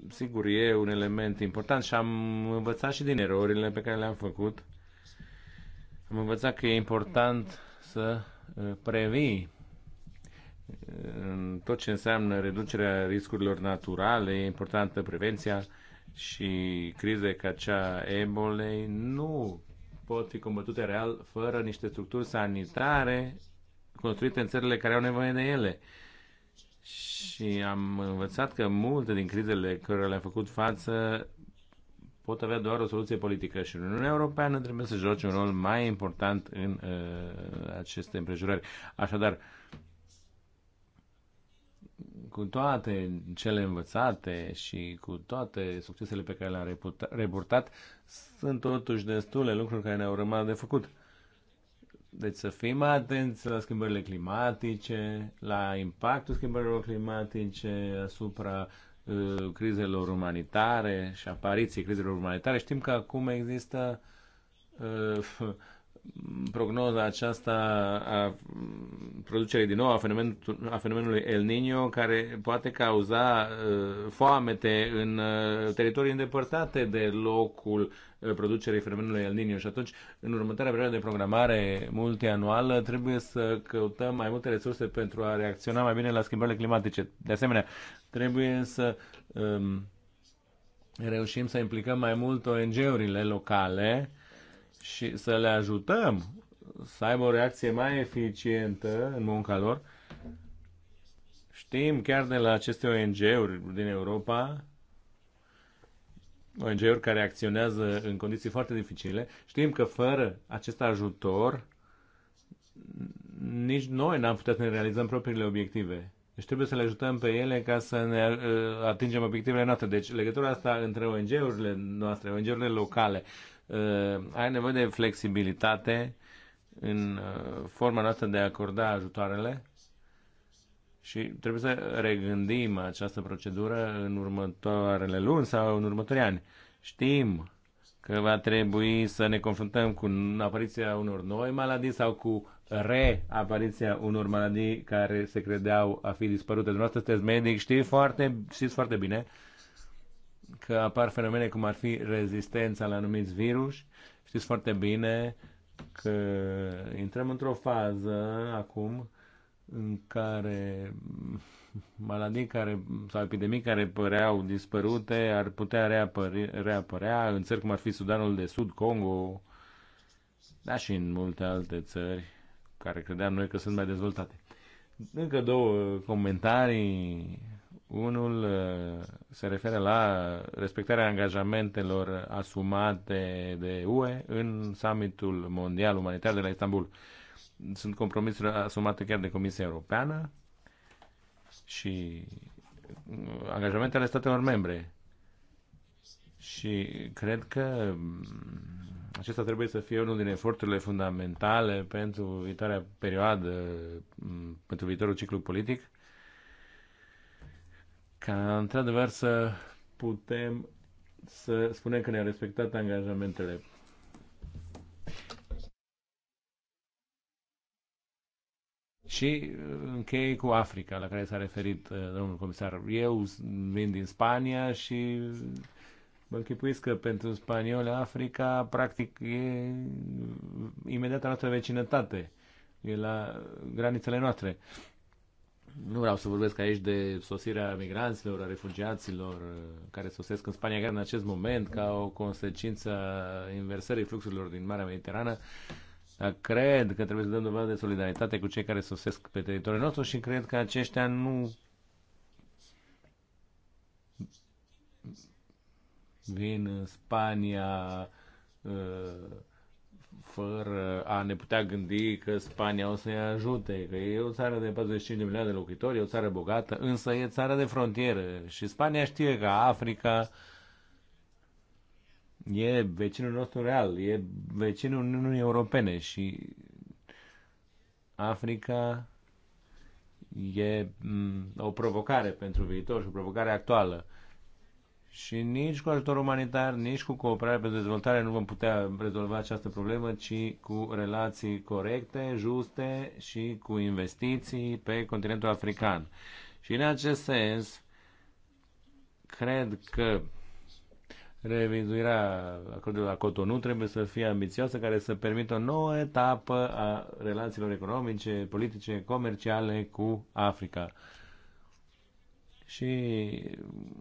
sigur, e un element important și am învățat și din erorile pe care le-am făcut. Am învățat că e important să uh, previi uh, în tot ce înseamnă reducerea riscurilor naturale, e importantă prevenția și crize ca cea ebolei nu pot fi combătute real fără niște structuri sanitare construite în țările care au nevoie de ele. Și am învățat că multe din crizele care le-am făcut față pot avea doar o soluție politică și Uniunea Europeană trebuie să joace un rol mai important în uh, aceste împrejurări. Așadar, cu toate cele învățate și cu toate succesele pe care le-am reportat, sunt totuși destule lucruri care ne-au rămas de făcut. Deci să fim atenți la schimbările climatice, la impactul schimbărilor climatice asupra uh, crizelor umanitare și apariției crizelor umanitare. Știm că acum există uh, prognoza aceasta a producerii din nou a, fenomenul, a fenomenului El Niño, care poate cauza uh, foamete în uh, teritorii îndepărtate de locul uh, producerii fenomenului El Niño. Și atunci, în următoarea perioadă de programare multianuală, trebuie să căutăm mai multe resurse pentru a reacționa mai bine la schimbările climatice. De asemenea, trebuie să um, reușim să implicăm mai mult ONG-urile locale și să le ajutăm să aibă o reacție mai eficientă în munca lor. Știm chiar de la aceste ONG-uri din Europa, ONG-uri care acționează în condiții foarte dificile, știm că fără acest ajutor nici noi n-am putea să ne realizăm propriile obiective. Deci trebuie să le ajutăm pe ele ca să ne uh, atingem obiectivele noastre. Deci legătura asta între ONG-urile noastre, ONG-urile locale Uh, ai nevoie de flexibilitate în uh, forma noastră de a acorda ajutoarele și trebuie să regândim această procedură în următoarele luni sau în următorii ani. Știm că va trebui să ne confruntăm cu apariția unor noi maladii sau cu reapariția unor maladii care se credeau a fi dispărute. Dumneavoastră sunteți medic, știți foarte, știți foarte bine că apar fenomene cum ar fi rezistența la anumiți virus. Știți foarte bine că intrăm într-o fază acum în care maladii care, sau epidemii care păreau dispărute ar putea reapări, reapărea în țări cum ar fi Sudanul de Sud, Congo, da și în multe alte țări care credeam noi că sunt mai dezvoltate. Încă două comentarii unul uh, se referă la respectarea angajamentelor asumate de UE în summitul mondial umanitar de la Istanbul. Sunt compromisuri asumate chiar de Comisia Europeană și uh, angajamentele statelor membre. Și cred că mm, acesta trebuie să fie unul din eforturile fundamentale pentru viitoarea perioadă, mm, pentru viitorul ciclu politic ca într-adevăr să putem să spunem că ne-am respectat angajamentele. Și uh, închei cu Africa, la care s-a referit uh, domnul comisar. Eu vin din Spania și mă închipuiesc că pentru spanioli Africa, practic, e imediat imediata noastră vecinătate. E la granițele noastre. Uh, nu vreau să vorbesc aici de sosirea migranților, a refugiaților uh, care sosesc în Spania chiar în acest moment ca o consecință a inversării fluxurilor din Marea Mediterană. Dar cred că trebuie să dăm dovadă de solidaritate cu cei care sosesc pe teritoriul nostru și cred că aceștia nu vin în Spania uh, fără a ne putea gândi că Spania o să ne ajute, că e o țară de 45 de milioane de locuitori, e o țară bogată, însă e țară de frontieră și Spania știe că Africa e vecinul nostru real, e vecinul Uniunii Europene și Africa e mm, o provocare pentru viitor și o provocare actuală. Și nici cu ajutor umanitar, nici cu cooperare pentru dezvoltare nu vom putea rezolva această problemă, ci cu relații corecte, juste și cu investiții pe continentul african. Și în acest sens, cred că revizuirea acordului la Cotonou trebuie să fie ambițioasă, care să permită o nouă etapă a relațiilor economice, politice, comerciale cu Africa. Și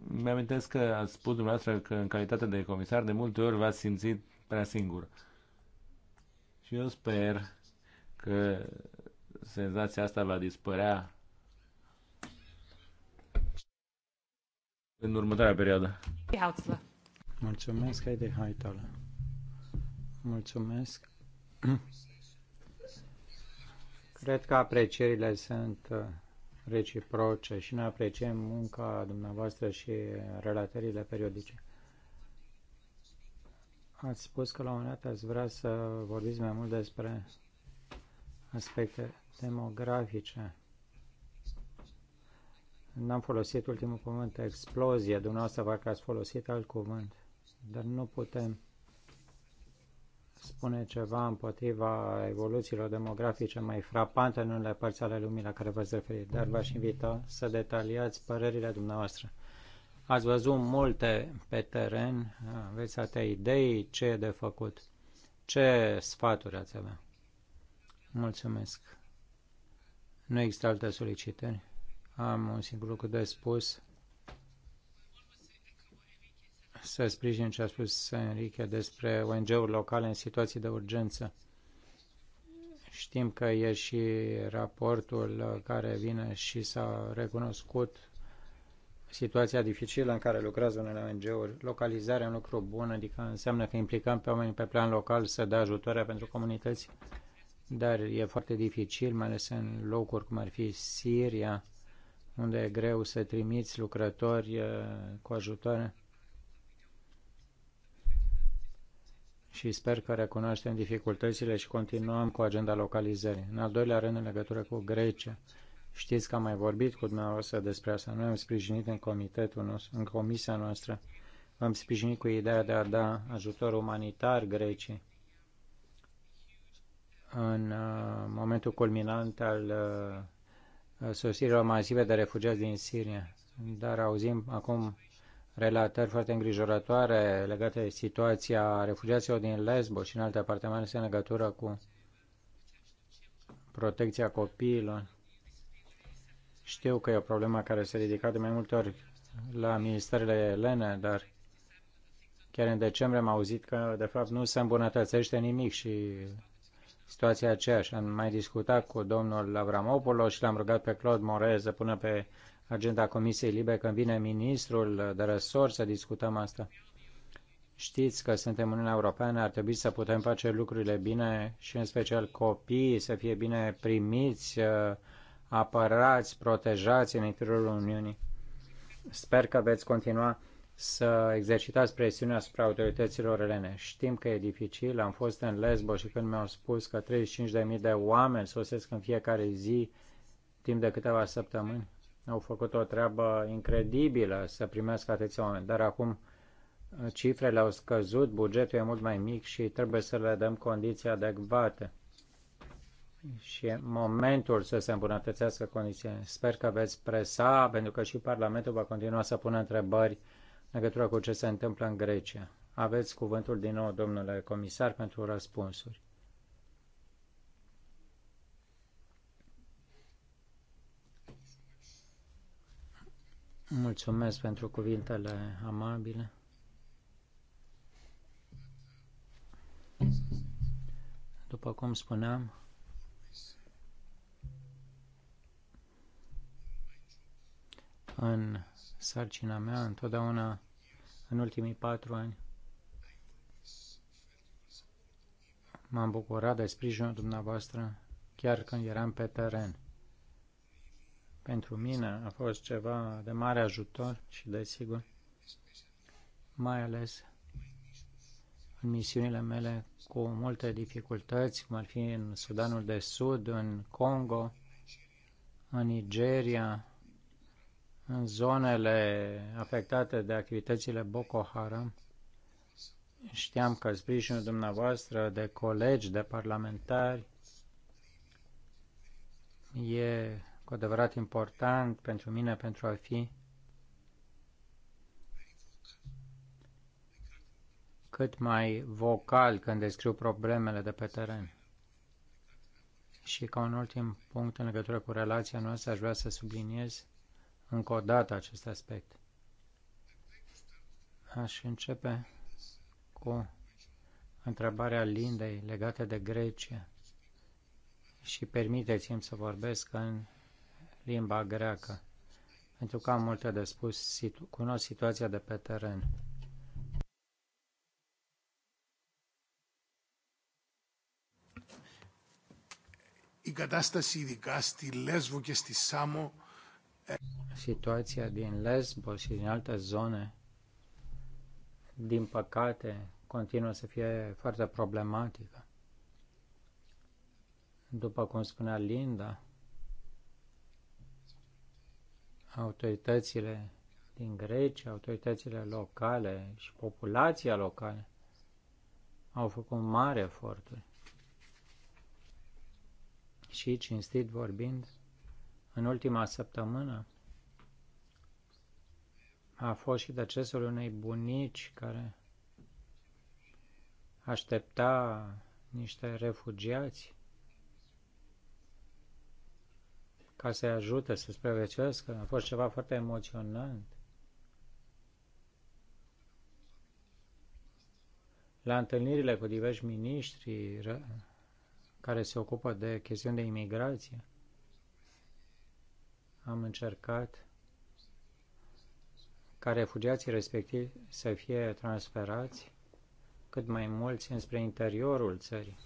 mi-amintesc că ați spus dumneavoastră că în calitate de comisar de multe ori v-ați simțit prea singur. Și eu sper că senzația asta va dispărea în următoarea perioadă. Mulțumesc, Heidi Haitala. Mulțumesc. *clears throat* Cred că aprecierile sunt uh, reciproce și ne apreciem munca dumneavoastră și relatările periodice. Ați spus că la un moment dat ați vrea să vorbiți mai mult despre aspecte demografice. N-am folosit ultimul cuvânt, explozie. Dumneavoastră parcă ați folosit alt cuvânt, dar nu putem spune ceva împotriva evoluțiilor demografice mai frapante în unele părți ale lumii la care v-ați referit, dar v-aș invita să detaliați părerile dumneavoastră. Ați văzut multe pe teren, aveți atâtea idei, ce e de făcut, ce sfaturi ați avea. Mulțumesc. Nu există alte solicitări. Am un singur lucru de spus să sprijin ce a spus Enrique despre ONG-uri locale în situații de urgență. Știm că e și raportul care vine și s-a recunoscut situația dificilă în care lucrează unele ONG-uri. Localizarea e un lucru bun, adică înseamnă că implicăm pe oameni pe plan local să dea ajutoare pentru comunități, dar e foarte dificil, mai ales în locuri cum ar fi Siria, unde e greu să trimiți lucrători eh, cu ajutoare și sper că recunoaștem dificultățile și continuăm cu agenda localizării. În al doilea rând, în legătură cu Grecia, știți că am mai vorbit cu dumneavoastră despre asta. Noi am sprijinit în comitetul nostru, în comisia noastră, am sprijinit cu ideea de a da ajutor umanitar Greciei în uh, momentul culminant al uh, sosirilor masive de refugiați din Siria. Dar auzim acum relatări foarte îngrijorătoare legate de situația refugiaților din Lesbos și în alte apartamente în legătură cu protecția copiilor. Știu că e o problemă care se ridica de mai multe ori la ministerele elene, dar chiar în decembrie am auzit că, de fapt, nu se îmbunătățește nimic și situația aceeași. Am mai discutat cu domnul Avramopoulos și l-am rugat pe Claude Morez să pună pe agenda Comisiei Libe când vine ministrul de răsor să discutăm asta. Știți că suntem Uniunea Europeană, ar trebui să putem face lucrurile bine și în special copiii să fie bine primiți, uh, apărați, protejați în interiorul Uniunii. Sper că veți continua să exercitați presiunea asupra autorităților elene. Știm că e dificil, am fost în Lesbos și când mi-au spus că 35.000 de oameni sosesc în fiecare zi timp de câteva săptămâni, au făcut o treabă incredibilă să primească atâția oameni, dar acum uh, cifrele au scăzut, bugetul e mult mai mic și trebuie să le dăm condiții adecvate. Și e momentul să se îmbunătățească condițiile. Sper că veți presa, pentru că și Parlamentul va continua să pună întrebări în legătură cu ce se întâmplă în Grecia. Aveți cuvântul din nou, domnule comisar, pentru răspunsuri. Mulțumesc pentru cuvintele amabile. După cum spuneam, în sarcina mea, întotdeauna, în ultimii patru ani, m-am bucurat de sprijinul dumneavoastră chiar când eram pe teren pentru mine a fost ceva de mare ajutor și, desigur, mai ales în misiunile mele cu multe dificultăți, cum ar fi în Sudanul de Sud, în Congo, în Nigeria, în zonele afectate de activitățile Boko Haram. Știam că sprijinul dumneavoastră de colegi, de parlamentari, e cu adevărat important pentru mine pentru a fi cât mai vocal când descriu problemele de pe teren. Și ca un ultim punct în legătură cu relația noastră, aș vrea să subliniez încă o dată acest aspect. Aș începe cu întrebarea Lindei legată de Grecia și permiteți-mi să vorbesc în limba greacă, pentru că am multe de spus, situ- cunosc situația de pe teren. Η κατάσταση ειδικά στη Λέσβο και στη Σάμο Situația din Lesbo și din alte zone, din păcate, continuă să fie foarte problematică. După cum spunea Linda, autoritățile din Grecia, autoritățile locale și populația locală au făcut mari eforturi. Și, cinstit vorbind, în ultima săptămână a fost și decesul unei bunici care aștepta niște refugiați ca să-i ajute să supraviețuiască. A fost ceva foarte emoționant. La întâlnirile cu diversi miniștri care se ocupă de chestiuni de imigrație, am încercat ca refugiații respectivi să fie transferați cât mai mulți înspre interiorul țării.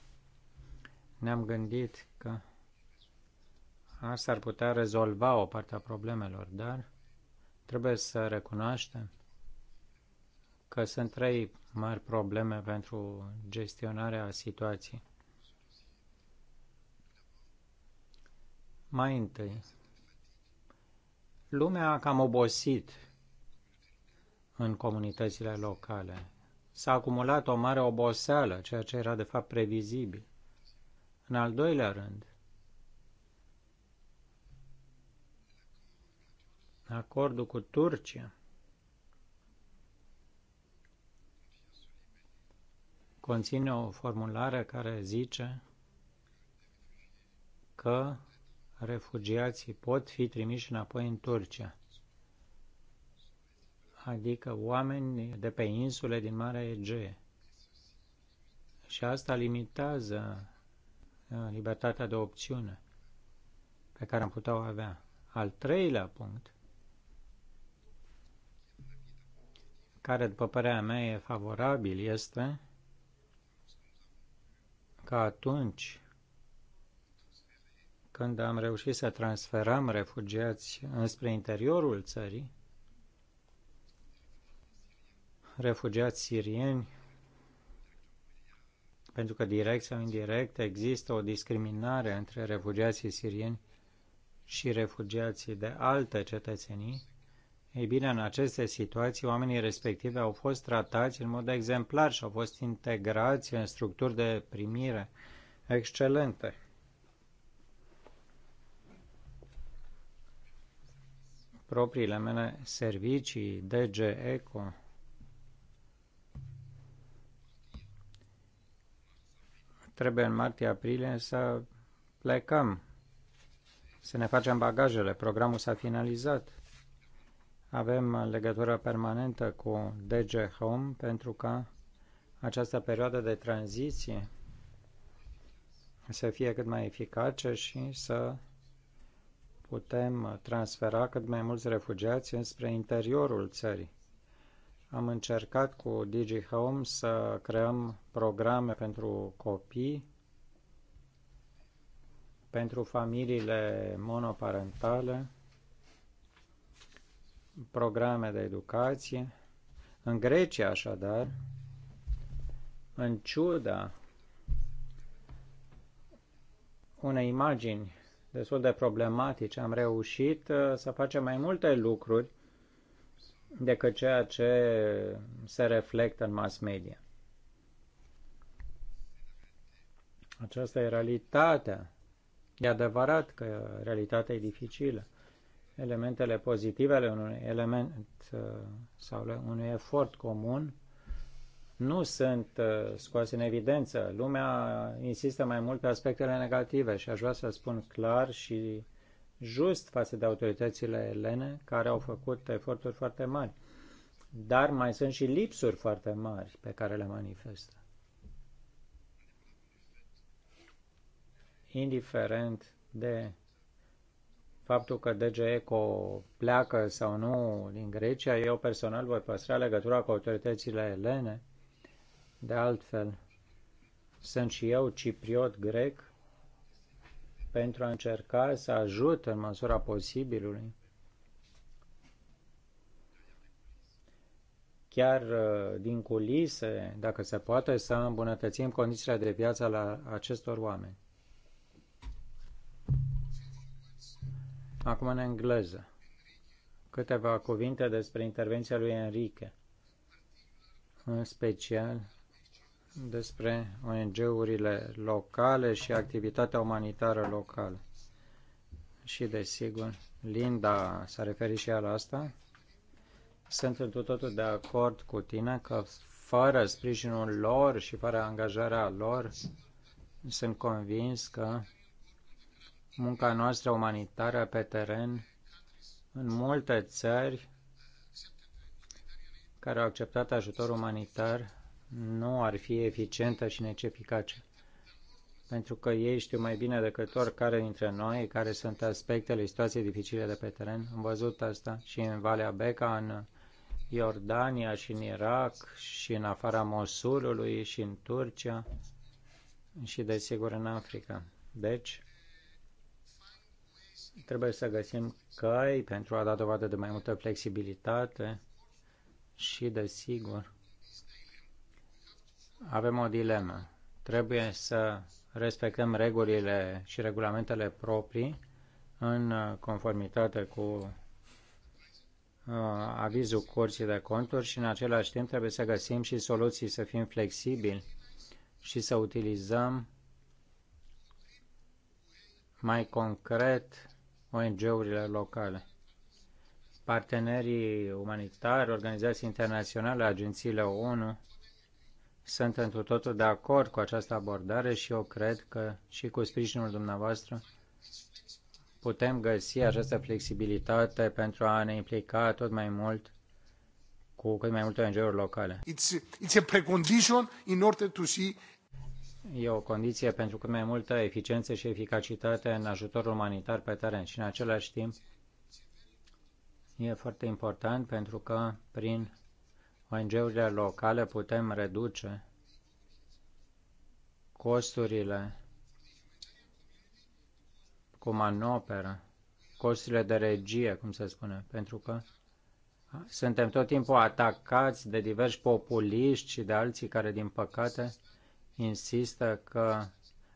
Ne-am gândit că Asta ar putea rezolva o parte a problemelor, dar trebuie să recunoaștem că sunt trei mari probleme pentru gestionarea situației. Mai întâi, lumea a cam obosit în comunitățile locale. S-a acumulat o mare oboseală, ceea ce era de fapt previzibil. În al doilea rând, acordul cu Turcia, conține o formulare care zice că refugiații pot fi trimiși înapoi în Turcia, adică oameni de pe insule din Marea Egee. Și asta limitează uh, libertatea de opțiune pe care am putea o avea. Al treilea punct care, după părerea mea, e favorabil este că atunci când am reușit să transferăm refugiați înspre interiorul țării, refugiați sirieni, pentru că direct sau indirect există o discriminare între refugiații sirieni și refugiații de alte cetățenii, ei bine, în aceste situații, oamenii respectivi au fost tratați în mod exemplar și au fost integrați în structuri de primire excelente. Propriile mele servicii, DG Eco, trebuie în martie-aprilie să plecăm, să ne facem bagajele. Programul s-a finalizat. Avem legătură permanentă cu DG Home pentru ca această perioadă de tranziție să fie cât mai eficace și să putem transfera cât mai mulți refugiați înspre interiorul țării. Am încercat cu DigiHome să creăm programe pentru copii, pentru familiile monoparentale, programe de educație. În Grecia, așadar, în ciuda unei imagini destul de problematice, am reușit uh, să facem mai multe lucruri decât ceea ce se reflectă în mass media. Aceasta e realitatea. E adevărat că realitatea e dificilă elementele pozitive ale unui element uh, sau unui efort comun nu sunt uh, scoase în evidență. Lumea insistă mai mult pe aspectele negative și aș vrea să spun clar și just față de autoritățile elene care au făcut eforturi foarte mari. Dar mai sunt și lipsuri foarte mari pe care le manifestă. Indiferent de Faptul că Eco pleacă sau nu din Grecia, eu personal voi păstra legătura cu autoritățile elene. De altfel, sunt și eu cipriot grec pentru a încerca să ajut în măsura posibilului. Chiar uh, din culise, dacă se poate, să îmbunătățim condițiile de viață la acestor oameni. Acum în engleză. Câteva cuvinte despre intervenția lui Enrique. În special despre ONG-urile locale și activitatea umanitară locală. Și desigur, Linda s-a referit și ea la asta. Sunt într totul de acord cu tine că fără sprijinul lor și fără angajarea lor, sunt convins că munca noastră umanitară pe teren în multe țări care au acceptat ajutor umanitar nu ar fi eficientă și nici eficace. Pentru că ei știu mai bine decât oricare dintre noi care sunt aspectele situației dificile de pe teren. Am văzut asta și în Valea Beca, în Iordania și în Irak și în afara Mosulului și în Turcia și desigur în Africa. Deci, trebuie să găsim căi pentru a da dovadă de mai multă flexibilitate și, desigur, avem o dilemă. Trebuie să respectăm regulile și regulamentele proprii în conformitate cu uh, avizul Curții de Conturi și în același timp trebuie să găsim și soluții să fim flexibili și să utilizăm mai concret ONG-urile locale, partenerii umanitari, organizații internaționale, agențiile ONU, sunt întru totul de acord cu această abordare și eu cred că și cu sprijinul dumneavoastră putem găsi această flexibilitate pentru a ne implica tot mai mult cu cât mai multe ONG-uri locale. It's, it's a precondition in order to see e o condiție pentru cât mai multă eficiență și eficacitate în ajutorul umanitar pe teren și în același timp e foarte important pentru că prin ONG-urile locale putem reduce costurile cu manoperă, costurile de regie, cum se spune, pentru că suntem tot timpul atacați de diversi populiști și de alții care, din păcate, insistă că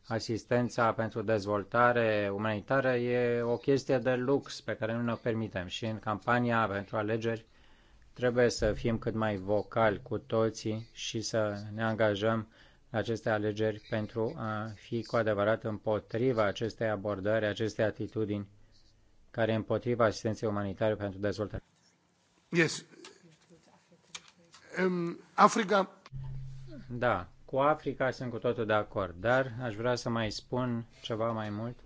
asistența pentru dezvoltare umanitară e o chestie de lux pe care nu ne permitem și în campania pentru alegeri trebuie să fim cât mai vocali cu toții și să ne angajăm la aceste alegeri pentru a fi cu adevărat împotriva acestei abordări, acestei atitudini care e împotriva asistenței umanitare pentru dezvoltare. Yes. Um, Africa. Da, cu Africa sunt cu totul de acord, dar aș vrea să mai spun ceva mai mult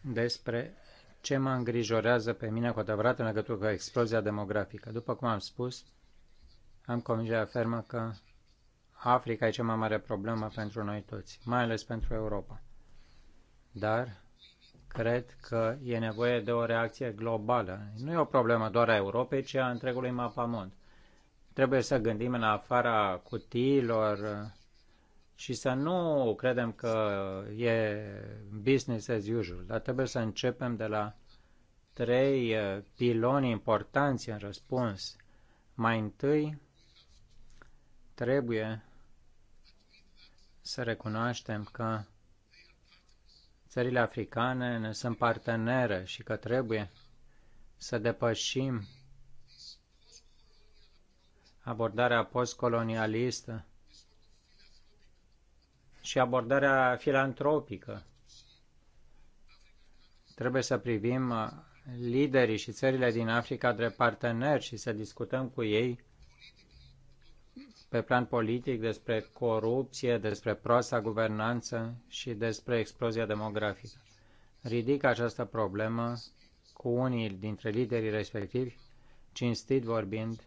despre ce mă îngrijorează pe mine cu adevărat în legătură cu explozia demografică. După cum am spus, am convingerea fermă că Africa e cea mai mare problemă pentru noi toți, mai ales pentru Europa. Dar cred că e nevoie de o reacție globală. Nu e o problemă doar a Europei, ci a întregului mapamond. Trebuie să gândim în afara cutiilor și să nu credem că e business as usual, dar trebuie să începem de la trei uh, piloni importanți în răspuns. Mai întâi, trebuie să recunoaștem că țările africane ne sunt partenere și că trebuie să depășim abordarea postcolonialistă și abordarea filantropică. Trebuie să privim uh, liderii și țările din Africa drept parteneri și să discutăm cu ei pe plan politic despre corupție, despre proasta guvernanță și despre explozia demografică. Ridic această problemă cu unii dintre liderii respectivi, cinstit vorbind,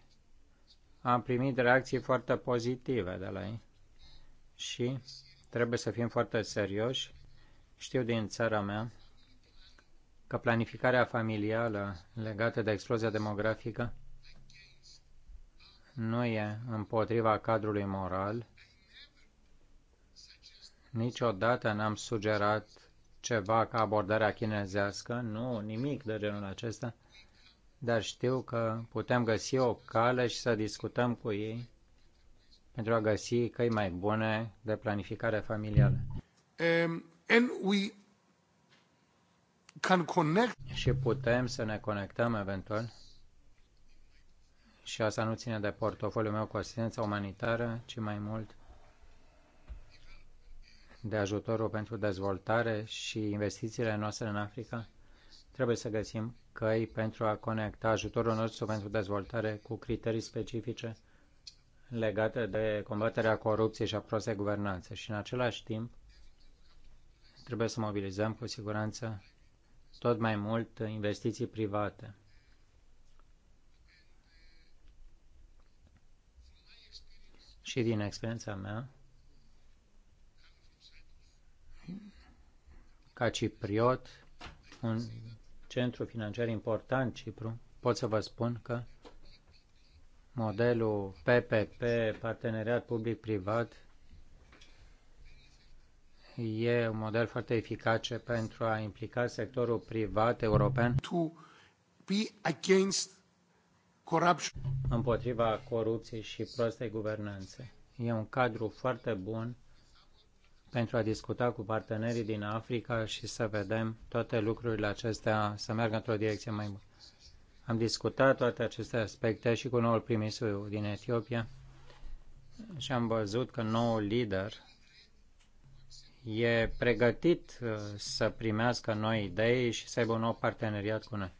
am primit reacții foarte pozitive de la ei și trebuie să fim foarte serioși. Știu din țara mea că planificarea familială legată de explozia demografică nu e împotriva cadrului moral. Niciodată n-am sugerat ceva ca abordarea chinezească, nu, nimic de genul acesta dar știu că putem găsi o cale și să discutăm cu ei pentru a găsi căi mai bune de planificare familială. Um, and we can connect. Și putem să ne conectăm eventual. Și asta nu ține de portofoliul meu cu asistența umanitară, ci mai mult de ajutorul pentru dezvoltare și investițiile noastre în Africa. Trebuie să găsim căi pentru a conecta ajutorul nostru pentru dezvoltare cu criterii specifice legate de combaterea corupției și a prostei guvernanțe. Și în același timp, trebuie să mobilizăm cu siguranță tot mai mult investiții private. Și din experiența mea, ca cipriot, un centru financiar important, Cipru, pot să vă spun că modelul PPP, parteneriat public-privat, e un model foarte eficace pentru a implica sectorul privat european to be against corruption. împotriva corupției și prostei guvernanțe. E un cadru foarte bun pentru a discuta cu partenerii din Africa și să vedem toate lucrurile acestea să meargă într-o direcție mai bună. Am discutat toate aceste aspecte și cu noul primisul din Etiopia și am văzut că noul lider e pregătit uh, să primească noi idei și să aibă un nou parteneriat cu noi.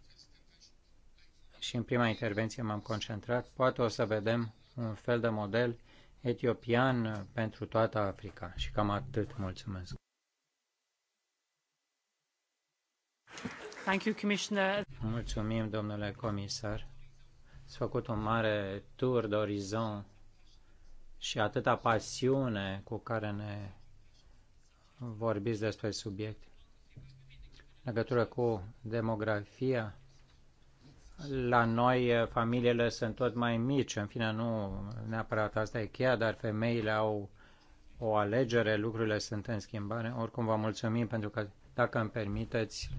Și în prima intervenție m-am concentrat. Poate o să vedem un fel de model etiopian pentru toată Africa. Și cam atât. Mulțumesc. Thank you, Commissioner. Mulțumim, domnule comisar. S-a făcut un mare tur de orizont și atâta pasiune cu care ne vorbiți despre subiect. În legătură cu demografia, la noi eh, familiile sunt tot mai mici, în fine nu neapărat asta e cheia, dar femeile au o alegere, lucrurile sunt în schimbare. Oricum vă mulțumim pentru că, dacă îmi permiteți,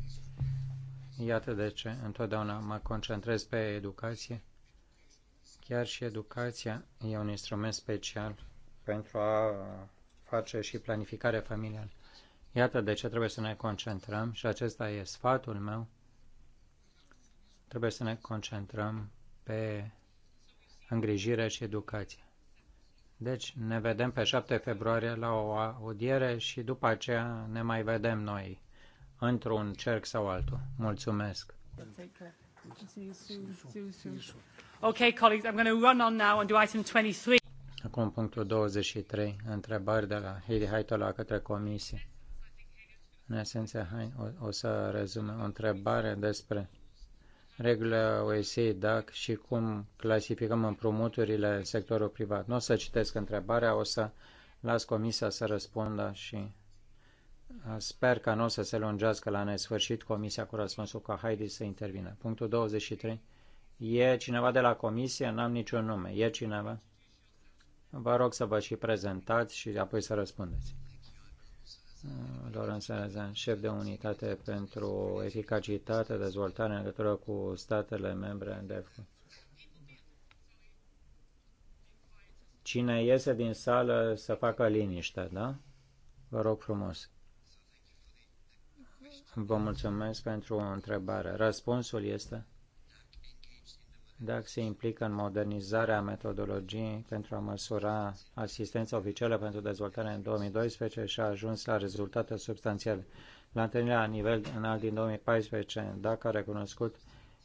iată de ce întotdeauna mă concentrez pe educație. Chiar și educația e un instrument special pentru a face și planificare familială. Iată de ce trebuie să ne concentrăm și acesta e sfatul meu Trebuie să ne concentrăm pe îngrijire și educație. Deci ne vedem pe 7 februarie la o audiere și după aceea ne mai vedem noi într-un cerc sau altul. Mulțumesc! Okay, colleagues, I'm going to run on now and do item 23. Acum punctul 23, întrebări de la Heidi Haitola către comisie. În esență, hai, o, o să rezume o întrebare despre regulile OSE, DAC și cum clasificăm împrumuturile în sectorul privat. Nu o să citesc întrebarea, o să las comisia să răspundă și uh, sper că nu o să se lungească la nesfârșit comisia cu răspunsul ca Heidi să intervină. Punctul 23. E cineva de la comisie? N-am niciun nume. E cineva? Vă rog să vă și prezentați și apoi să răspundeți. Lorenz Rezan, șef de unitate pentru eficacitate, dezvoltare în legătură cu statele membre în DEFCO. Cine iese din sală să facă liniște, da? Vă rog frumos. Vă mulțumesc pentru o întrebare. Răspunsul este DAC se implică în modernizarea metodologiei pentru a măsura asistența oficială pentru dezvoltare în 2012 și a ajuns la rezultate substanțiale. La întâlnirea la nivel înalt din 2014, DAC a recunoscut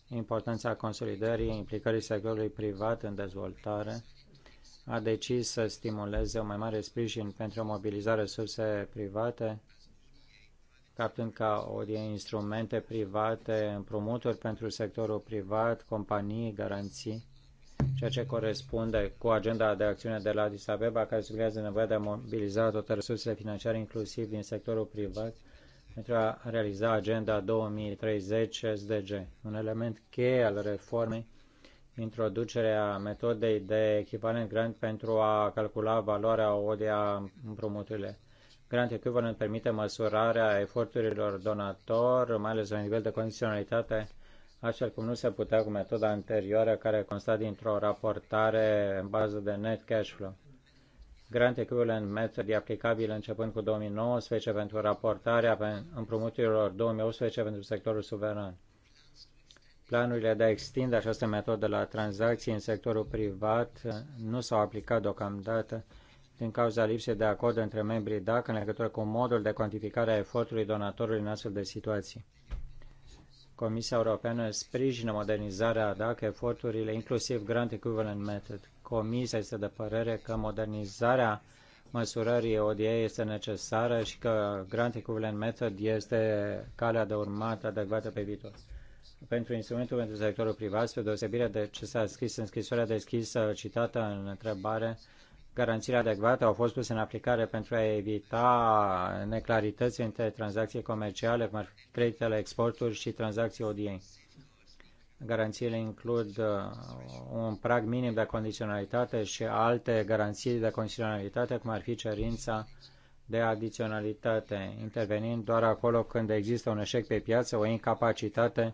importanța consolidării implicării sectorului privat în dezvoltare, a decis să stimuleze o mai mare sprijin pentru mobilizarea surse private ca prin ca instrumente private, împrumuturi pentru sectorul privat, companii, garanții, ceea ce corespunde cu agenda de acțiune de la Addis Abeba, care sublinează nevoia de a mobiliza toate resursele financiare, inclusiv din sectorul privat, pentru a realiza agenda 2030 SDG. Un element cheie al reformei introducerea metodei de echivalent grant pentru a calcula valoarea ODA împrumuturile. Grant Equivalent permite măsurarea eforturilor donator, mai ales la nivel de condiționalitate, așa cum nu se putea cu metoda anterioară care consta dintr-o raportare în bază de net cash flow. Grant Equivalent Method e aplicabil începând cu 2019 pentru raportarea împrumuturilor 2018 pentru sectorul suveran. Planurile de a extinde această metodă la tranzacții în sectorul privat nu s-au aplicat deocamdată din cauza lipsei de acord între membrii DAC în legătură cu modul de cuantificare a efortului donatorului în astfel de situații. Comisia Europeană sprijină modernizarea DAC eforturile, inclusiv Grant Equivalent Method. Comisia este de părere că modernizarea măsurării ODA este necesară și că Grant Equivalent Method este calea de urmat adecvată pe viitor. Pentru instrumentul pentru sectorul privat, spre deosebire de ce s-a scris în scrisoarea deschisă citată în întrebare, garanțiile adecvate au fost puse în aplicare pentru a evita neclarități între tranzacții comerciale, cum ar fi creditele, exporturi și tranzacții ODA. Garanțiile includ uh, un prag minim de condiționalitate și alte garanții de condiționalitate, cum ar fi cerința de adiționalitate, intervenind doar acolo când există un eșec pe piață, o incapacitate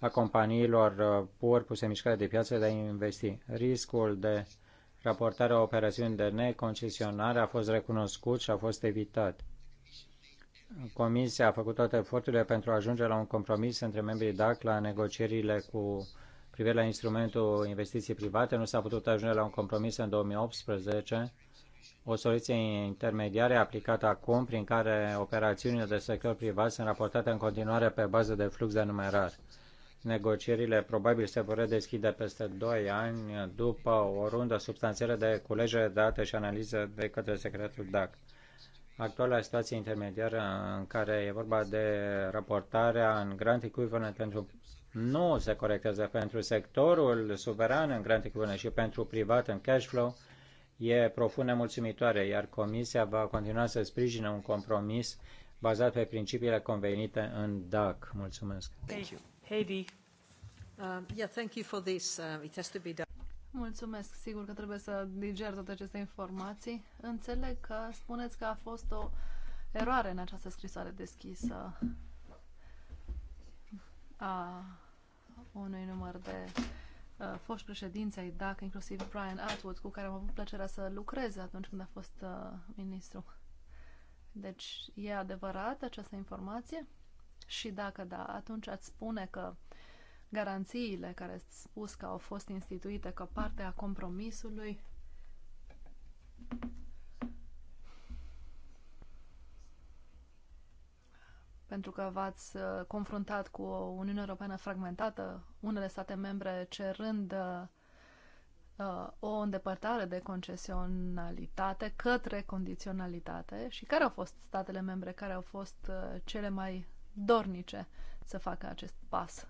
a companiilor uh, pur puse în mișcare de piață de a investi. Riscul de raportarea operațiuni de neconcesionare a fost recunoscut și a fost evitat. Comisia a făcut toate eforturile pentru a ajunge la un compromis între membrii DAC la negocierile cu privire la instrumentul investiții private. Nu s-a putut ajunge la un compromis în 2018. O soluție intermediară aplicată acum, prin care operațiunile de sector privat sunt raportate în continuare pe bază de flux de numerar negocierile probabil se vor redeschide peste 2 ani după o rundă substanțială de culegere de date și analiză de către secretul DAC. Actuala situație intermediară în care e vorba de raportarea în grant equivalent pentru nu se corectează pentru sectorul suveran în grant equivalent și pentru privat în cash flow e profund nemulțumitoare, iar Comisia va continua să sprijine un compromis bazat pe principiile convenite în DAC. Mulțumesc! Thank you. Heidi. Uh, yeah, thank you for this. Uh, it has to be done. Mulțumesc. Sigur că trebuie să diger toate aceste informații. Înțeleg că spuneți că a fost o eroare în această scrisoare deschisă a unui număr de uh, foști președinți ai DAC, inclusiv Brian Atwood, cu care am avut plăcerea să lucrez atunci când a fost uh, ministru. Deci, e adevărat această informație? Și dacă da, atunci ați spune că garanțiile care ați spus că au fost instituite ca parte a compromisului pentru că v-ați uh, confruntat cu o Uniune Europeană fragmentată, unele state membre cerând uh, uh, o îndepărtare de concesionalitate către condiționalitate și care au fost statele membre care au fost uh, cele mai dornice să facă acest pas.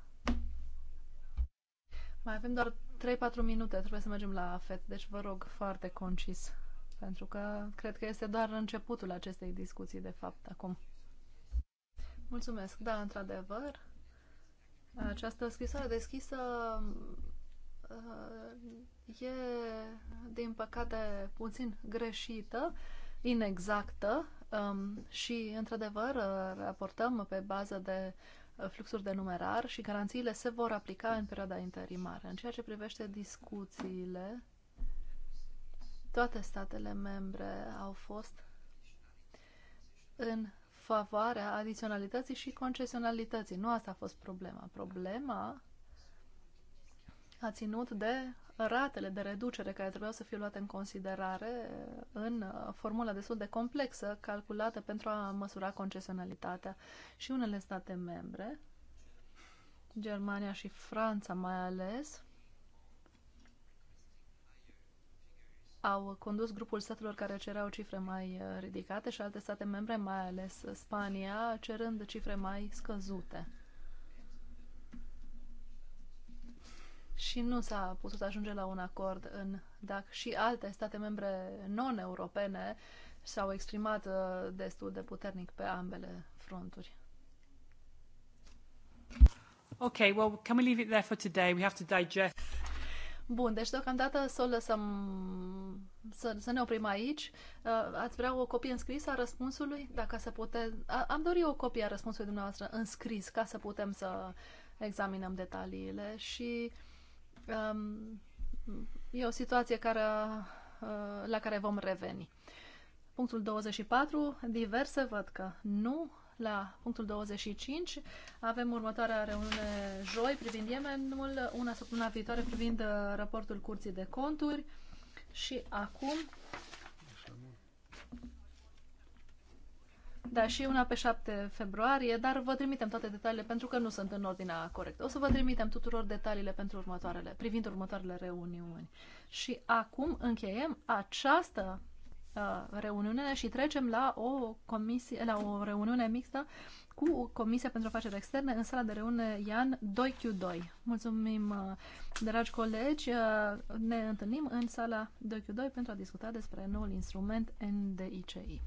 Mai avem doar 3-4 minute, trebuie să mergem la FET, deci vă rog foarte concis, pentru că cred că este doar începutul acestei discuții, de fapt, acum. Mulțumesc, da, într-adevăr. Această scrisoare deschisă uh, e, din păcate, puțin greșită, inexactă. Um, și, într-adevăr, uh, raportăm pe bază de uh, fluxuri de numerar și garanțiile se vor aplica în perioada interimară. În ceea ce privește discuțiile, toate statele membre au fost în favoarea adiționalității și concesionalității. Nu asta a fost problema. Problema a ținut de ratele de reducere care trebuiau să fie luate în considerare în uh, formula destul de complexă calculată pentru a măsura concesionalitatea. Și unele state membre, Germania și Franța mai ales, au condus grupul statelor care cereau cifre mai uh, ridicate și alte state membre, mai ales Spania, cerând cifre mai scăzute. și nu s-a putut ajunge la un acord în DAC și alte state membre non-europene s-au exprimat uh, destul de puternic pe ambele fronturi. Okay, well, can we leave it there for today? We have to digest. Bun, deci deocamdată să o lăsăm, să, să ne oprim aici. Uh, ați vrea o copie înscrisă a răspunsului? Dacă să pute... Am dorit o copie a răspunsului dumneavoastră înscris ca să putem să examinăm detaliile și Um, e o situație care, uh, la care vom reveni. Punctul 24, diverse, văd că nu. La punctul 25 avem următoarea reuniune joi privind Yemenul, una săptămâna viitoare privind uh, raportul Curții de Conturi și acum Da, și una pe 7 februarie, dar vă trimitem toate detaliile pentru că nu sunt în ordinea corectă. O să vă trimitem tuturor detaliile pentru următoarele, privind următoarele reuniuni. Și acum încheiem această uh, reuniune și trecem la o, comisie, la o reuniune mixtă cu Comisia pentru Afaceri Externe în sala de reuniune Ian 2Q2. Mulțumim, uh, dragi colegi, uh, ne întâlnim în sala 2Q2 pentru a discuta despre noul instrument NDICI.